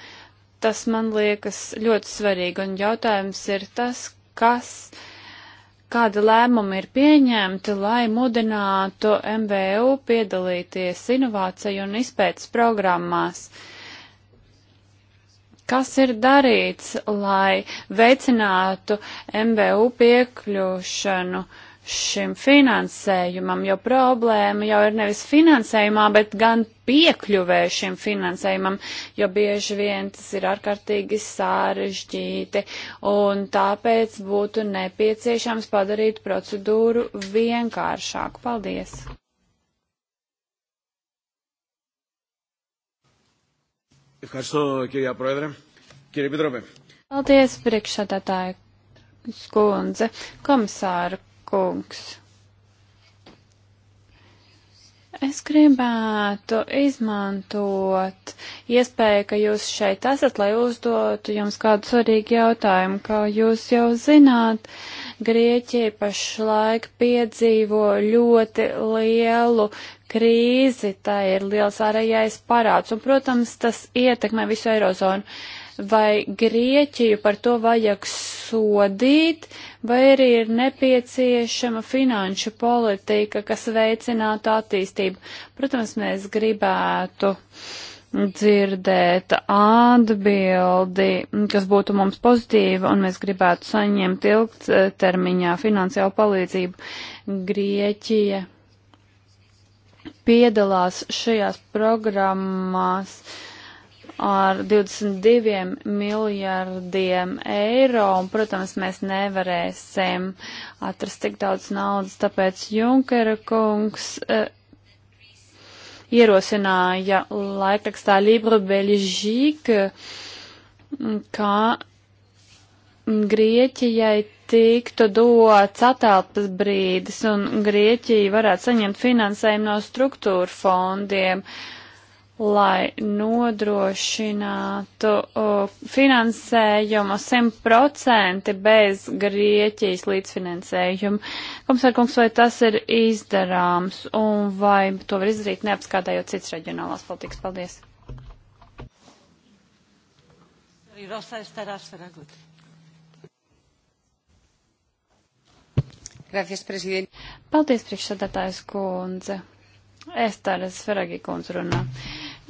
tas man liekas ļoti svarīgi, un jautājums ir tas, kas, kāda lēmuma ir pieņemta, lai mudinātu MVU piedalīties inovāciju un izpētes programmās. Uh, Kas ir darīts, lai veicinātu MBU piekļūšanu šim finansējumam, jo problēma jau ir nevis finansējumā, bet gan piekļuvē šim finansējumam, jo bieži vien tas ir ārkārtīgi sārežģīti, un tāpēc būtu nepieciešams padarīt procedūru vienkāršāku. Paldies! Ευχαριστώ, κυρία Πρόεδρε. Κύριε Επίτροπε. Paldies, priekšsādātāja skundze, komisāra kungs. Es gribētu izmantot iespēju, ka jūs šeit esat, lai uzdotu jums kādu svarīgu jautājumu, kā jūs jau zināt. Uh, Grieķija pašlaik piedzīvo ļoti lielu krīzi, tā ir liels ārējais parāds, un, protams, tas ietekmē visu eirozonu. Vai Grieķiju par to vajag sodīt, vai arī ir nepieciešama finanšu politika, kas veicinātu attīstību? Protams, mēs gribētu. Uh, dzirdēt atbildi, kas būtu mums pozitīva, un mēs gribētu saņemt ilgtermiņā finansiālu palīdzību. Grieķija piedalās šajās programmās ar 22 miljardiem eiro, un, protams, mēs nevarēsim atrast tik daudz naudas, tāpēc Junkera kungs. Uh, ierosināja laikrakstā Libro Belģīka, kā Grieķijai tiktu dots atālpas brīdis un Grieķija varētu saņemt finansējumu no struktūra fondiem. Uh, lai nodrošinātu uh, finansējumu 100% bez Grieķijas līdzfinansējuma. Komisārkungs, vai tas ir izdarāms un vai to var izdarīt neapskādējot cits reģionālās politikas? Paldies. Paldies, priekšsēdētājs kundze. Estāres Feragikons runā. Uh,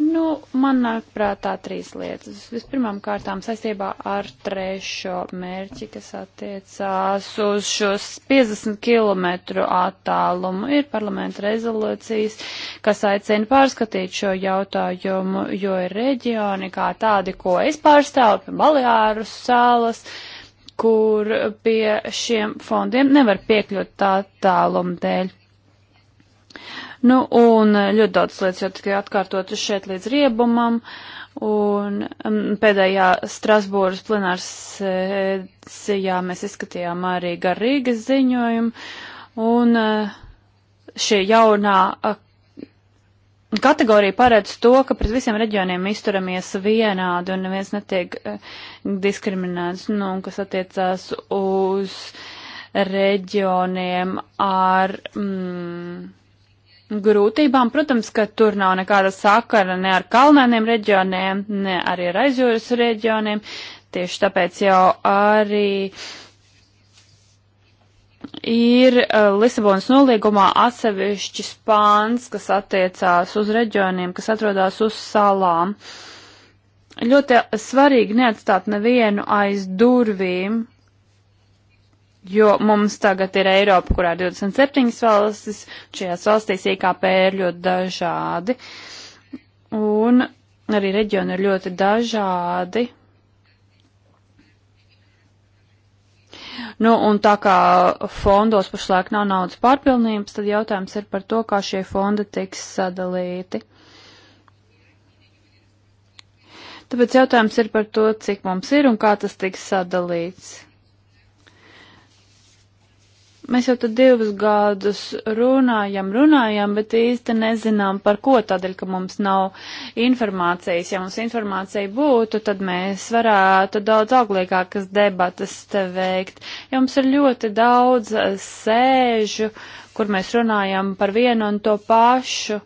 Nu, man nāk prātā trīs lietas. Vispirmām kārtām saistībā ar trešo mērķi, kas attiecās uz šos 50 km attālumu, ir parlamenta rezolūcijas, kas aicina pārskatīt šo jautājumu, jo ir reģioni kā tādi, ko es pārstāvu, Baleāru salas, kur pie šiem fondiem nevar piekļūt tā tālumu dēļ. Nu, un eh, ļoti daudz lietas jau tikai atkārtotas šeit līdz riebumam. Un mm, pēdējā Strasbūras plenārs sesijā mēs izskatījām arī garīgas ziņojumu. Un eh, šī jaunā eh, kategorija paredz to, ka pret visiem reģioniem izturamies vienādi un neviens netiek diskriminēts, nu, kas attiecās uz reģioniem ar. Mm, grūtībām. Protams, ka tur nav nekāda sakara ne ar kalnēniem reģioniem, ne arī ar aizjūras reģioniem. Tieši tāpēc jau arī ir uh, Lisabonas nolīgumā atsevišķis pāns, kas attiecās uz reģioniem, kas atrodas uz salām. Ļoti svarīgi neatstāt nevienu aiz durvīm, Jo mums tagad ir Eiropa, kurā 27 valstis, šajās valstīs IKP ir ļoti dažādi, un arī reģioni ir ļoti dažādi. Nu, un tā kā fondos pašlaik nav naudas pārpilnības, tad jautājums ir par to, kā šie fondi tiks sadalīti. Tāpēc jautājums ir par to, cik mums ir un kā tas tiks sadalīts. Mēs jau tad divus gadus runājam, runājam, bet īsti nezinām par ko tādēļ, ka mums nav informācijas. Ja mums informācija būtu, tad mēs varētu daudz auglīgākas debatas te veikt. Ja mums ir ļoti daudz eh, sēžu, kur mēs runājam par vienu un to pašu,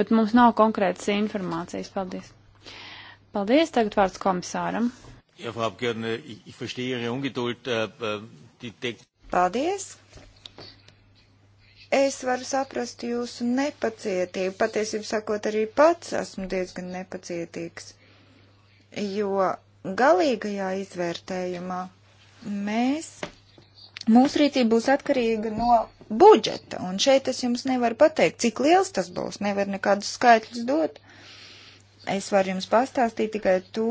bet mums nav konkrētas informācijas. Paldies. Paldies, tagad vārds komisāram. Ja, Frau Abgeordnete, ich verstehe Ihre Ungeduld. Äh, äh Paldies! Es varu saprast jūsu nepacietību. Patiesību sakot, arī pats esmu diezgan nepacietīgs, jo galīgajā izvērtējumā mēs, mūsu rīcība būs atkarīga no budžeta, un šeit es jums nevaru pateikt, cik liels tas būs, nevaru nekādus skaitļus dot es varu jums pastāstīt tikai to,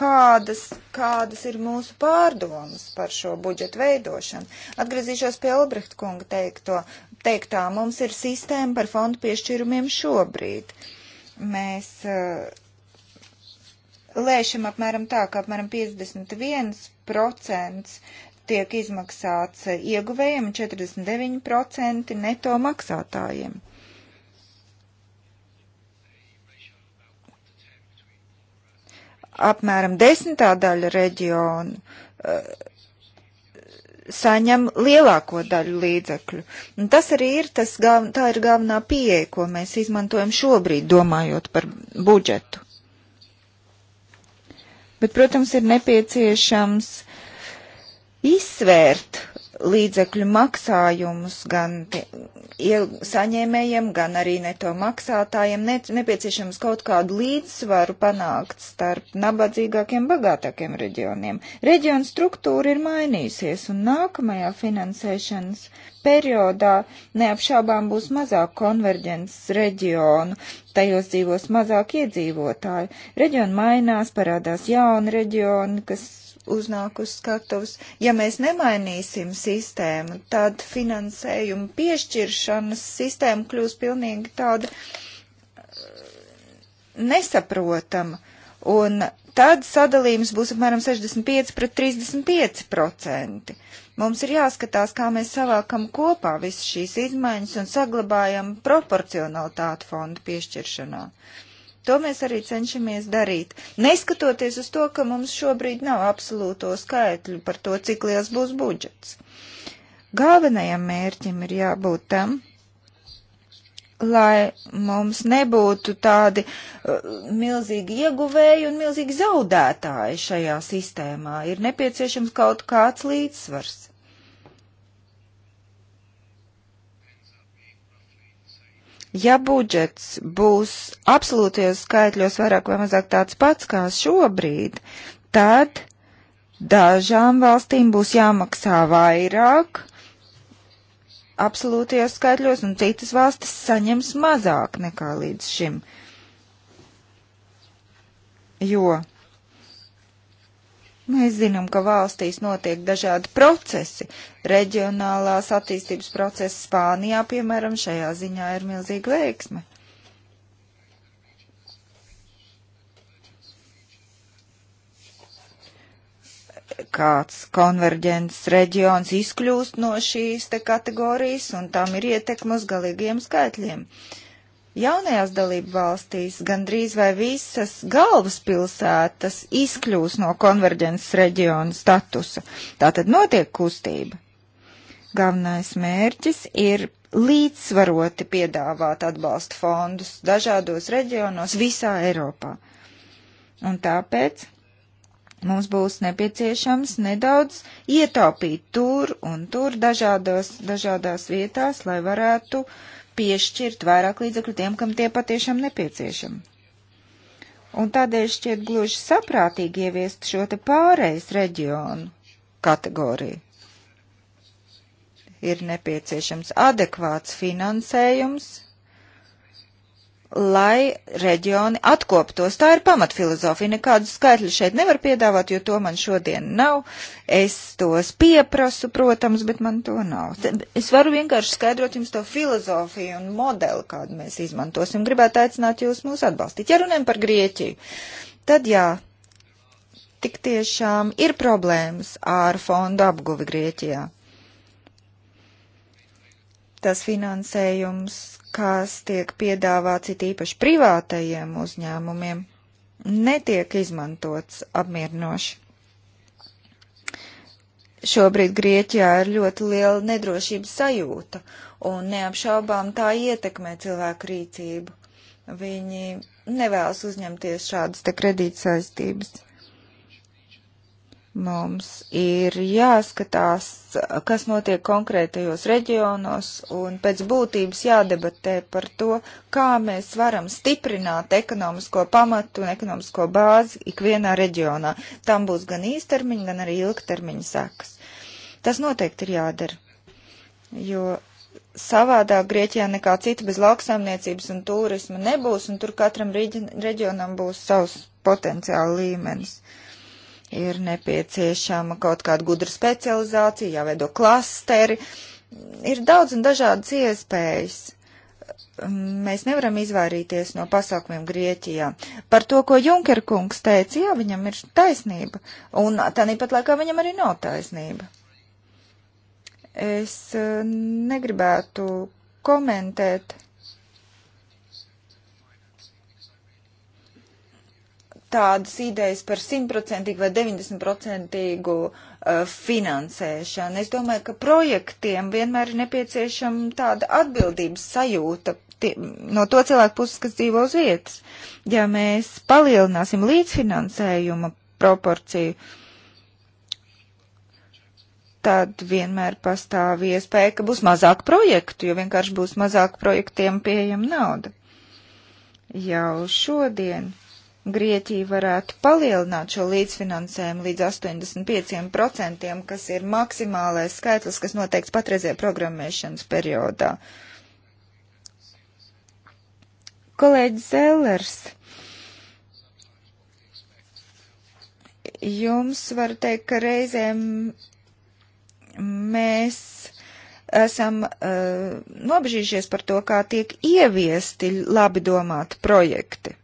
kādas, kādas ir mūsu pārdomas par šo budžetu veidošanu. Atgriezīšos pie Albrecht kunga teikto, teiktā, mums ir sistēma par fondu piešķirumiem šobrīd. Mēs uh, lēšam apmēram tā, ka apmēram 51% tiek izmaksāts ieguvējiem un 49% neto maksātājiem apmēram desmitā daļa reģionu uh, saņem lielāko daļu līdzekļu. Un tas arī ir, tas galv, tā ir galvenā pieeja, ko mēs izmantojam šobrīd, domājot par budžetu. Bet, protams, ir nepieciešams izsvērt līdzekļu maksājumus gan saņēmējiem, gan arī neto maksātājiem. Ne, nepieciešams kaut kādu līdzsvaru panākt starp nabadzīgākiem, bagātākiem reģioniem. Reģiona struktūra ir mainījusies, un nākamajā finansēšanas periodā neapšaubām būs mazāk konverģences reģionu, tajos dzīvos mazāk iedzīvotāju. Reģioni mainās, parādās jauni reģioni, kas uznāk uz skatuves. Ja mēs nemainīsim sistēmu, tad finansējuma piešķiršanas sistēma kļūs pilnīgi tāda uh, nesaprotama. Un tad sadalījums būs apmēram 65 pret 35 procenti. Mums ir jāskatās, kā mēs savākam kopā visas šīs izmaiņas un saglabājam proporcionalitāti fondu piešķiršanā. To mēs arī cenšamies darīt. Neskatoties uz to, ka mums šobrīd nav absolūto skaitļu par to, cik liels būs budžets. Galvenajam mērķim ir jābūt tam, lai mums nebūtu tādi uh, milzīgi ieguvēji un milzīgi zaudētāji šajā sistēmā. Ir nepieciešams kaut kāds līdzsvars. Ja budžets būs absolūtajos skaitļos vairāk vai mazāk tāds pats kā šobrīd, tad dažām valstīm būs jāmaksā vairāk absolūtajos skaitļos, un citas valstis saņems mazāk nekā līdz šim. Jo Mēs zinām, ka valstīs notiek dažādi procesi, reģionālās attīstības procesi Spānijā, piemēram, šajā ziņā ir milzīga veiksme. Kāds konverģents reģions izkļūst no šīs te kategorijas, un tam ir ietekme uz galīgiem skaitļiem. Uh, Jaunajās dalību valstīs gandrīz vai visas galvaspilsētas izkļūs no konverģences reģiona statusa. Tā tad notiek kustība. Galvenais mērķis ir līdzsvaroti piedāvāt atbalstu fondus dažādos reģionos visā Eiropā. Un tāpēc mums būs nepieciešams nedaudz ietaupīt tur un tur dažādos, dažādās vietās, lai varētu uh, piešķirt vairāk līdzekļu tiem, kam tie patiešām nepieciešami. Un tādēļ šķiet gluži saprātīgi ieviest šo te pārejas reģionu kategoriju. Ir nepieciešams adekvāts finansējums lai reģioni atkoptos. Tā ir pamatfilozofija. Nekādu skaitļu šeit nevar piedāvāt, jo to man šodien nav. Es tos pieprasu, protams, bet man to nav. Es varu vienkārši skaidrot jums to filozofiju un modeli, kādu mēs izmantosim. Gribētu aicināt jūs mūs atbalstīt. Ja runājam par Grieķiju, tad jā, tik tiešām ir problēmas ar fondu apguvi Grieķijā. Tas finansējums kas tiek piedāvāts it īpaši privātajiem uzņēmumiem, netiek izmantots apmierinoši. Šobrīd Grieķijā ir ļoti liela nedrošības sajūta, un neapšaubām tā ietekmē cilvēku rīcību. Viņi nevēlas uzņemties šādas te kredītsaistības. Mums ir jāskatās, kas notiek konkrētajos reģionos, un pēc būtības jādebatē par to, kā mēs varam stiprināt ekonomisko pamatu un ekonomisko bāzi ikvienā reģionā. Tam būs gan īstermiņa, gan arī ilgtermiņa sekas. Tas noteikti ir jādara, jo savādāk Grieķijā nekā cita bez lauksaimniecības un turisma nebūs, un tur katram reģionam būs savs potenciāla līmenis. Uh, Ir nepieciešama kaut kāda gudra specializācija, jāveido klasteri. Ir daudz un dažādas iespējas mēs nevaram izvairīties no pasākumiem Grieķijā. Par to, ko Junker kungs teica, jā, viņam ir taisnība, un tāpat laikā viņam arī nav taisnība. Es eh, negribētu komentēt tādas idejas par 100% vai 90% uh, finansēšanu. Es domāju, ka projektiem vienmēr ir nepieciešama tāda atbildības sajūta tie, no to cilvēku puses, kas dzīvo uz vietas. Ja mēs palielināsim līdzfinansējuma proporciju, tad vienmēr pastāv iespēja, ka būs mazāk projektu, jo vienkārši būs mazāk projektiem pieejama nauda. Jau šodien Grieķija varētu palielināt šo līdzfinansējumu līdz 85%, kas ir maksimālais skaitlis, kas noteikts patreizajā programmēšanas periodā. Kolēģis Zellers, jums var teikt, ka reizēm mēs esam uh, nobežījušies par to, kā tiek ieviesti labi domāti projekti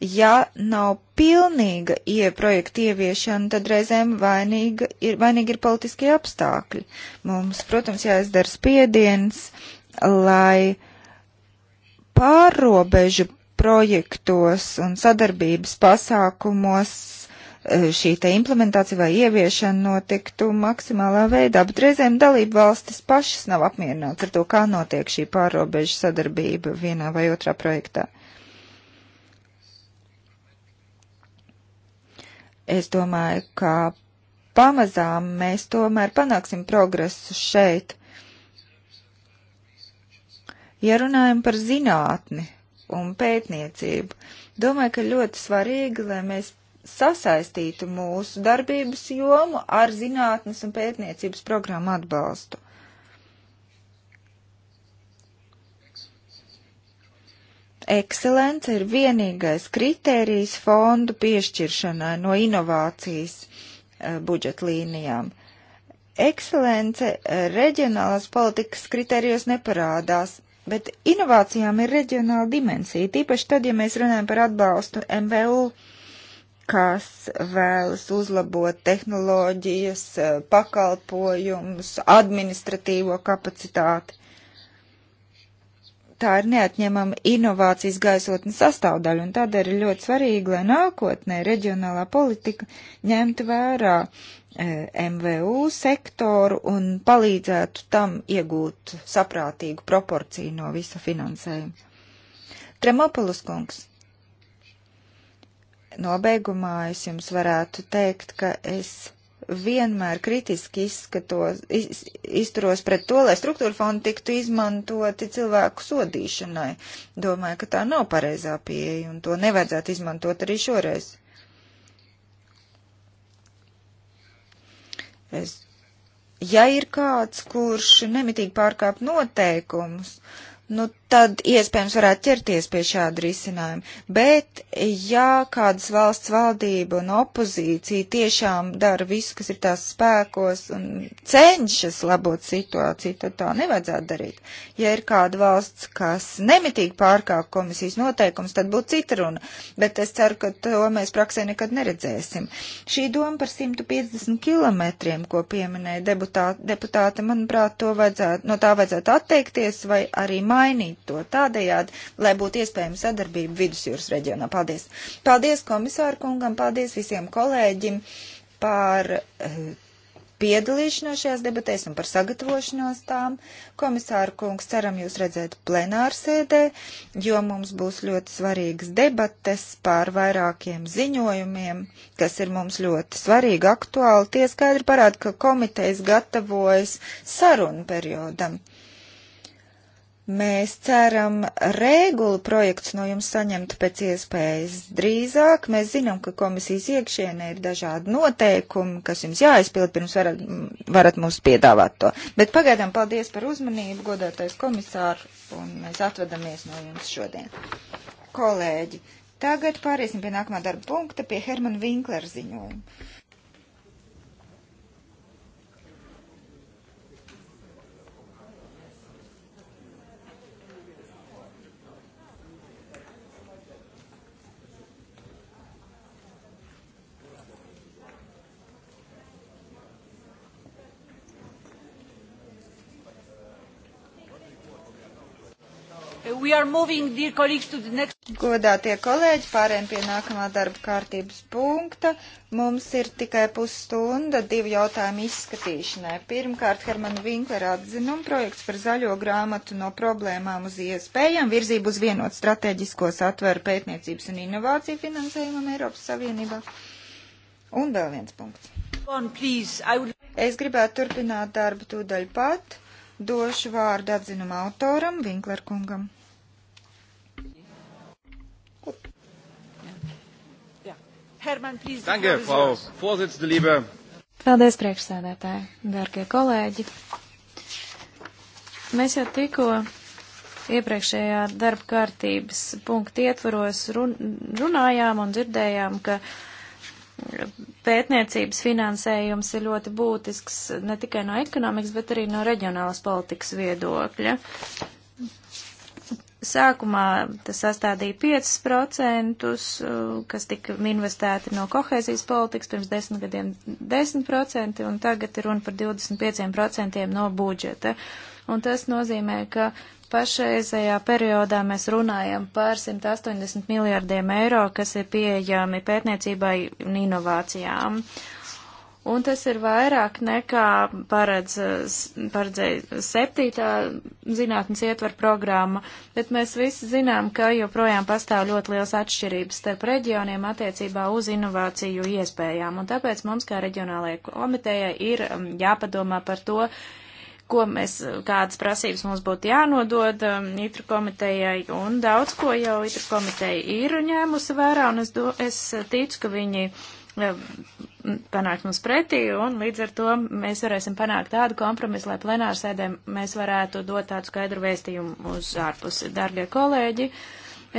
ja nav pilnīga ieprojekta ieviešana, tad reizēm vainīga ir, vainīgi ir politiskie apstākļi. Mums, protams, jāizdara spiediens, lai pārrobežu projektos un sadarbības pasākumos eh, šī te implementācija vai ieviešana notiktu maksimālā veidā, bet reizēm dalību valstis pašas nav apmierināts ar to, kā notiek šī pārrobežu sadarbība vienā vai otrā projektā. Uh, Es domāju, ka pamazām mēs tomēr panāksim progresu šeit. Ja runājam par zinātni un pētniecību, domāju, ka ļoti svarīgi, lai mēs sasaistītu mūsu darbības jomu ar zinātnes un pētniecības programmu atbalstu. Ekscelence ir vienīgais kritērijs fondu piešķiršanai no inovācijas uh, budžeta līnijām. Ekscelence uh, reģionālās politikas kritērijos neparādās, bet inovācijām ir reģionāla dimensija, tīpaši tad, ja mēs runājam par atbalstu MVU kas vēlas uzlabot tehnoloģijas, eh, pakalpojumus, administratīvo kapacitāti tā ir neatņemama inovācijas gaisotnes sastāvdaļa, un tādēļ ir ļoti svarīgi, lai nākotnē reģionālā politika ņemtu vērā e, MVU sektoru un palīdzētu tam iegūt saprātīgu proporciju no visa finansējuma. Tremopulus kungs, nobeigumā es jums varētu teikt, ka es vienmēr kritiski izskatos, iz, izturos pret to, lai struktūra fondi tiktu izmantoti cilvēku sodīšanai. Domāju, ka tā nav pareizā pieeja un to nevajadzētu izmantot arī šoreiz. Es, ja ir kāds, kurš nemitīgi pārkāp noteikumus, nu tad iespējams varētu ķerties pie šāda risinājuma. Bet, ja kādas valsts valdība un opozīcija tiešām dara visu, kas ir tās spēkos un cenšas labot situāciju, tad tā nevajadzētu darīt. Ja ir kāda valsts, kas nemitīgi pārkāp komisijas noteikums, tad būtu cita runa. Bet es ceru, ka to mēs praksē nekad neredzēsim. Šī doma par 150 kilometriem, ko pieminēja deputāte, manuprāt, to vajadzētu, no tā vajadzētu atteikties vai arī mainīt darīt to tādējādi, lai būtu iespējama sadarbība vidusjūras reģionā. Paldies! Paldies komisāru kungam, paldies visiem kolēģim par eh, piedalīšanos šajās debatēs un par sagatavošanos tām. Komisāra kungs, ceram jūs redzēt plenārsēdē, jo mums būs ļoti svarīgas debates pār vairākiem ziņojumiem, kas ir mums ļoti svarīgi aktuāli. Tie skaidri parāda, ka komitejas gatavojas sarunu periodam. Mēs ceram regulu projekts no jums saņemt pēc iespējas drīzāk. Mēs zinām, ka komisijas iekšienē ir dažādi noteikumi, kas jums jāizpild, pirms varat, varat mums piedāvāt to. Bet pagaidām paldies par uzmanību, godātais komisāru, un mēs atvadamies no jums šodien. Kolēģi, tagad pāriesim pie nākamā darba punkta, pie Hermana Vinklera ziņojuma. Moving, next... Godātie kolēģi, pārējiem pie nākamā darba kārtības punkta. Mums ir tikai pusstunda divu jautājumu izskatīšanai. Pirmkārt, Hermana Vinklera atzinuma projekts par zaļo grāmatu no problēmām uz iespējām virzību uz vienot strateģisko satveru pētniecības un inovāciju finansējumam Eiropas Savienībā. Un vēl viens punkts. On, please, would... Es gribētu turpināt darbu tūdaļ pat. Došu vārdu atzinuma autoram Vinklerkungam. Herman, please, Danke, Frau Vorsitzende, liebe. Paldies, priekšsēdētāji, dārgie kolēģi. Mēs jau tikko iepriekšējā darba kārtības punkta ietvaros run runājām un dzirdējām, ka pētniecības finansējums ir ļoti būtisks ne tikai no ekonomikas, bet arī no reģionālas politikas viedokļa. Sākumā tas sastādīja 5%, uh, kas tika investēti no kohēzijas politikas pirms desmit gadiem 10%, un tagad ir runa par 25% no budžeta. Un tas nozīmē, ka pašreizējā periodā mēs runājam par 180 miljārdiem eiro, kas ir pieejami pētniecībai un inovācijām. Uh, un tas ir vairāk nekā paredz, paredzēja septītā zinātnes ietver programma, bet mēs visi zinām, ka joprojām pastāv ļoti liels atšķirības starp reģioniem attiecībā uz inovāciju iespējām, un tāpēc mums kā reģionālajai komitejai ir um, jāpadomā par to, ko mēs, kādas prasības mums būtu jānodod um, ITRU komitejai, un daudz ko jau ITRU komiteja ir ņēmusi vērā, un es, do, es ticu, ka viņi panākt mums pretī, un līdz ar to mēs varēsim panākt tādu kompromisu, lai plenārsēdē mēs varētu dot tādu skaidru vēstījumu uz ārpusi. Dargie kolēģi,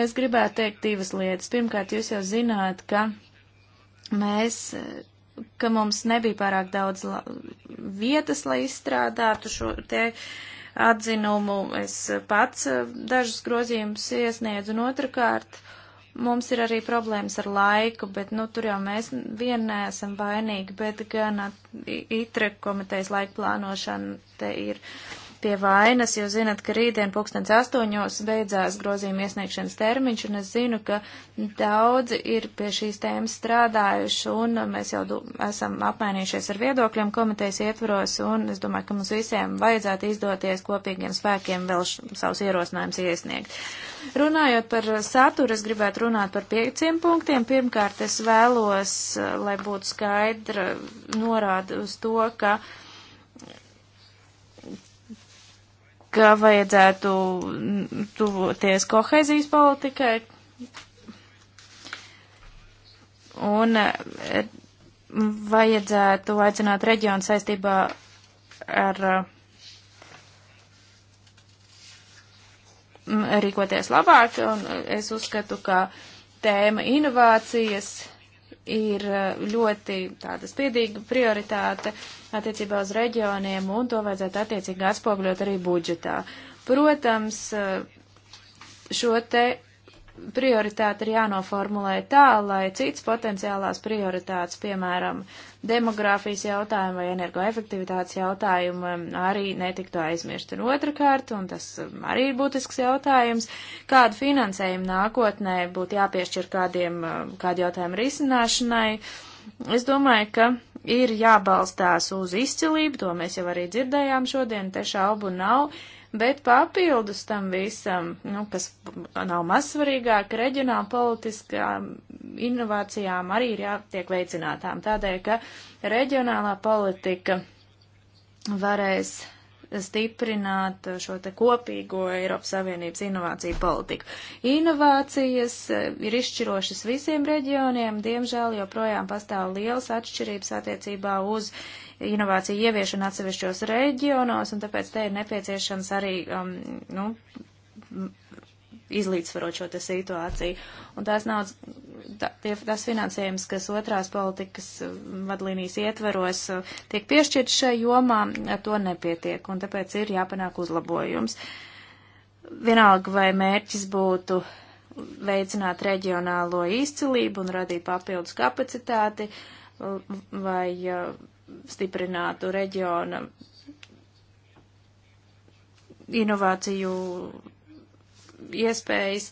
es gribētu teikt divas lietas. Pirmkārt, jūs jau zināt, ka mēs ka mums nebija pārāk daudz la vietas, lai izstrādātu šo te atzinumu. Es pats eh, dažus grozījumus iesniedzu, un otrkārt, uh, Mums ir arī problēmas ar laiku, bet, nu, tur jau mēs vien neesam vainīgi, bet gan itre komitejas laika plānošana te ir pie vainas, jo zinat, ka rītdien pulkstens astoņos beidzās grozījuma iesniegšanas termiņš, un es zinu, ka daudzi ir pie šīs tēmas strādājuši, un mēs jau esam apmainījušies ar viedokļiem komitejas ietvaros, un es domāju, ka mums visiem vajadzētu izdoties kopīgiem spēkiem vēl savus ierosinājumus iesniegt. Runājot par saturu, es gribētu runāt par pieciem punktiem. Pirmkārt, es vēlos, lai būtu skaidra norāda uz to, ka ka vajadzētu tuvoties kohēzijas politikai. Un eh, vajadzētu aicināt reģionu saistībā ar eh, rīkoties labāk, un eh, es uzskatu, ka tēma inovācijas ir eh, ļoti tāda spiedīga prioritāte attiecībā uz reģioniem, un to vajadzētu attiecīgi atspogļot arī budžetā. Protams, eh, šo te prioritāte ir jānoformulē tā, lai cits potenciālās prioritātes, piemēram, demogrāfijas jautājumu vai energoefektivitātes jautājumu, um, arī netiktu aizmirst. Un otrkārt, un tas um, arī ir būtisks jautājums, kādu finansējumu nākotnē būtu jāpiešķir kādiem, um, kādu jautājumu risināšanai. Es domāju, ka ir jābalstās uz izcilību, to mēs jau arī dzirdējām šodien, te šaubu nav bet papildus tam visam, nu, kas nav mazsvarīgāk, reģionāla politiskām inovācijām arī ir jātiek veicinātām, tādēļ, ka reģionālā politika varēs stiprināt šo te kopīgo Eiropas Savienības inovāciju politiku. Inovācijas e, ir izšķirošas visiem reģioniem, diemžēl joprojām pastāv liels atšķirības attiecībā uz uh, inovāciju ieviešanu atsevišķos reģionos, un tāpēc te ir nepieciešams arī, um, nu, izlīdzsvarot šo te situāciju. Un tās nav, tā, tie, tas finansējums, kas otrās politikas um, vadlīnijas ietveros uh, tiek piešķirts šai jomā, ar to nepietiek, un tāpēc ir jāpanāk uzlabojums. Vienalga, vai mērķis būtu veicināt reģionālo izcilību un radīt papildus kapacitāti, uh, vai uh, stiprinātu reģiona inovāciju iespējas.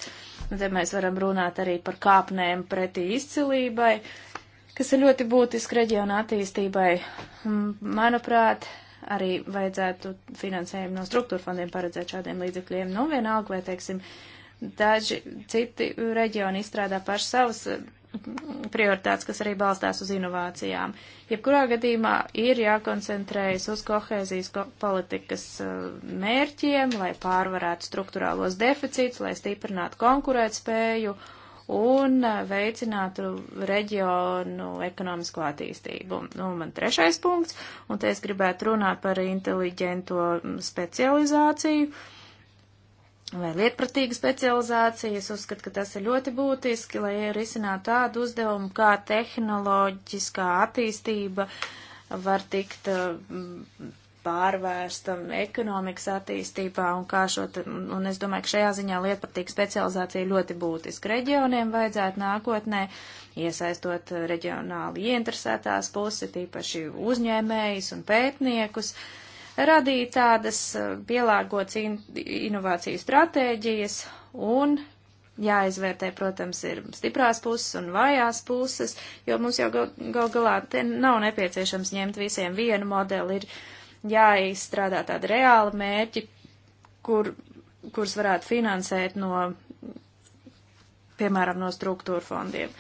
Un te mēs varam runāt arī par kāpnēm pretī izcilībai, kas ir ļoti būtiski reģiona attīstībai. Manuprāt, arī vajadzētu finansējumu no struktūra fondiem paredzēt šādiem līdzekļiem. Nu, vienalga, vai, teiksim, daži citi reģioni izstrādā paši savas prioritātes, kas arī balstās uz inovācijām. Jebkurā gadījumā ir jākoncentrējas uz kohēzijas politikas uh, mērķiem, lai pārvarētu struktūrālos deficītus, lai stiprinātu konkurētspēju un uh, veicinātu reģionu ekonomisko attīstību. Nu, man trešais punkts, un te es gribētu runāt par inteliģento specializāciju. Uh, vai lietpratīga specializācija. Es uzskatu, ka tas ir ļoti būtiski, lai risinātu tādu uzdevumu, kā tehnoloģiskā attīstība var tikt mm, pārvērsta ekonomikas attīstībā un kā šo, te, un es domāju, ka šajā ziņā lietpratīga specializācija ļoti būtiska. Reģioniem vajadzētu nākotnē iesaistot reģionāli ieinteresētās pusi, tīpaši uzņēmējus un pētniekus. Uh, radīt tādas eh, pielāgotas in inovāciju stratēģijas un jāizvērtē, protams, ir stiprās puses un vājās puses, jo mums jau gal, gal galā te nav nepieciešams ņemt visiem vienu modeli, ir jāizstrādā tādi reāli mērķi, kur, kurus varētu finansēt no, piemēram, no struktūra fondiem.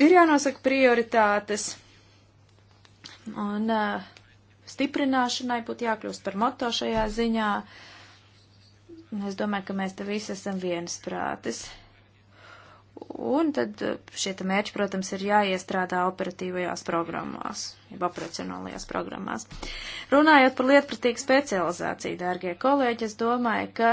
Ir jānosaka prioritātes, un uh, stiprināšanai būtu jākļūst par moto šajā ziņā. Es domāju, ka mēs te visi esam viensprātis. Un tad eh, šie te mērķi, protams, ir jāiestrādā operatīvajās programmās, jeb operacionālajās programmās. Runājot par lietpratīgu specializāciju, dārgie kolēģi, es domāju, ka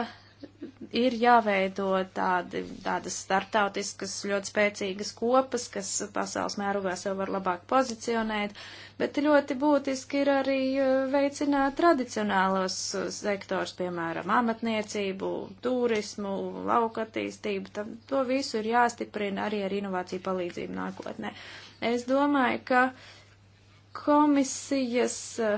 ir jāveido tādi, tādas startautiskas, ļoti spēcīgas kopas, kas pasaules mērogā sev var labāk pozicionēt, bet ļoti būtiski ir arī eh, veicināt tradicionālos eh, sektors, piemēram, amatniecību, turismu, lauka attīstību. Tam, to visu ir jāstiprina arī ar inovāciju palīdzību nākotnē. Es domāju, ka komisijas uh,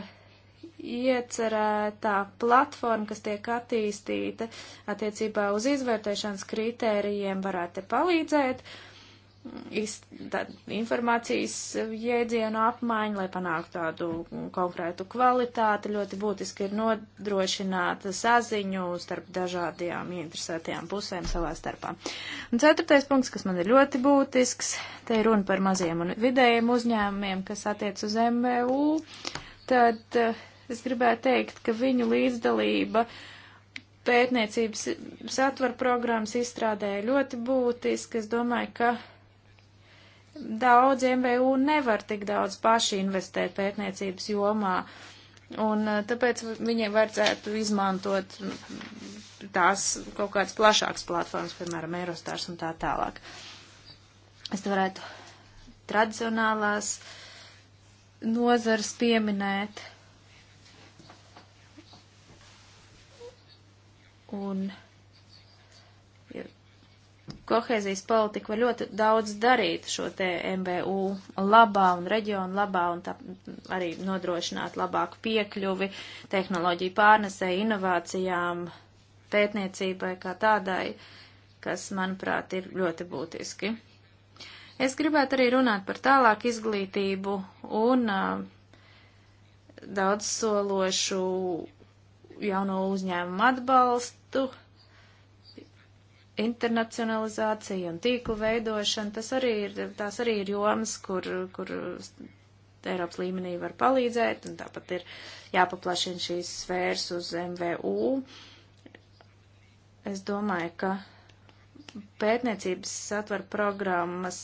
iecerētā platforma, kas tiek attīstīta attiecībā uz izvērtēšanas kritērijiem, varētu palīdzēt iz, tā, informācijas jēdzienu apmaiņu, lai panāktu tādu konkrētu kvalitāti. Ļoti būtiski ir nodrošināt saziņu starp dažādajām interesētajām pusēm savā starpā. Un ceturtais punkts, kas man ir ļoti būtisks, te ir runa par maziem un vidējiem uzņēmumiem, kas attiec uz MVU. Tad uh, Es gribētu teikt, ka viņu līdzdalība pētniecības satvaru programmas izstrādē ļoti būtiski. Es domāju, ka daudz MVU nevar tik daudz paši investēt pētniecības jomā. Un eh, tāpēc viņiem vajadzētu izmantot tās kaut kādas plašākas platformas, piemēram, Eurostars un tā tālāk. Es te varētu tradicionālās nozars pieminēt. un ja kohēzijas politika var ļoti daudz darīt šo te MBU labā un reģionu labā un tā, arī nodrošināt labāku piekļuvi tehnoloģiju pārnesē, inovācijām, pētniecībai kā tādai, kas, manuprāt, ir ļoti būtiski. Es gribētu arī runāt par tālāku izglītību un uh, daudz sološu jauno uzņēmumu atbalstu, internacionalizācija un tīklu veidošana, tas arī ir, tās arī ir jomas, kur, kur Eiropas līmenī var palīdzēt, un tāpat ir jāpaplašina šīs sfēras uz MVU. Es domāju, ka pētniecības satver programmas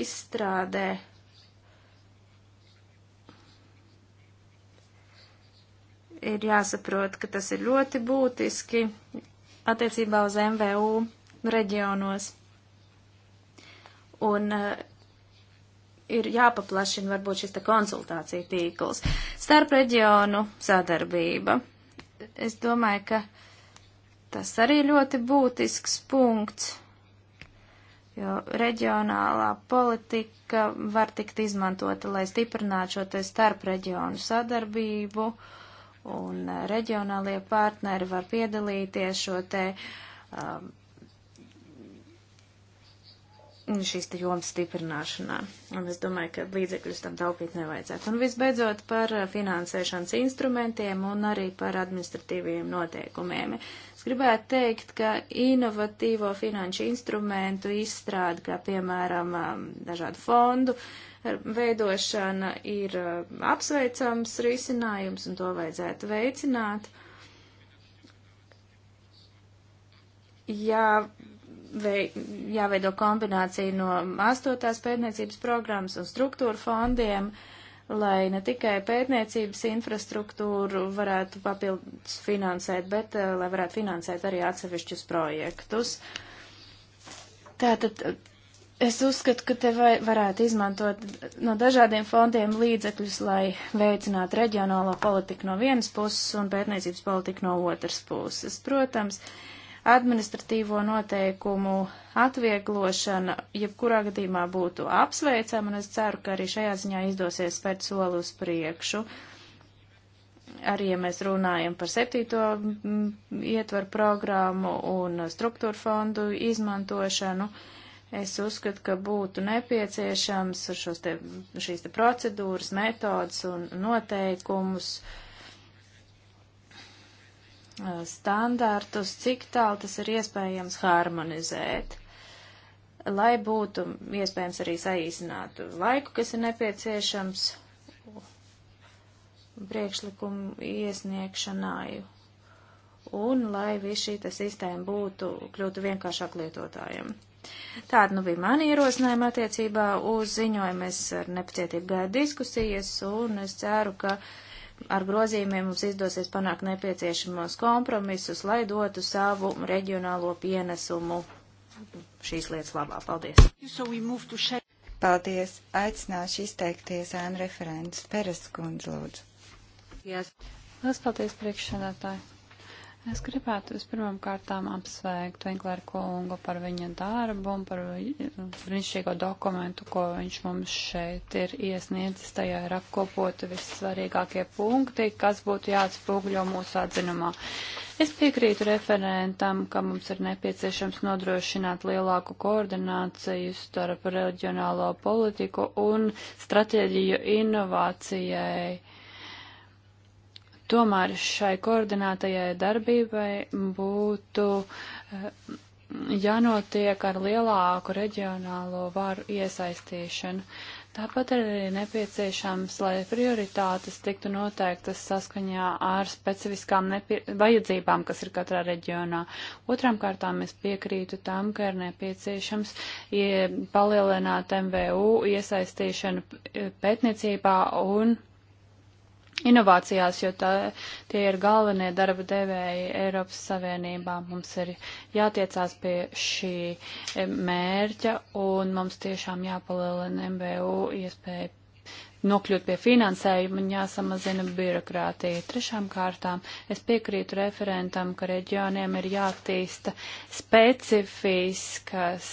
izstrādē ir jāsaprot, ka tas ir ļoti būtiski attiecībā uz MVU reģionos. Un eh, ir jāpaplašina varbūt šis te konsultācija tīkls. Starp reģionu sadarbība. Es domāju, ka tas arī ļoti būtisks punkts, jo reģionālā politika var tikt izmantota, lai stiprinātu šo te starp reģionu sadarbību. Uh, un eh, reģionālie partneri var piedalīties šo te um, šīs te jomas stiprināšanā. Un es domāju, ka līdzekļus tam taupīt nevajadzētu. Un visbeidzot par eh, finansēšanas instrumentiem un arī par administratīviem noteikumiem. Es gribētu teikt, ka inovatīvo finanšu instrumentu izstrāda, kā piemēram um, dažādu fondu, uh, veidošana ir eh, apsveicams risinājums un to vajadzētu veicināt. Jā, vei, jāveido kombinācija no astotās pētniecības programmas un struktūra fondiem, lai ne tikai pētniecības infrastruktūru varētu papildus finansēt, bet eh, lai varētu finansēt arī atsevišķus projektus. Tātad Es uzskatu, ka te vai, varētu izmantot no dažādiem fondiem līdzekļus, lai veicinātu reģionālo politiku no vienas puses un pētniecības politiku no otras puses. Protams, administratīvo noteikumu atvieglošana jebkurā gadījumā būtu apsveicama, un es ceru, ka arī šajā ziņā izdosies spērt soli uz priekšu. Arī, ja mēs runājam par septīto mm, ietvaru programmu un struktūra fondu izmantošanu, uh, Es uzskatu, ka būtu nepieciešams šos te, šīs te procedūras, metodas un noteikumus, standārtus, cik tālu tas ir iespējams harmonizēt, lai būtu iespējams arī saīsināt laiku, kas ir nepieciešams priekšlikumu iesniegšanai un lai viss šī sistēma būtu kļūtu vienkāršāk lietotājiem. Tāda nu bija mani ierosinājuma attiecībā uz ziņojumu. Es ar nepacietību gaidu diskusijas un es ceru, ka ar grozījumiem mums izdosies panākt nepieciešamos kompromisus, lai dotu savu reģionālo pienesumu šīs lietas labā. Paldies! Paldies! Aicināšu izteikties ēnu referents Peres kundz lūdzu. Yes. Lielas paldies priekšsēdētāji! Es gribētu vispirmām kārtām apsveikt Vinklēru kungu par viņa darbu un par brīnišķīgo dokumentu, ko viņš mums šeit ir iesniedzis. Tajā ir apkopoti vissvarīgākie punkti, kas būtu jāatspūgļo mūsu atzinumā. Es piekrītu referentam, ka mums ir nepieciešams nodrošināt lielāku koordināciju starp reģionālo politiku un stratēģiju inovācijai Tomēr šai koordinētajai darbībai būtu eh, jānotiek ar lielāku reģionālo varu iesaistīšanu. Tāpat arī nepieciešams, lai prioritātes tiktu noteiktas saskaņā ar specifiskām vajadzībām, kas ir katrā reģionā. Otram kārtām es piekrītu tam, ka ir nepieciešams palielināt MVU iesaistīšanu eh, pētniecībā un inovācijās, jo tā, tie ir galvenie darba devēji Eiropas Savienībā. Mums ir jātiecās pie šī mērķa un mums tiešām jāpalielina MBU iespēja nokļūt pie finansējuma un jāsamazina birokrātija. Trešām kārtām es piekrītu referentam, ka reģioniem ir jātīsta specifiskas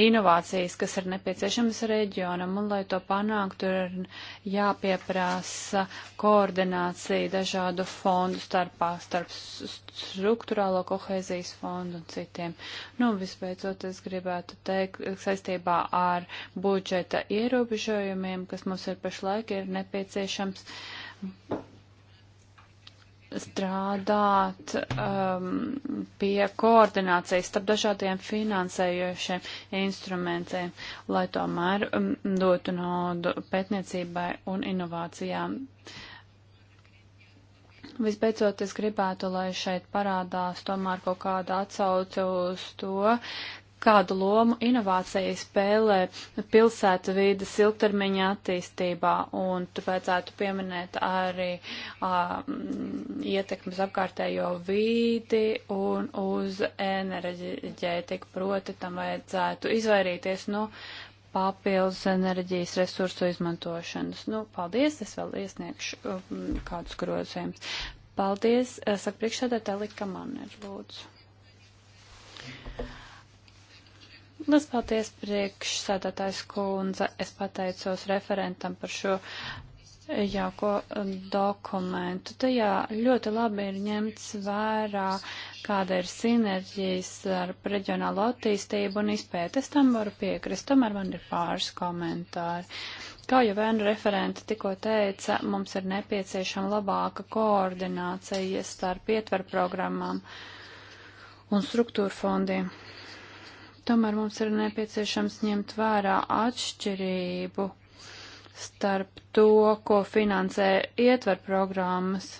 inovācijas, kas ir nepieciešamas reģionam, un lai to panāktu, ir jāpieprasa koordinācija dažādu fondu starpā, starp struktūrālo kohēzijas fondu un citiem. Nu, visbeidzot, es gribētu teikt, saistībā ar budžeta ierobežojumiem, kas mums ir pašlaik, ir nepieciešams strādāt um, pie koordinācijas starp dažādiem finansējošiem instrumentiem, lai tomēr um, dotu naudu pētniecībai un inovācijām. Visbeidzot, es gribētu, lai šeit parādās tomēr kaut kāda atsauce uz to, kādu lomu inovācija spēlē pilsētu vīdas ilgtermiņa attīstībā, un tu vajadzētu pieminēt arī uh, ietekmes apkārtējo vīdi un uz enerģētiku, proti tam vajadzētu izvairīties no papildus enerģijas resursu izmantošanas. Nu, paldies, es vēl iesniegšu um, kādus grozījumus. Paldies, saka priekšsēdētāja Lika Manner, lūdzu. Liels paldies priekšsēdētājs kundze. Es pateicos referentam par šo jauko um, dokumentu. Tajā ļoti labi ir ņemts vērā, kāda ir sinerģijas ar reģionālo attīstību un izpēti. Es tam varu piekrist, tomēr man ir pāris komentāri. Kā jau vēnu referenta tikko teica, mums ir nepieciešama labāka koordinācija starp ietver programmām un struktūra fondiem. Tomēr mums ir nepieciešams ņemt vērā atšķirību starp to, ko finansē ietver programmas.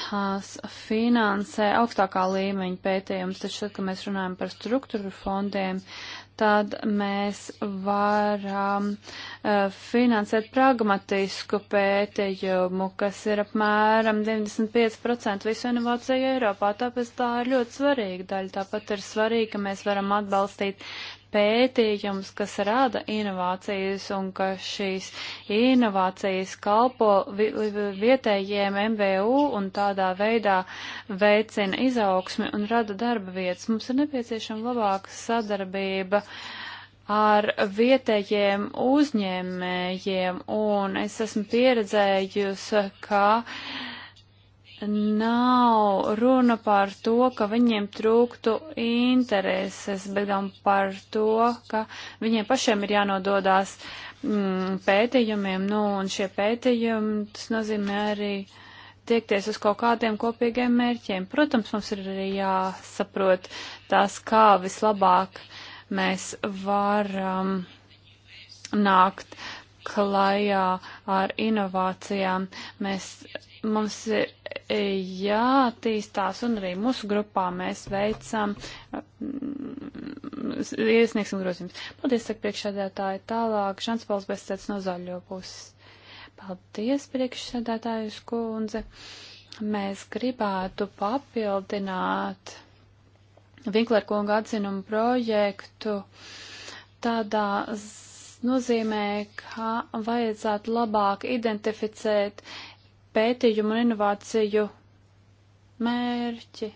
Tās finansē augstākā līmeņa pētījumus, taču, kad mēs runājam par struktūru fondiem, uh, tad mēs varam uh, finansēt pragmatisku pētījumu, kas ir apmēram 95% visu inovāciju Eiropā. Tāpēc tā ir ļoti svarīga daļa. Tāpat ir svarīgi, ka mēs varam atbalstīt pētījums, kas rada inovācijas un ka šīs inovācijas kalpo vi vietējiem MVU un tādā veidā veicina izaugsmi un rada darba vietas. Mums ir nepieciešama labāka sadarbība ar vietējiem uzņēmējiem, un es esmu pieredzējusi, ka uh, nav runa par to, ka viņiem trūktu intereses, bet gan par to, ka viņiem pašiem ir jānododās mm, pētījumiem, nu, un šie pētījumi, tas nozīmē arī tiekties uz kaut kādiem kopīgiem mērķiem. Protams, mums ir arī jāsaprot tās, kā vislabāk mēs varam nākt klajā ar inovācijām. Mēs mums ir e, jātīstās, un arī mūsu grupā mēs veicam, mm, iesniegsim grozījumus. Paldies, saka priekšsēdētāji, tālāk Šants Pauls Bestets no zaļo puses. Paldies, priekšsēdētāju skundze. Mēs gribētu papildināt Vinklerkunga atzinumu projektu tādā nozīmē, ka vajadzētu labāk identificēt uh, pētījumu un inovāciju mērķi.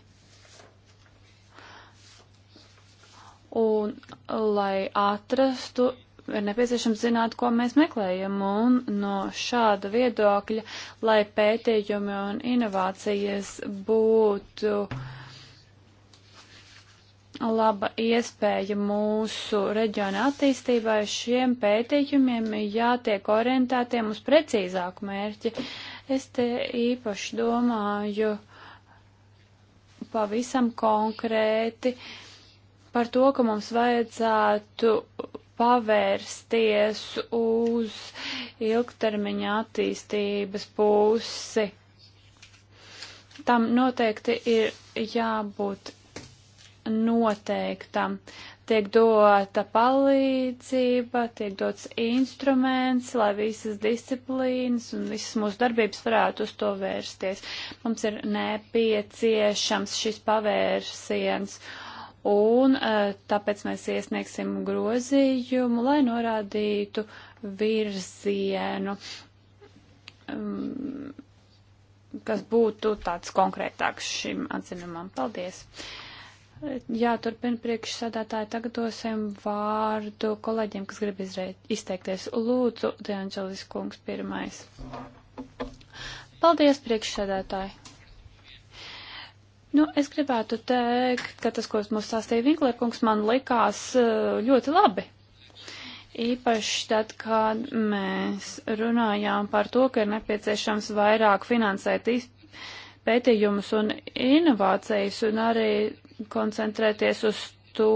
Un, lai atrastu, ir nepieciešams zināt, ko mēs meklējam, un no šāda viedokļa, lai pētījumi un inovācijas būtu laba iespēja mūsu reģiona attīstībai, šiem pētījumiem jātiek orientētiem uz precīzāku mērķi. Uh, Es te īpaši domāju pavisam konkrēti par to, ka mums vajadzētu pavērsties uz ilgtermiņa attīstības pusi. Tam noteikti ir jābūt noteiktam. Uh, tiek dota palīdzība, tiek dots instruments, lai visas disciplīnas un visas mūsu darbības varētu uz to vērsties. Mums ir nepieciešams šis pavērsiens, un eh, tāpēc mēs iesniegsim grozījumu, lai norādītu virzienu, mm, kas būtu tāds konkrētāks šim atzinumam. Paldies! Jā, turpina priekšsādātāji. Tagad dosim vārdu kolēģiem, kas grib izreit, izteikties. Lūdzu, Deanģelis kungs pirmais. Paldies, priekšsādātāji. Nu, es gribētu teikt, ka tas, ko mums stāstīja Vinklērkungs, man likās eh, ļoti labi. Īpaši tad, kad mēs runājām par to, ka ir nepieciešams vairāk finansēt pētījumus un inovācijas un arī koncentrēties uz to,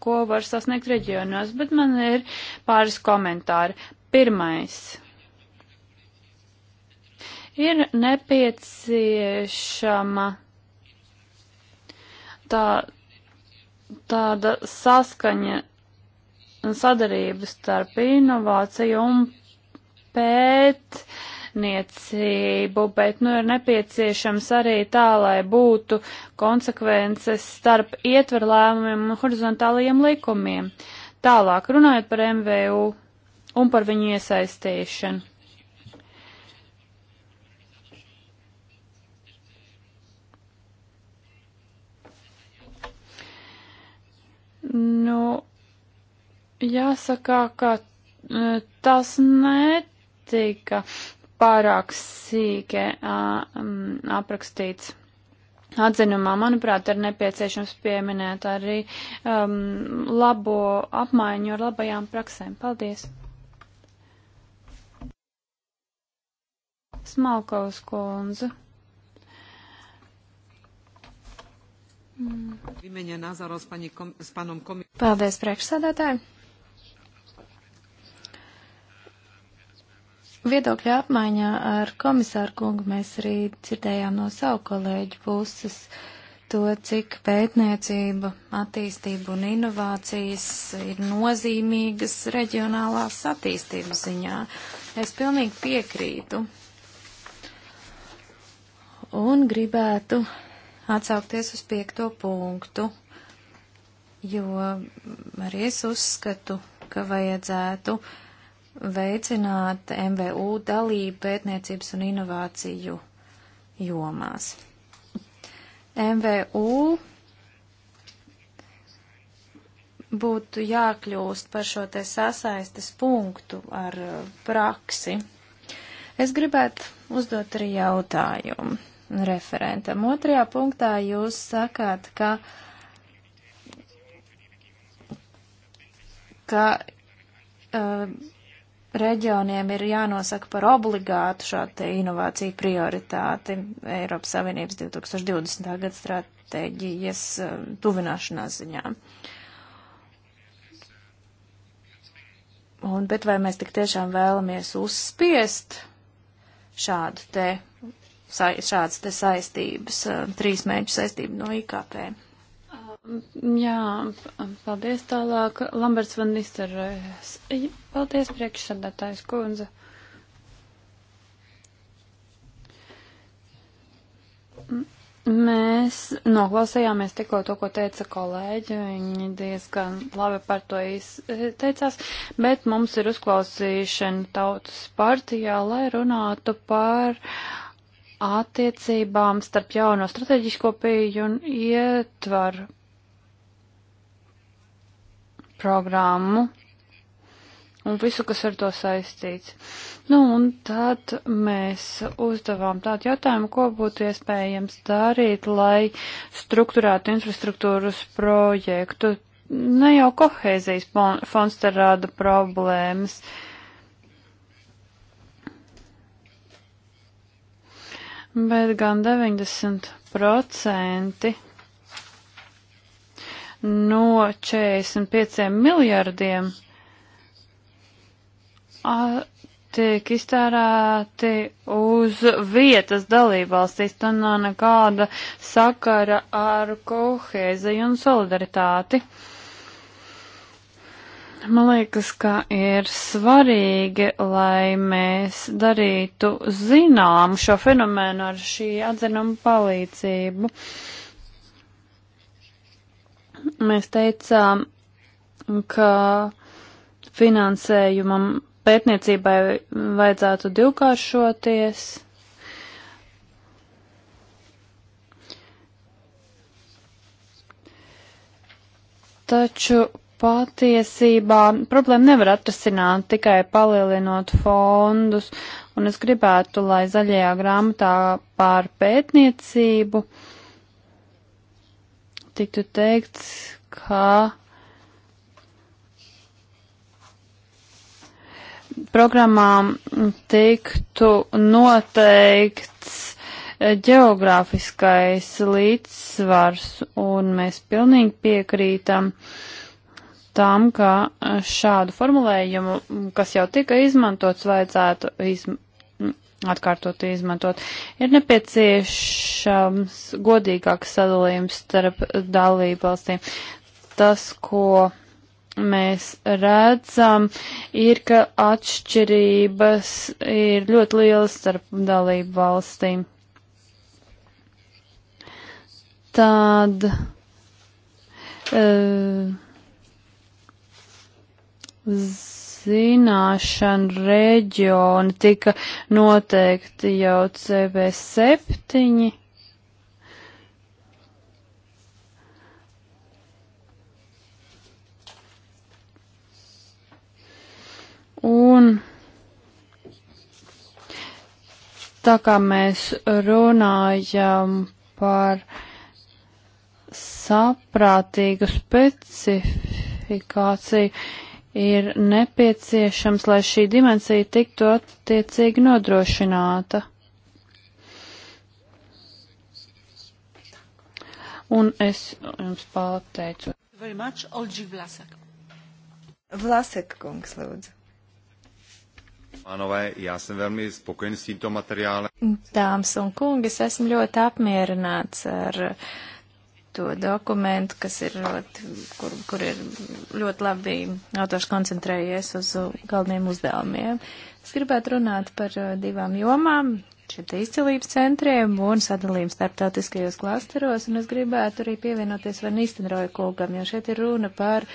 ko var sasniegt reģionos, bet man ir pāris komentāri. Pirmais. Ir nepieciešama tā, tāda saskaņa un sadarība starp inovāciju un pēt uh, krāpniecību, bet nu ir nepieciešams arī tā, lai būtu konsekvences starp ietverlēmumiem un horizontālajiem likumiem. Tālāk runājot par MVU un par viņu iesaistīšanu. Nu, jāsaka, ka eh, tas netika pārāk sīki aprakstīts. Atzinumā, manuprāt, ir nepieciešams pieminēt arī um, labo apmaiņu ar labajām praksēm. Paldies! Smalkaus kundze. Mm. Paldies, priekšsādātāji! Viedokļa apmaiņā ar komisāru kungu mēs arī dzirdējām no savu kolēģu puses to, cik pētniecība, attīstība un inovācijas ir nozīmīgas reģionālās attīstības ziņā. Es pilnīgi piekrītu un gribētu atsaukties uz piekto punktu, jo arī es uzskatu, ka vajadzētu uh, veicināt MVU dalību pētniecības un inovāciju jomās. MVU būtu jākļūst par šo te sasaistes punktu ar uh, praksi. Es gribētu uzdot arī jautājumu referentam. Otrajā punktā jūs sakāt, ka, ka uh, reģioniem ir jānosaka par obligātu šādu inovāciju prioritāti Eiropas Savienības 2020. gada stratēģijas eh, tuvināšanās ziņā. Un, bet vai mēs tik tiešām vēlamies uzspiest šādu te, šādas te saistības, eh, trīs mēģu saistību no IKP? Jā, paldies tālāk. Lamberts van Nisterrojas. Paldies priekšsādātājs kundze. Mēs noklausījāmies tikko to, ko teica kolēģi. Viņi diezgan labi par to izteicās, bet mums ir uzklausīšana tautas partijā, lai runātu par attiecībām starp jauno strateģisko pieju un ietvaru programmu un visu, kas ar to saistīts. Nu, un tad mēs uzdevām tādu jautājumu, ko būtu iespējams darīt, lai strukturētu infrastruktūras projektu. Ne jau kohēzijas fonds te rāda problēmas. Bet gan 90% no 45 miljardiem tiek iztērēti uz vietas dalībvalstīs. Tā nav nekāda sakara ar kohēziju un solidaritāti. Man liekas, ka ir svarīgi, lai mēs darītu zinām šo fenomenu ar šī atzinuma palīdzību. Uh, mēs teicām, ka finansējumam pētniecībai vajadzētu divkāršoties. Taču patiesībā problēma nevar atrasināt tikai palielinot fondus, un es gribētu, lai zaļajā grāmatā pār pētniecību uh, tiktu teikts, ka programmām tiktu noteikts geogrāfiskais līdzsvars, un mēs pilnīgi piekrītam tam, ka šādu formulējumu, kas jau tika izmantots, vajadzētu izmantot atkārtot izmantot. Ir nepieciešams godīgāks sadalījums starp dalību valstīm. Tas, ko mēs redzam, ir, ka atšķirības ir ļoti lielas starp dalību valstīm. Tad. Uh, z, zināšanu reģioni tika noteikti jau CB7. Un tā kā mēs runājam par saprātīgu specifikāciju, ir nepieciešams, lai šī dimensija tiktu attiecīgi nodrošināta. Un es jums pateicu. Much, Vlasek. Vlasek kungs, lūdzu. Pánové, já jsem velmi spokojen s tímto materiálem. Dāmas un kungi, es esmu ļoti apmierināts ar uh, to dokumentu, kas ir ļoti, kur, kur ir ļoti labi autors koncentrējies uz galveniem uzdevumiem. Es gribētu runāt par uh, divām jomām - šiem izcilības centriem un sadalījumu starptautiskajos klasteros, un es gribētu arī pievienoties Van Istenroja kūgam, jo šeit ir runa par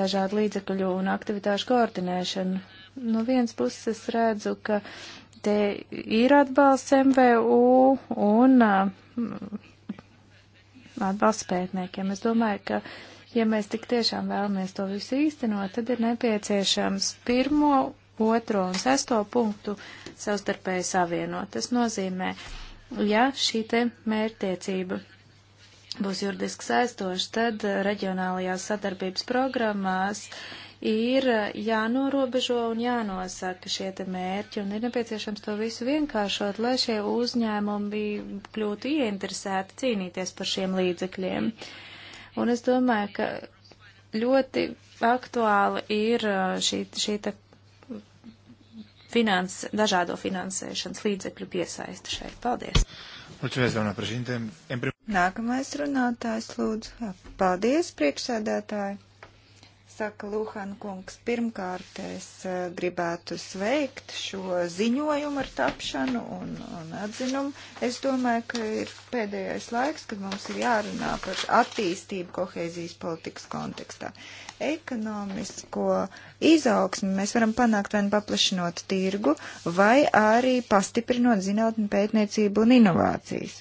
dažādu līdzekļu un aktivitāšu koordinēšanu. No vienas puses es redzu, ka te ir atbalsts MVU un uh, atbalsts pētniekiem. Es domāju, ka, ja mēs tik tiešām vēlamies to visu īstenot, tad ir nepieciešams pirmo, otro un sesto punktu savstarpēji savienot. Tas nozīmē, ja šī te mērtiecība būs juridiski saistoša, tad reģionālajās sadarbības programmās ir eh, jānorobežo un jānosaka šie te mērķi, un ir nepieciešams to visu vienkāršot, lai šie uzņēmumi kļūtu ieinteresēti cīnīties par šiem līdzekļiem. Un es domāju, ka ļoti aktuāli ir eh, šī, šī te finans, dažādo finansēšanas līdzekļu piesaista šeit. Paldies! Mulțumesc, doamna președinte. Nākamais runātājs lūdzu. Paldies, priekšsēdētāji. Saka Luhan kungs, pirmkārt es eh, gribētu sveikt šo ziņojumu ar tapšanu un, un atzinumu. Es domāju, ka ir pēdējais laiks, kad mums ir jārunā par attīstību kohēzijas politikas kontekstā. Ekonomisko izaugsmi mēs varam panākt vien nu paplašinot tirgu vai arī pastiprinot zinātni pētniecību un inovācijas.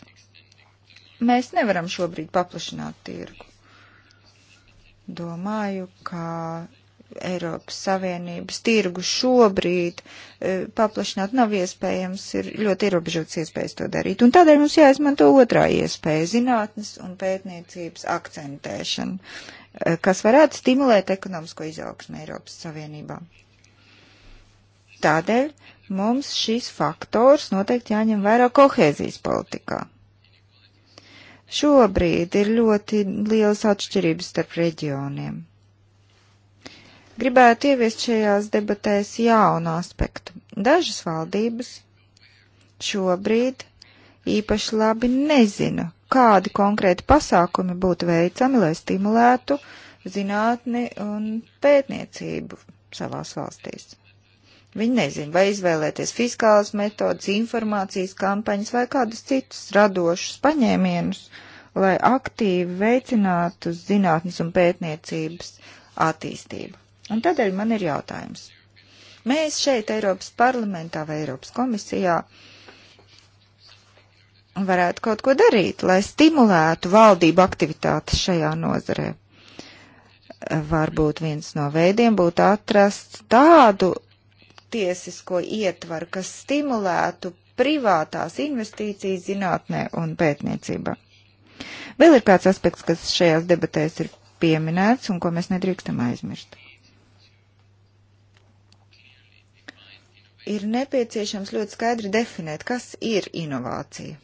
Mēs nevaram šobrīd paplašināt tirgu Domāju, ka Eiropas Savienības tirgu šobrīd e, paplašināt nav iespējams, ir ļoti ierobežots iespējas to darīt. Un tādēļ mums jāizmanto otrā iespēja - zinātnes un pētniecības akcentēšana, e, kas varētu stimulēt ekonomisko izaugsmu Eiropas Savienībā. Tādēļ mums šis faktors noteikti jāņem vērā kohēzijas politikā. Šobrīd ir ļoti lielas atšķirības starp reģioniem. Gribētu ieviest šajās debatēs jaunu aspektu. Dažas valdības šobrīd īpaši labi nezina, kādi konkrēti pasākumi būtu veicami, lai stimulētu zinātni un pētniecību savās valstīs. Viņi nezina, vai izvēlēties fiskālas metodas, informācijas kampaņas vai kādus citus radošus paņēmienus, lai aktīvi veicinātu zinātnes un pētniecības attīstību. Un tādēļ man ir jautājums. Mēs šeit Eiropas parlamentā vai Eiropas komisijā varētu kaut ko darīt, lai stimulētu valdību aktivitātes šajā nozarē. Varbūt viens no veidiem būtu atrast tādu tiesisko ietvaru, kas stimulētu privātās investīcijas zinātnē un pētniecībā. Vēl ir kāds aspekts, kas šajās debatēs ir pieminēts un ko mēs nedrīkstam aizmirst. Ir nepieciešams ļoti skaidri definēt, kas ir inovācija.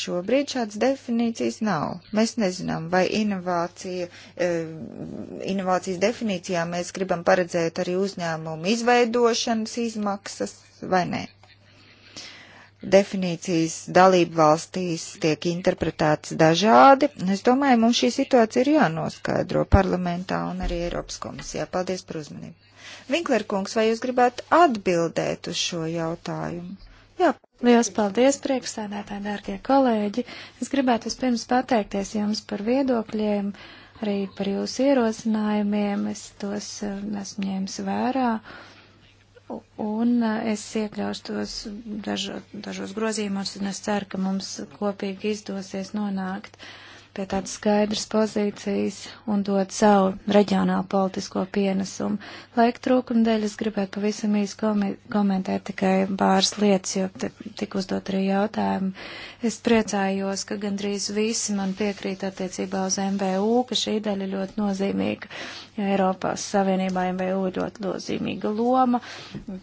Šobrīd šādas definīcijas nav. Mēs nezinām, vai inovācija, e, inovācijas definīcijā mēs gribam paredzēt arī uzņēmumu izveidošanas izmaksas vai nē. Definīcijas dalību valstīs tiek interpretētas dažādi. Es domāju, mums šī situācija ir jānoskaidro parlamentā un arī Eiropas komisijā. Paldies par uzmanību. Vinklerkungs, vai jūs gribētu atbildēt uz šo jautājumu? Jā, liels paldies, priekšsēdētāji, dārgie kolēģi. Es gribētu vispirms pateikties jums par viedokļiem, arī par jūsu ierosinājumiem. Es tos eh, esmu ņēmis vērā. Un eh, es iekļaušu tos dažo, dažos grozījumos, un es ceru, ka mums kopīgi izdosies nonākt uh, pie tādas skaidras pozīcijas un dod savu reģionālu politisko pienesumu. Laika trūkuma dēļ es gribētu pavisam īsti komentēt tikai pāris lietas, jo tik uzdot arī jautājumu. Es priecājos, ka gandrīz visi man piekrīt attiecībā uz MVU, ka šī daļa ļoti nozīmīga. Ja Eiropās Savienībā MVU ļoti nozīmīga loma,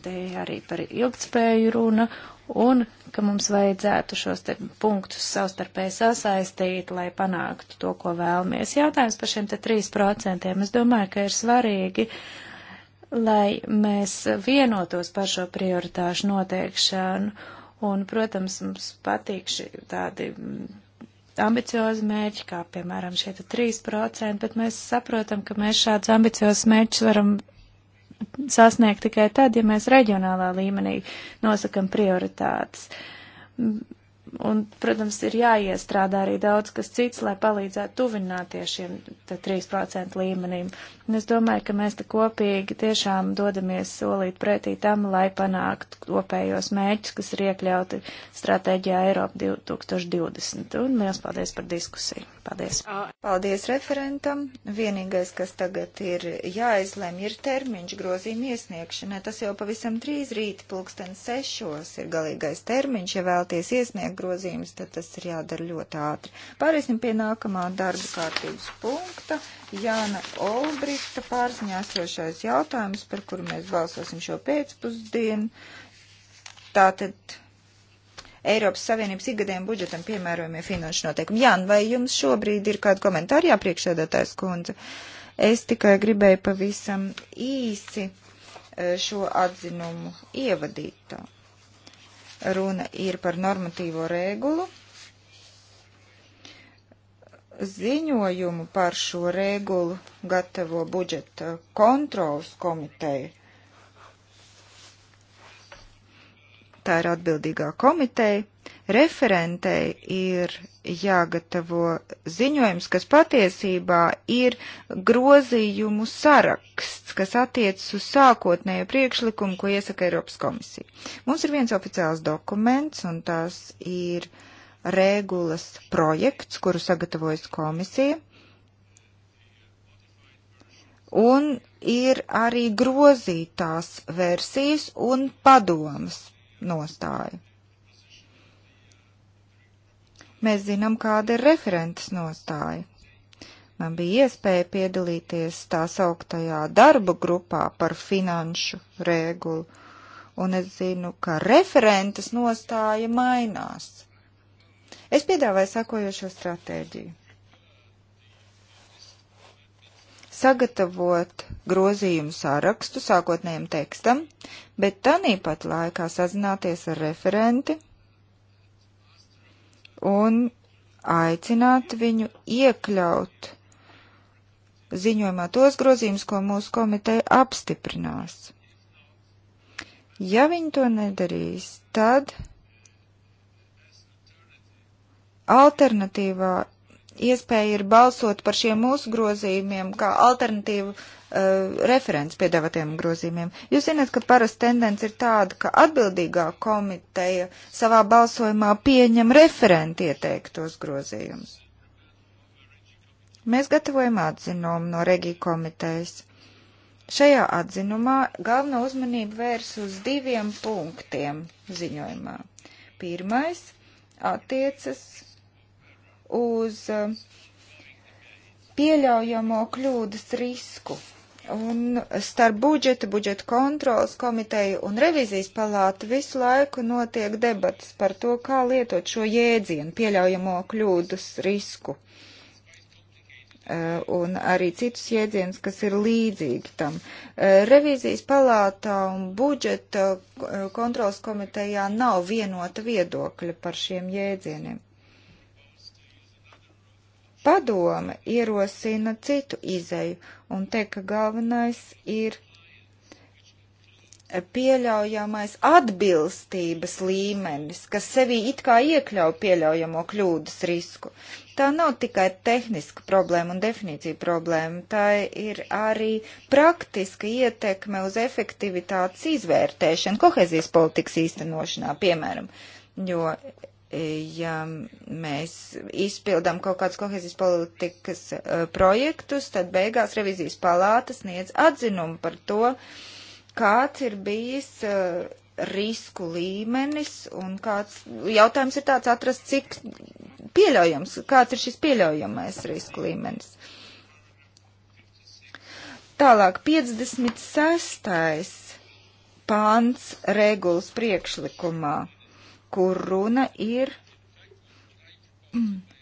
te arī par ilgtspēju runa un ka mums vajadzētu šos te punktus savstarpēji sasaistīt, lai panāktu to, ko vēlamies. Jautājums par šiem te 3%. Es domāju, ka ir svarīgi, lai mēs vienotos par šo prioritāšu noteikšanu. Un, protams, mums patīk šī tādi ambiciozi mērķi, kā piemēram šie 3%, bet mēs saprotam, ka mēs šādus ambiciozus mērķus varam sasniegt tikai tad, ja mēs reģionālā līmenī nosakam prioritātes. Un, protams, ir jāiestrādā arī daudz kas cits, lai palīdzētu tuvināties šiem 3% līmenim. Un es domāju, ka mēs te kopīgi tiešām dodamies solīt pretī tam, lai panāktu kopējos mēģus, kas ir iekļauti stratēģijā Eiropa 2020. Un liels paldies par diskusiju. Paldies. Paldies referentam. Vienīgais, kas tagad ir jāizlem, ir termiņš grozījuma iesniegšanai. Tas jau pavisam drīz rīt, pulksten sešos, ir galīgais termiņš, ja vēlties iesniegt grozījumus, tad tas ir jādara ļoti ātri. Pāriesim pie nākamā darba kārtības punkta. Jāna Olbrihta pārziņā esošais jautājums, par kuru mēs balsosim šo pēcpusdienu. Tātad Eiropas Savienības ikgadējiem budžetam piemērojumie finanšu noteikumi. Jāna, vai jums šobrīd ir kādi komentāri jāpriekšēdētājs kundze? Es tikai gribēju pavisam īsi eh, šo atzinumu ievadīt. Tā. Runa ir par normatīvo regulu. Ziņojumu par šo regulu gatavo budžeta kontrolas komiteja. Tā ir atbildīgā komiteja. Referentei ir jāgatavo ziņojums, kas patiesībā ir grozījumu saraksts, kas attiecas uz sākotnējo priekšlikumu, ko iesaka Eiropas komisija. Mums ir viens oficiāls dokuments, un tas ir regulas projekts, kuru sagatavojas komisija. Un ir arī grozītās versijas un padomas nostāja. Mēs zinām, kāda ir referentes nostāja. Man bija iespēja piedalīties tā sauktajā darba grupā par finanšu regulu, un es zinu, ka referentes nostāja mainās. Es piedāvāju sakojošo stratēģiju. sagatavot grozījumu sārakstu sākotnējam tekstam, bet tanīpat laikā sazināties ar referenti un aicināt viņu iekļaut ziņojumā tos grozījumus, ko mūsu komiteja apstiprinās. Ja viņi to nedarīs, tad alternatīvā iespēja ir balsot par šiem mūsu grozījumiem kā alternatīvu uh, referents piedāvātiem grozījumiem. Jūs zināt, ka parasti tendence ir tāda, ka atbildīgā komiteja savā balsojumā pieņem referenti ieteiktos grozījumus. Mēs gatavojam atzinumu no Regija komitejas. Šajā atzinumā galveno uzmanību vērs uz diviem punktiem ziņojumā. Pirmais attiecas uz um, pieļaujamo kļūdas risku. Un starp budžeta, budžeta kontrolas komiteju un revizijas palātu visu laiku notiek debats par to, kā lietot šo jēdzienu pieļaujamo kļūdas risku. Uh, un arī citus jēdzienus, kas ir līdzīgi tam. Uh, revizijas palātā un budžeta uh, kontrolas komitejā nav vienota viedokļa par šiem jēdzieniem. Padome ierosina citu izeju un teikt, ka galvenais ir pieļaujamais atbilstības līmenis, kas sevī it kā iekļauj pieļaujamo kļūdas risku. Tā nav tikai tehniska problēma un definīcija problēma, tā ir arī praktiska ietekme uz efektivitātes izvērtēšanu kohezijas politikas īstenošanā, piemēram, jo ja mēs izpildām kaut kādus kohezijas politikas eh, projektus, tad beigās revizijas palāta sniedz atzinumu par to, kāds ir bijis eh, risku līmenis un kāds jautājums ir tāds atrast, cik pieļaujams, kāds ir šis pieļaujamais risku līmenis. Tālāk 56. pāns regulas priekšlikumā kur runa ir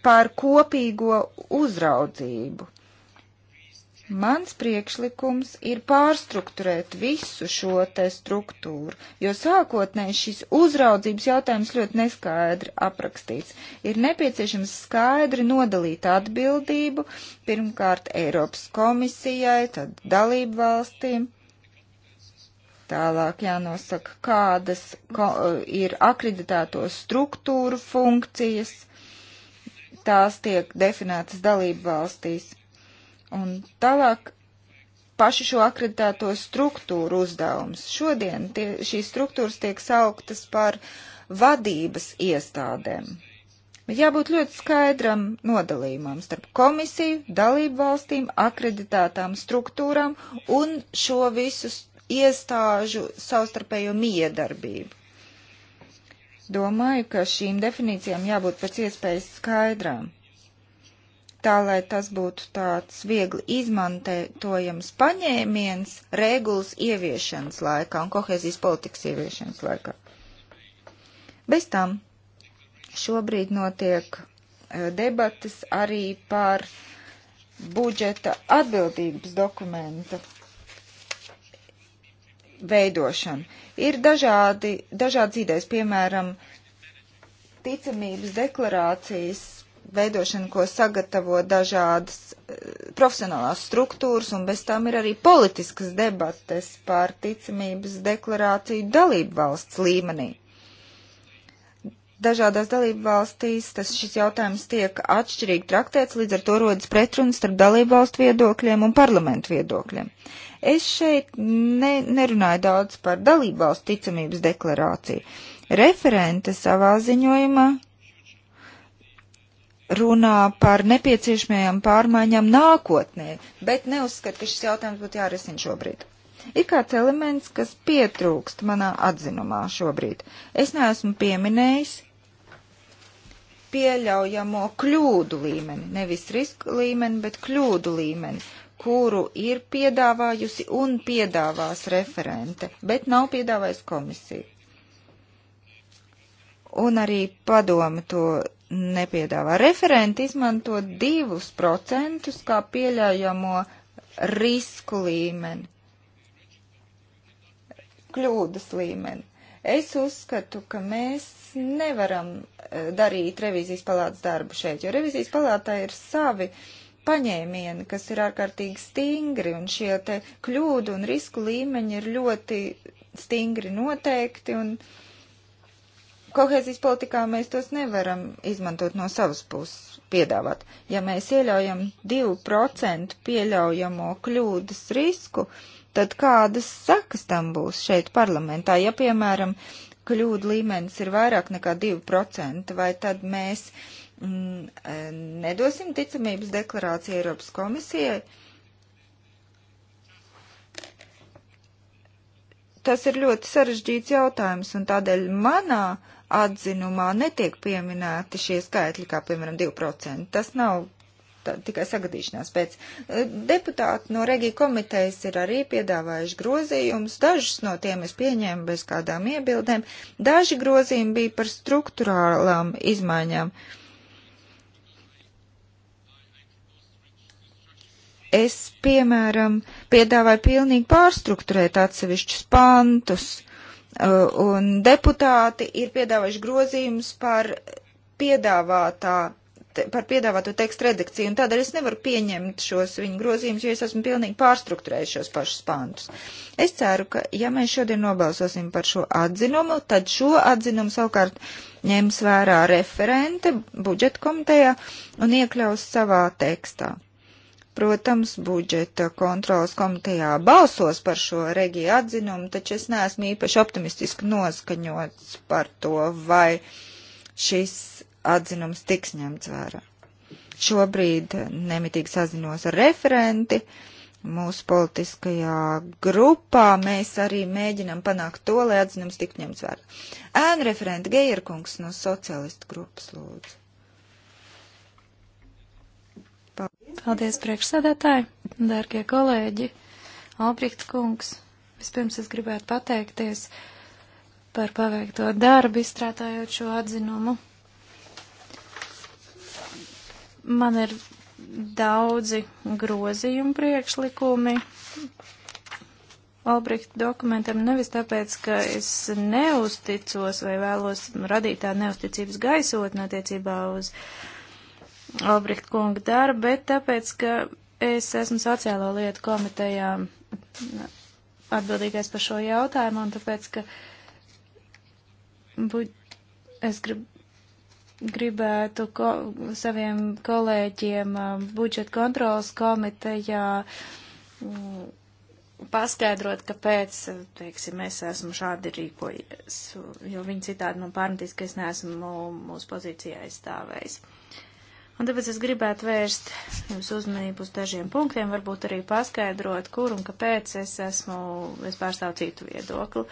par kopīgo uzraudzību. Mans priekšlikums ir pārstruktūrēt visu šo te struktūru, jo sākotnēji šis uzraudzības jautājums ļoti neskaidri aprakstīts. Ir nepieciešams skaidri nodalīt atbildību pirmkārt Eiropas komisijai, tad dalību valstīm Tālāk jānosaka, kādas eh, ir akreditēto struktūru funkcijas, tās tiek definētas dalību valstīs. Un tālāk paši šo akreditēto struktūru uzdevums. Šodien tie, šīs struktūras tiek sauktas par vadības iestādēm. Bet jābūt ļoti skaidram nodalījumam starp komisiju, dalību valstīm, akreditētām struktūrām un šo visus iestāžu savstarpējo miedarbību. Domāju, ka šīm definīcijām jābūt pēc iespējas skaidrām, tā lai tas būtu tāds viegli izmantojams paņēmiens regulas ieviešanas laikā un kohēzijas politikas ieviešanas laikā. Bez tam šobrīd notiek e, debatas arī par budžeta atbildības dokumenta veidošanu. Ir dažādi, dažādas idejas, piemēram, ticamības deklarācijas veidošana, ko sagatavo dažādas eh, profesionālās struktūras, un bez tam ir arī politiskas debates pār ticamības deklarāciju dalību valsts līmenī. Dažādās dalību valstīs tas šis jautājums tiek atšķirīgi traktēts, līdz ar to rodas pretrunas starp dalību valstu viedokļiem un parlamentu viedokļiem. Uh, Es šeit ne, nerunāju daudz par dalībvalstu ticamības deklarāciju. Referente savā ziņojumā runā par nepieciešamajām pārmaiņām nākotnē, bet neuzskata, ka šis jautājums būtu jārisina šobrīd. Ir kāds elements, kas pietrūkst manā atzinumā šobrīd. Es neesmu pieminējis pieļaujamo kļūdu līmeni, nevis risku līmeni, bet kļūdu līmeni, kuru ir piedāvājusi un piedāvās referente, bet nav piedāvājusi komisija. Un arī padome to nepiedāvā. Referenti izmanto divus procentus kā pieļaujamo risku līmeni, kļūdas līmeni. Es uzskatu, ka mēs nevaram eh, darīt revīzijas palātas darbu šeit, jo revīzijas palātā ir savi uh, paņēmieni, kas ir ārkārtīgi stingri, un šie te kļūdu un risku līmeņi ir ļoti stingri noteikti, un kohēzijas politikā mēs tos nevaram izmantot no savas puses piedāvāt. Ja mēs ieļaujam 2% pieļaujamo kļūdas risku, tad kādas sekas tam būs šeit parlamentā? Ja, piemēram, kļūdu līmenis ir vairāk nekā 2%, vai tad mēs uh, Mm, eh, nedosim ticamības deklarāciju Eiropas komisijai. Tas ir ļoti sarežģīts jautājums, un tādēļ manā atzinumā netiek pieminēti šie skaitļi, kā piemēram 2%. Tas nav tā, tikai sagadīšanās pēc. Eh, deputāti no Regija komitejas ir arī piedāvājuši grozījumus. Dažus no tiem es pieņēmu bez kādām iebildēm. Daži grozījumi bija par struktūrālām izmaiņām. Uh, Es, piemēram, piedāvāju pilnīgi pārstruktūrēt atsevišķus pantus, uh, un deputāti ir piedāvājuši grozījumus par piedāvātā par piedāvāto tekstu redakciju, un tādēļ es nevaru pieņemt šos viņu grozījumus, jo es esmu pilnīgi pārstruktūrējis šos pašus pāntus. Es ceru, ka ja mēs šodien nobalsosim par šo atzinumu, tad šo atzinumu savukārt ņems vērā referente budžeta komitejā un iekļaus savā tekstā. Protams, budžeta kontrolas komitejā balsos par šo regiju atzinumu, taču es neesmu īpaši optimistiski noskaņots par to, vai šis atzinums tiks ņemts vērā. Šobrīd nemitīgi sazinos ar referenti mūsu politiskajā grupā mēs arī mēģinam panākt to, lai atzinums tiktu ņemts vērā. Ēnu referenta Geierkungs no socialistu grupas lūdzu. Paldies, priekšsēdētāji, dārgie kolēģi, Albrikt kungs. Vispirms es gribētu pateikties par paveikto darbu, izstrādājot šo atzinumu. Man ir daudzi grozījumu priekšlikumi, Albrihta dokumentam nevis tāpēc, ka es neusticos vai vēlos radīt tādu neusticības gaisotni attiecībā uz Albrecht kunga darbu, bet tāpēc, ka es esmu sociālo lietu komitejā atbildīgais par šo jautājumu, un tāpēc, ka bu, es grib, gribētu ko, saviem kolēģiem uh, budžeta kontrolas komitejā mm, paskaidrot, kāpēc, teiksim, es esmu šādi rīkojies, jo viņi citādi man pārmetīs, ka es neesmu mūsu pozīcijā aizstāvējis. Un tāpēc es gribētu vērst jums uzmanību uz dažiem punktiem, varbūt arī paskaidrot, kur un kāpēc es esmu, es pārstāvu citu viedokli.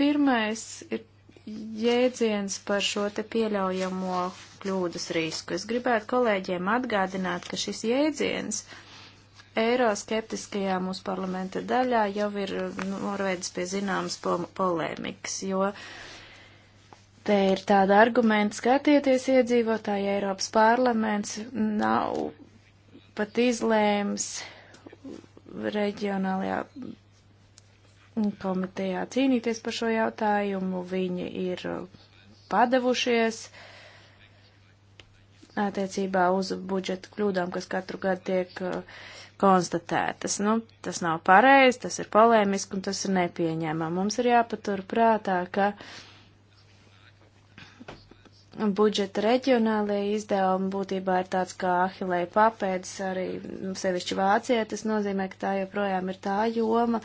Pirmais ir jēdziens par šo te pieļaujamo kļūdas risku. Es gribētu kolēģiem atgādināt, ka šis jēdziens eiroskeptiskajā mūsu parlamenta daļā jau ir nu, norvēdis pie zināmas polēmikas, jo uh, Te ir tāda argumenta, skatieties, iedzīvotāji Eiropas parlaments nav pat izlēms reģionālajā komitejā cīnīties par šo jautājumu. Viņi ir padevušies attiecībā uz budžeta kļūdām, kas katru gadu tiek uh, konstatētas. Nu, tas nav pareizi, tas ir polēmiski un tas ir nepieņēmami. Mums ir jāpatur prātā, ka. Uh, budžeta reģionālajie izdevumi būtībā ir tāds kā ahilēja papēdis arī sevišķi Vācijā. Tas nozīmē, ka tā joprojām ir tā joma,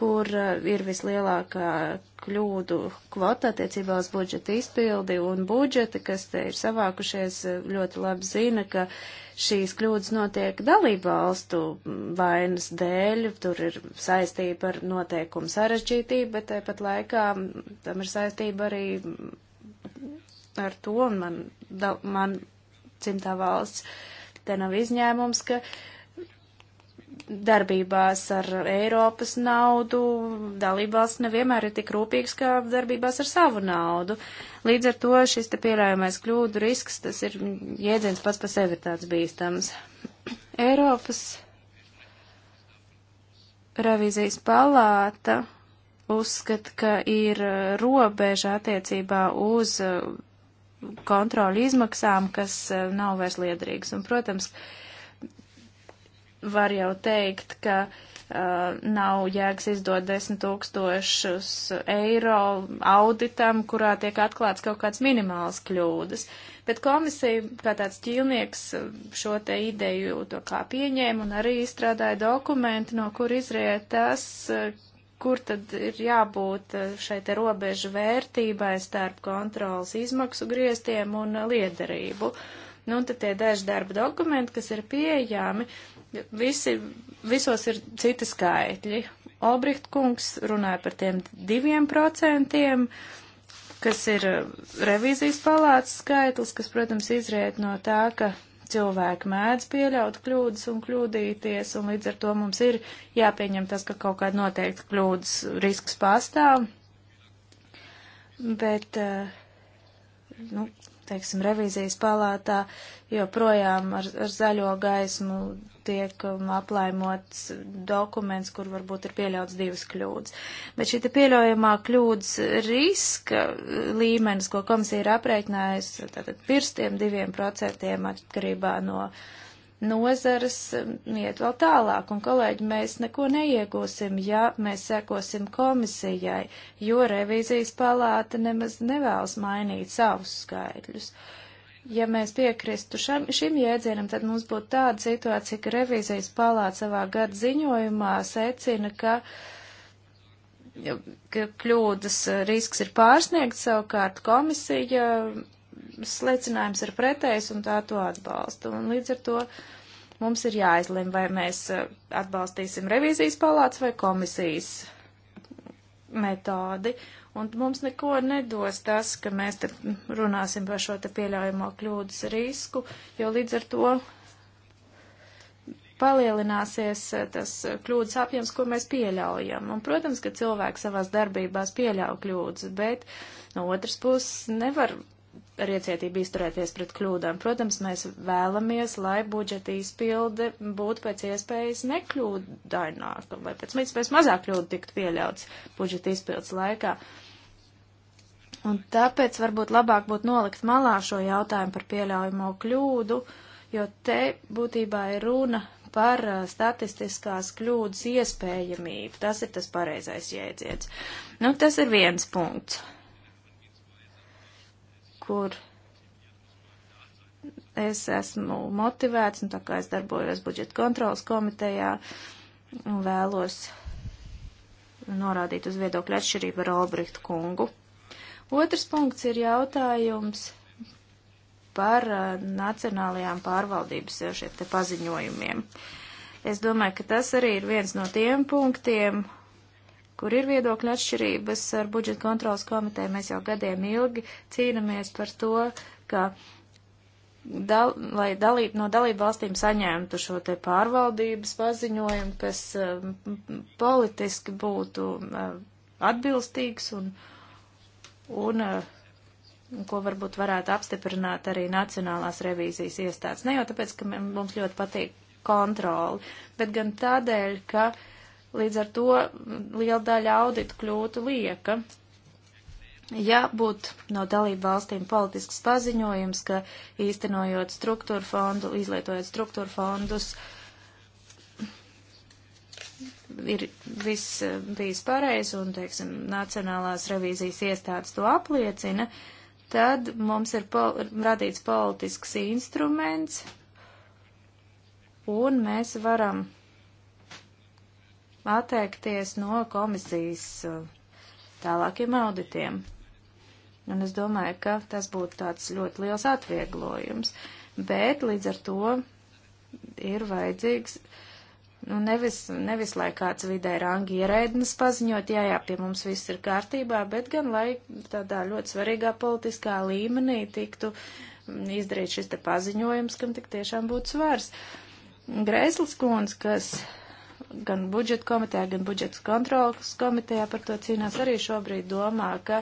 kur uh, ir vislielākā kļūdu kvota attiecībā uz budžeta izpildi un budžeta, kas te ir savākušies, ļoti labi zina, ka šīs kļūdas notiek dalību valstu vainas dēļ, tur ir saistība ar noteikumu sarežģītību, bet tāpat laikā tam ir saistība arī ar to, un man, da, man cimtā valsts te nav izņēmums, ka darbībās ar Eiropas naudu dalībvalsts nevienmēr ir tik rūpīgs, kā darbībās ar savu naudu. Līdz ar to šis te pieļaujamais kļūdu risks, tas ir jēdziens pats par sevi ir tāds bīstams. Eiropas revizijas palāta uzskata, ka ir robeža attiecībā uz kontroli izmaksām, kas eh, nav vairs liederīgas. Un, protams, var jau teikt, ka uh, nav jēgas izdot 10 tūkstošus eiro auditam, kurā tiek atklāts kaut kāds minimāls kļūdas. Bet komisija, kā tāds ķīlnieks, šo te ideju to kā pieņēma un arī izstrādāja dokumenti, no kur izriet tas, uh, kur tad ir jābūt eh, šai te robežu vērtībai starp kontrolas izmaksu griestiem un eh, liederību. Nu, un tad tie daži darba dokumenti, kas ir pieejami, visi, visos ir citi skaitļi. Olbricht kungs runāja par tiem diviem procentiem, kas ir eh, revīzijas palātas skaitlis, kas, protams, izriet no tā, ka cilvēki mēdz pieļaut kļūdas un kļūdīties, un līdz ar to mums ir jāpieņem tas, ka kaut kāda noteikta kļūdas risks pastāv. Bet, eh, nu, teiksim, revīzijas palātā joprojām ar, ar zaļo gaismu tiek um, aplaimots dokuments, kur varbūt ir pieļauts divas kļūdas. Bet šī pieļaujamā kļūdas riska uh, līmenis, ko komisija ir aprēķinājusi, tātad pirstiem diviem procentiem atkarībā no nozares um, iet vēl tālāk, un kolēģi, mēs neko neiegūsim, ja mēs sekosim komisijai, jo revīzijas palāta nemaz nevēlas mainīt savus skaitļus. Uh, ja mēs piekristu šam, šim jēdzienam, tad mums būtu tāda situācija, ka revīzijas palāca savā gada ziņojumā secina, ka, ka kļūdas eh, risks ir pārsniegts, savukārt komisija eh, slēcinājums ir pretējs un tā to atbalsta. Un līdz ar to mums ir jāizlem, vai mēs eh, atbalstīsim revīzijas palāca vai komisijas metodi. Uh, Un mums neko nedos tas, ka mēs te runāsim par šo te pieļaujamo kļūdas risku, jo līdz ar to palielināsies eh, tas eh, kļūdas apjoms, ko mēs pieļaujam. Un, protams, ka cilvēki savās darbībās pieļauj kļūdas, bet no otras puses nevar ar iecietību izturēties pret kļūdām. Protams, mēs vēlamies, lai budžeta izpilde būtu pēc iespējas nekļūdaināka, lai pēc iespējas mazāk kļūdu tiktu pieļauts budžeta izpildes laikā. Un tāpēc varbūt labāk būtu nolikt malā šo jautājumu par pieļaujamo kļūdu, jo te būtībā ir runa par uh, statistiskās kļūdas iespējamību. Tas ir tas pareizais jēdziens. Nu, tas ir viens punkts kur es esmu motivēts, un tā kā es darbojos budžeta kontrolas komitejā, vēlos norādīt uz viedokļu atšķirību ar Olbrihtu kungu. Otrs punkts ir jautājums par uh, nacionālajām pārvaldības šiem te paziņojumiem. Es domāju, ka tas arī ir viens no tiem punktiem, kur ir viedokļa atšķirības ar budžeta kontrolas komiteju. Mēs jau gadiem ilgi cīnāmies par to, ka, dal, lai dalīb, no dalību valstīm saņemtu šo te pārvaldības paziņojumu, kas um, politiski būtu um, atbilstīgs un, un uh, ko varbūt varētu apstiprināt arī Nacionālās revīzijas iestādes. Ne jau tāpēc, ka mums ļoti patīk kontroli, bet gan tādēļ, ka uh, Līdz ar to mm, liela daļa auditu kļūtu lieka. Ja būtu no dalību valstīm politisks paziņojums, ka īstenojot struktūra fondu, izlietojot struktūra fondus, ir viss eh, bijis pareizi un, teiksim, nacionālās revīzijas iestādes to apliecina, tad mums ir pol radīts politisks instruments un mēs varam atteikties no komisijas eh, tālākiem auditiem. Un es domāju, ka tas būtu tāds ļoti liels atvieglojums. Bet līdz ar to ir vajadzīgs Nu, nevis, nevis lai kāds vidē rangi ierēdnis paziņot, jā, jā, pie mums viss ir kārtībā, bet gan lai tādā ļoti svarīgā politiskā līmenī tiktu mm, izdarīt šis te paziņojums, kam tik tiešām būtu svars. Grēslis Kons, kas gan budžeta komitejā, gan budžeta kontrolas komitejā par to cīnās, arī šobrīd domā, ka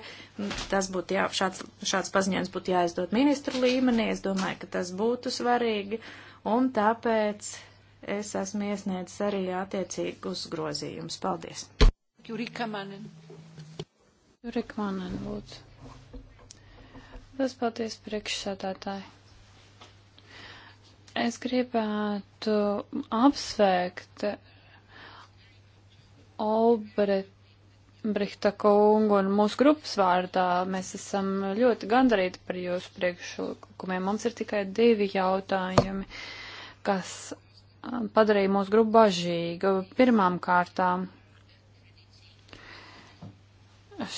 tas būtu jā, šāds, šāds paziņojums būtu jāizdod ministru līmenī. Es domāju, ka tas būtu svarīgi, un tāpēc es esmu iesniedzis arī attiecīgi uzgrozījums. Paldies! Jurika Manen. Jurika Manen, lūdzu. Tas paldies priekšsādātāji. Es gribētu apsvēgt Albrehta kungu un mūsu grupas vārdā. Mēs esam ļoti gandarīti par jūsu priekšlikumiem. Mums ir tikai divi jautājumi, kas um, padarīja mūsu grupu bažīgu. Pirmām kārtām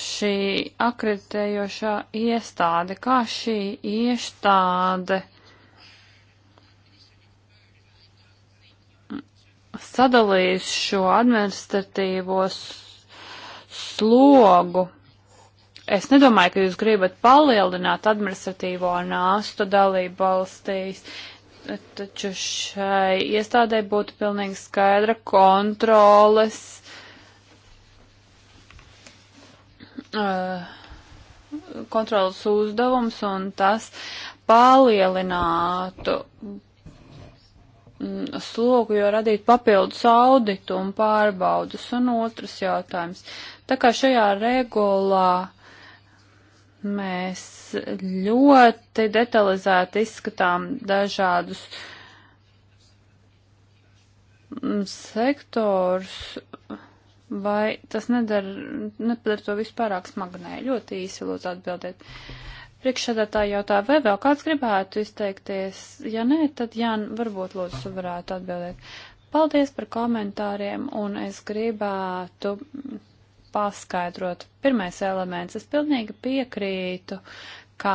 šī akreditējošā iestāde, kā šī iestāde sadalījis šo administratīvo slogu. Es nedomāju, ka jūs gribat palielināt administratīvo nāstu dalību valstīs, taču šai iestādē būtu pilnīgi skaidra kontroles. Uh, kontrolas uzdevums un tas palielinātu Mm, slogu, jo radīt papildus auditu un pārbaudus. Un otrs jautājums. Tā kā šajā regulā mēs ļoti detalizēti izskatām dažādus mm, sektors, vai tas nedara, nepadara to vispārāk smagnē? Ļoti īsi lūdzu atbildēt. Uh, Priekšsēdētāji jautā, vai vēl kāds gribētu izteikties? Ja nē, tad Jāni, varbūt lūdzu varētu atbildēt. Paldies par komentāriem, un es gribētu paskaidrot. Pirmais elements, es pilnīgi piekrītu, ka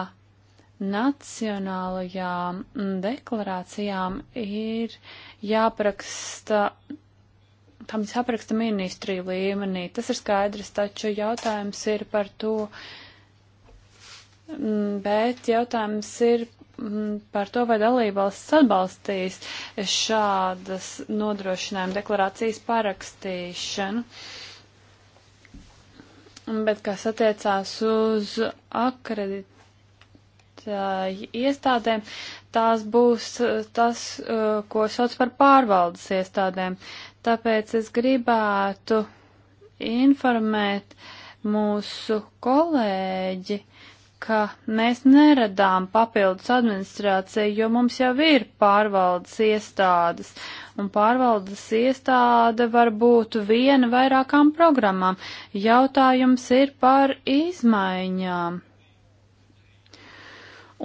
nacionālajām mm, deklarācijām ir jāpraksta, tam jāpraksta ministriju līmenī. Tas ir skaidrs, taču jautājums ir par to, uh, Mm, bet jautājums ir mm, par to, vai dalībvalsts atbalstīs šādas nodrošinājuma deklarācijas parakstīšanu. Bet kas attiecās uz akreditāju iestādēm, tās būs eh, tas, eh, ko sauc par pārvaldes iestādēm. Tāpēc es gribētu informēt mūsu kolēģi, uh, ka mēs neradām papildus administrāciju, jo mums jau ir pārvaldes iestādes, un pārvaldes iestāde var būt viena vairākām programmām. Jautājums ir par izmaiņām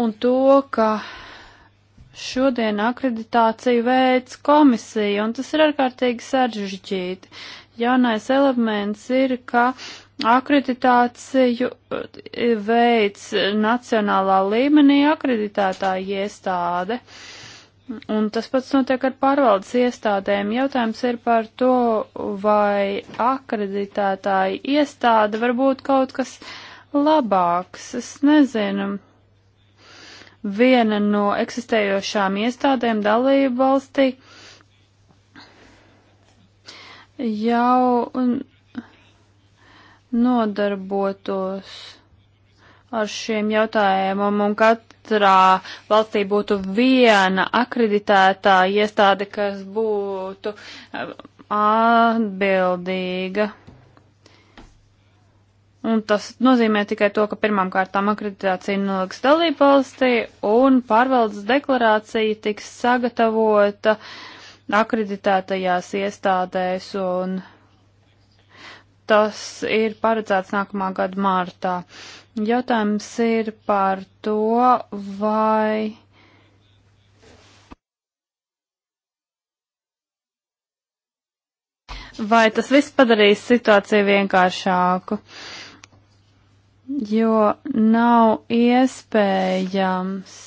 un to, ka šodien akreditāciju veids komisija, un tas ir ārkārtīgi sarežģīti. Jaunais elements ir, ka uh, Akreditāciju e, veids nacionālā līmenī akreditētāja iestāde. Un tas pats notiek ar pārvaldes iestādēm. Jautājums ir par to, vai akreditētāja iestāde var būt kaut kas labāks. Es nezinu. Viena no eksistējošām iestādēm dalību valstī jau nodarbotos ar šiem jautājumiem un katrā valstī būtu viena akreditētā iestāde, kas būtu atbildīga. Un tas nozīmē tikai to, ka pirmām kārtām akreditācija noliks dalībvalstī un pārvaldes deklarācija tiks sagatavota akreditētajās iestādēs un Tas ir paredzēts nākamā gada martā. Jautājums ir par to, vai. Vai tas viss padarīs situāciju vienkāršāku? Jo nav iespējams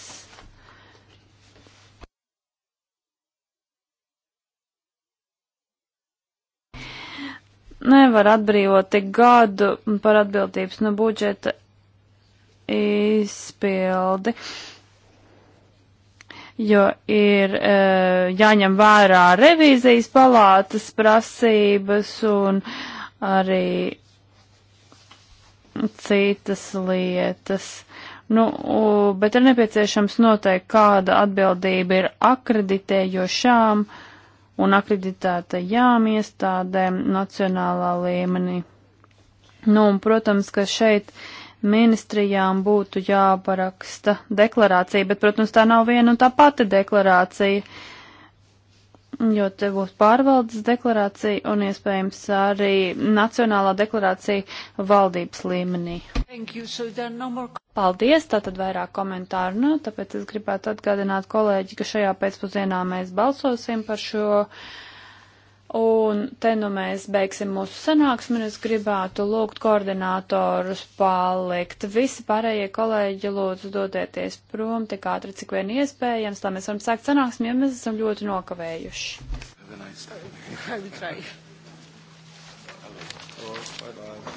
nevar atbrīvot tik gadu par atbildības no budžeta izpildi, jo ir e, jāņem vērā revīzijas palātas prasības un arī citas lietas. Nu, bet ir nepieciešams noteikt, kāda atbildība ir akreditējošām uh, un akreditētajām iestādēm nacionālā līmenī. Nu, un, protams, ka šeit ministrijām būtu jāparaksta deklarācija, bet, protams, tā nav viena un tā pati deklarācija. Uh, jo te būs pārvaldes deklarācija un iespējams arī nacionālā deklarācija valdības līmenī. So no more... Paldies, tātad vairāk komentāru, nu, tāpēc es gribētu atgādināt kolēģi, ka šajā pēcpusdienā mēs balsosim par šo uh, Un te nu mēs beigsim mūsu sanāksmi, un es gribētu lūgt koordinātorus palikt. Visi pārējie kolēģi lūdzu dodieties prom tik ātri, cik vien iespējams, lai mēs varam sākt sanāksmi, jo mēs esam ļoti nokavējuši. Have a nice day. Bye bye.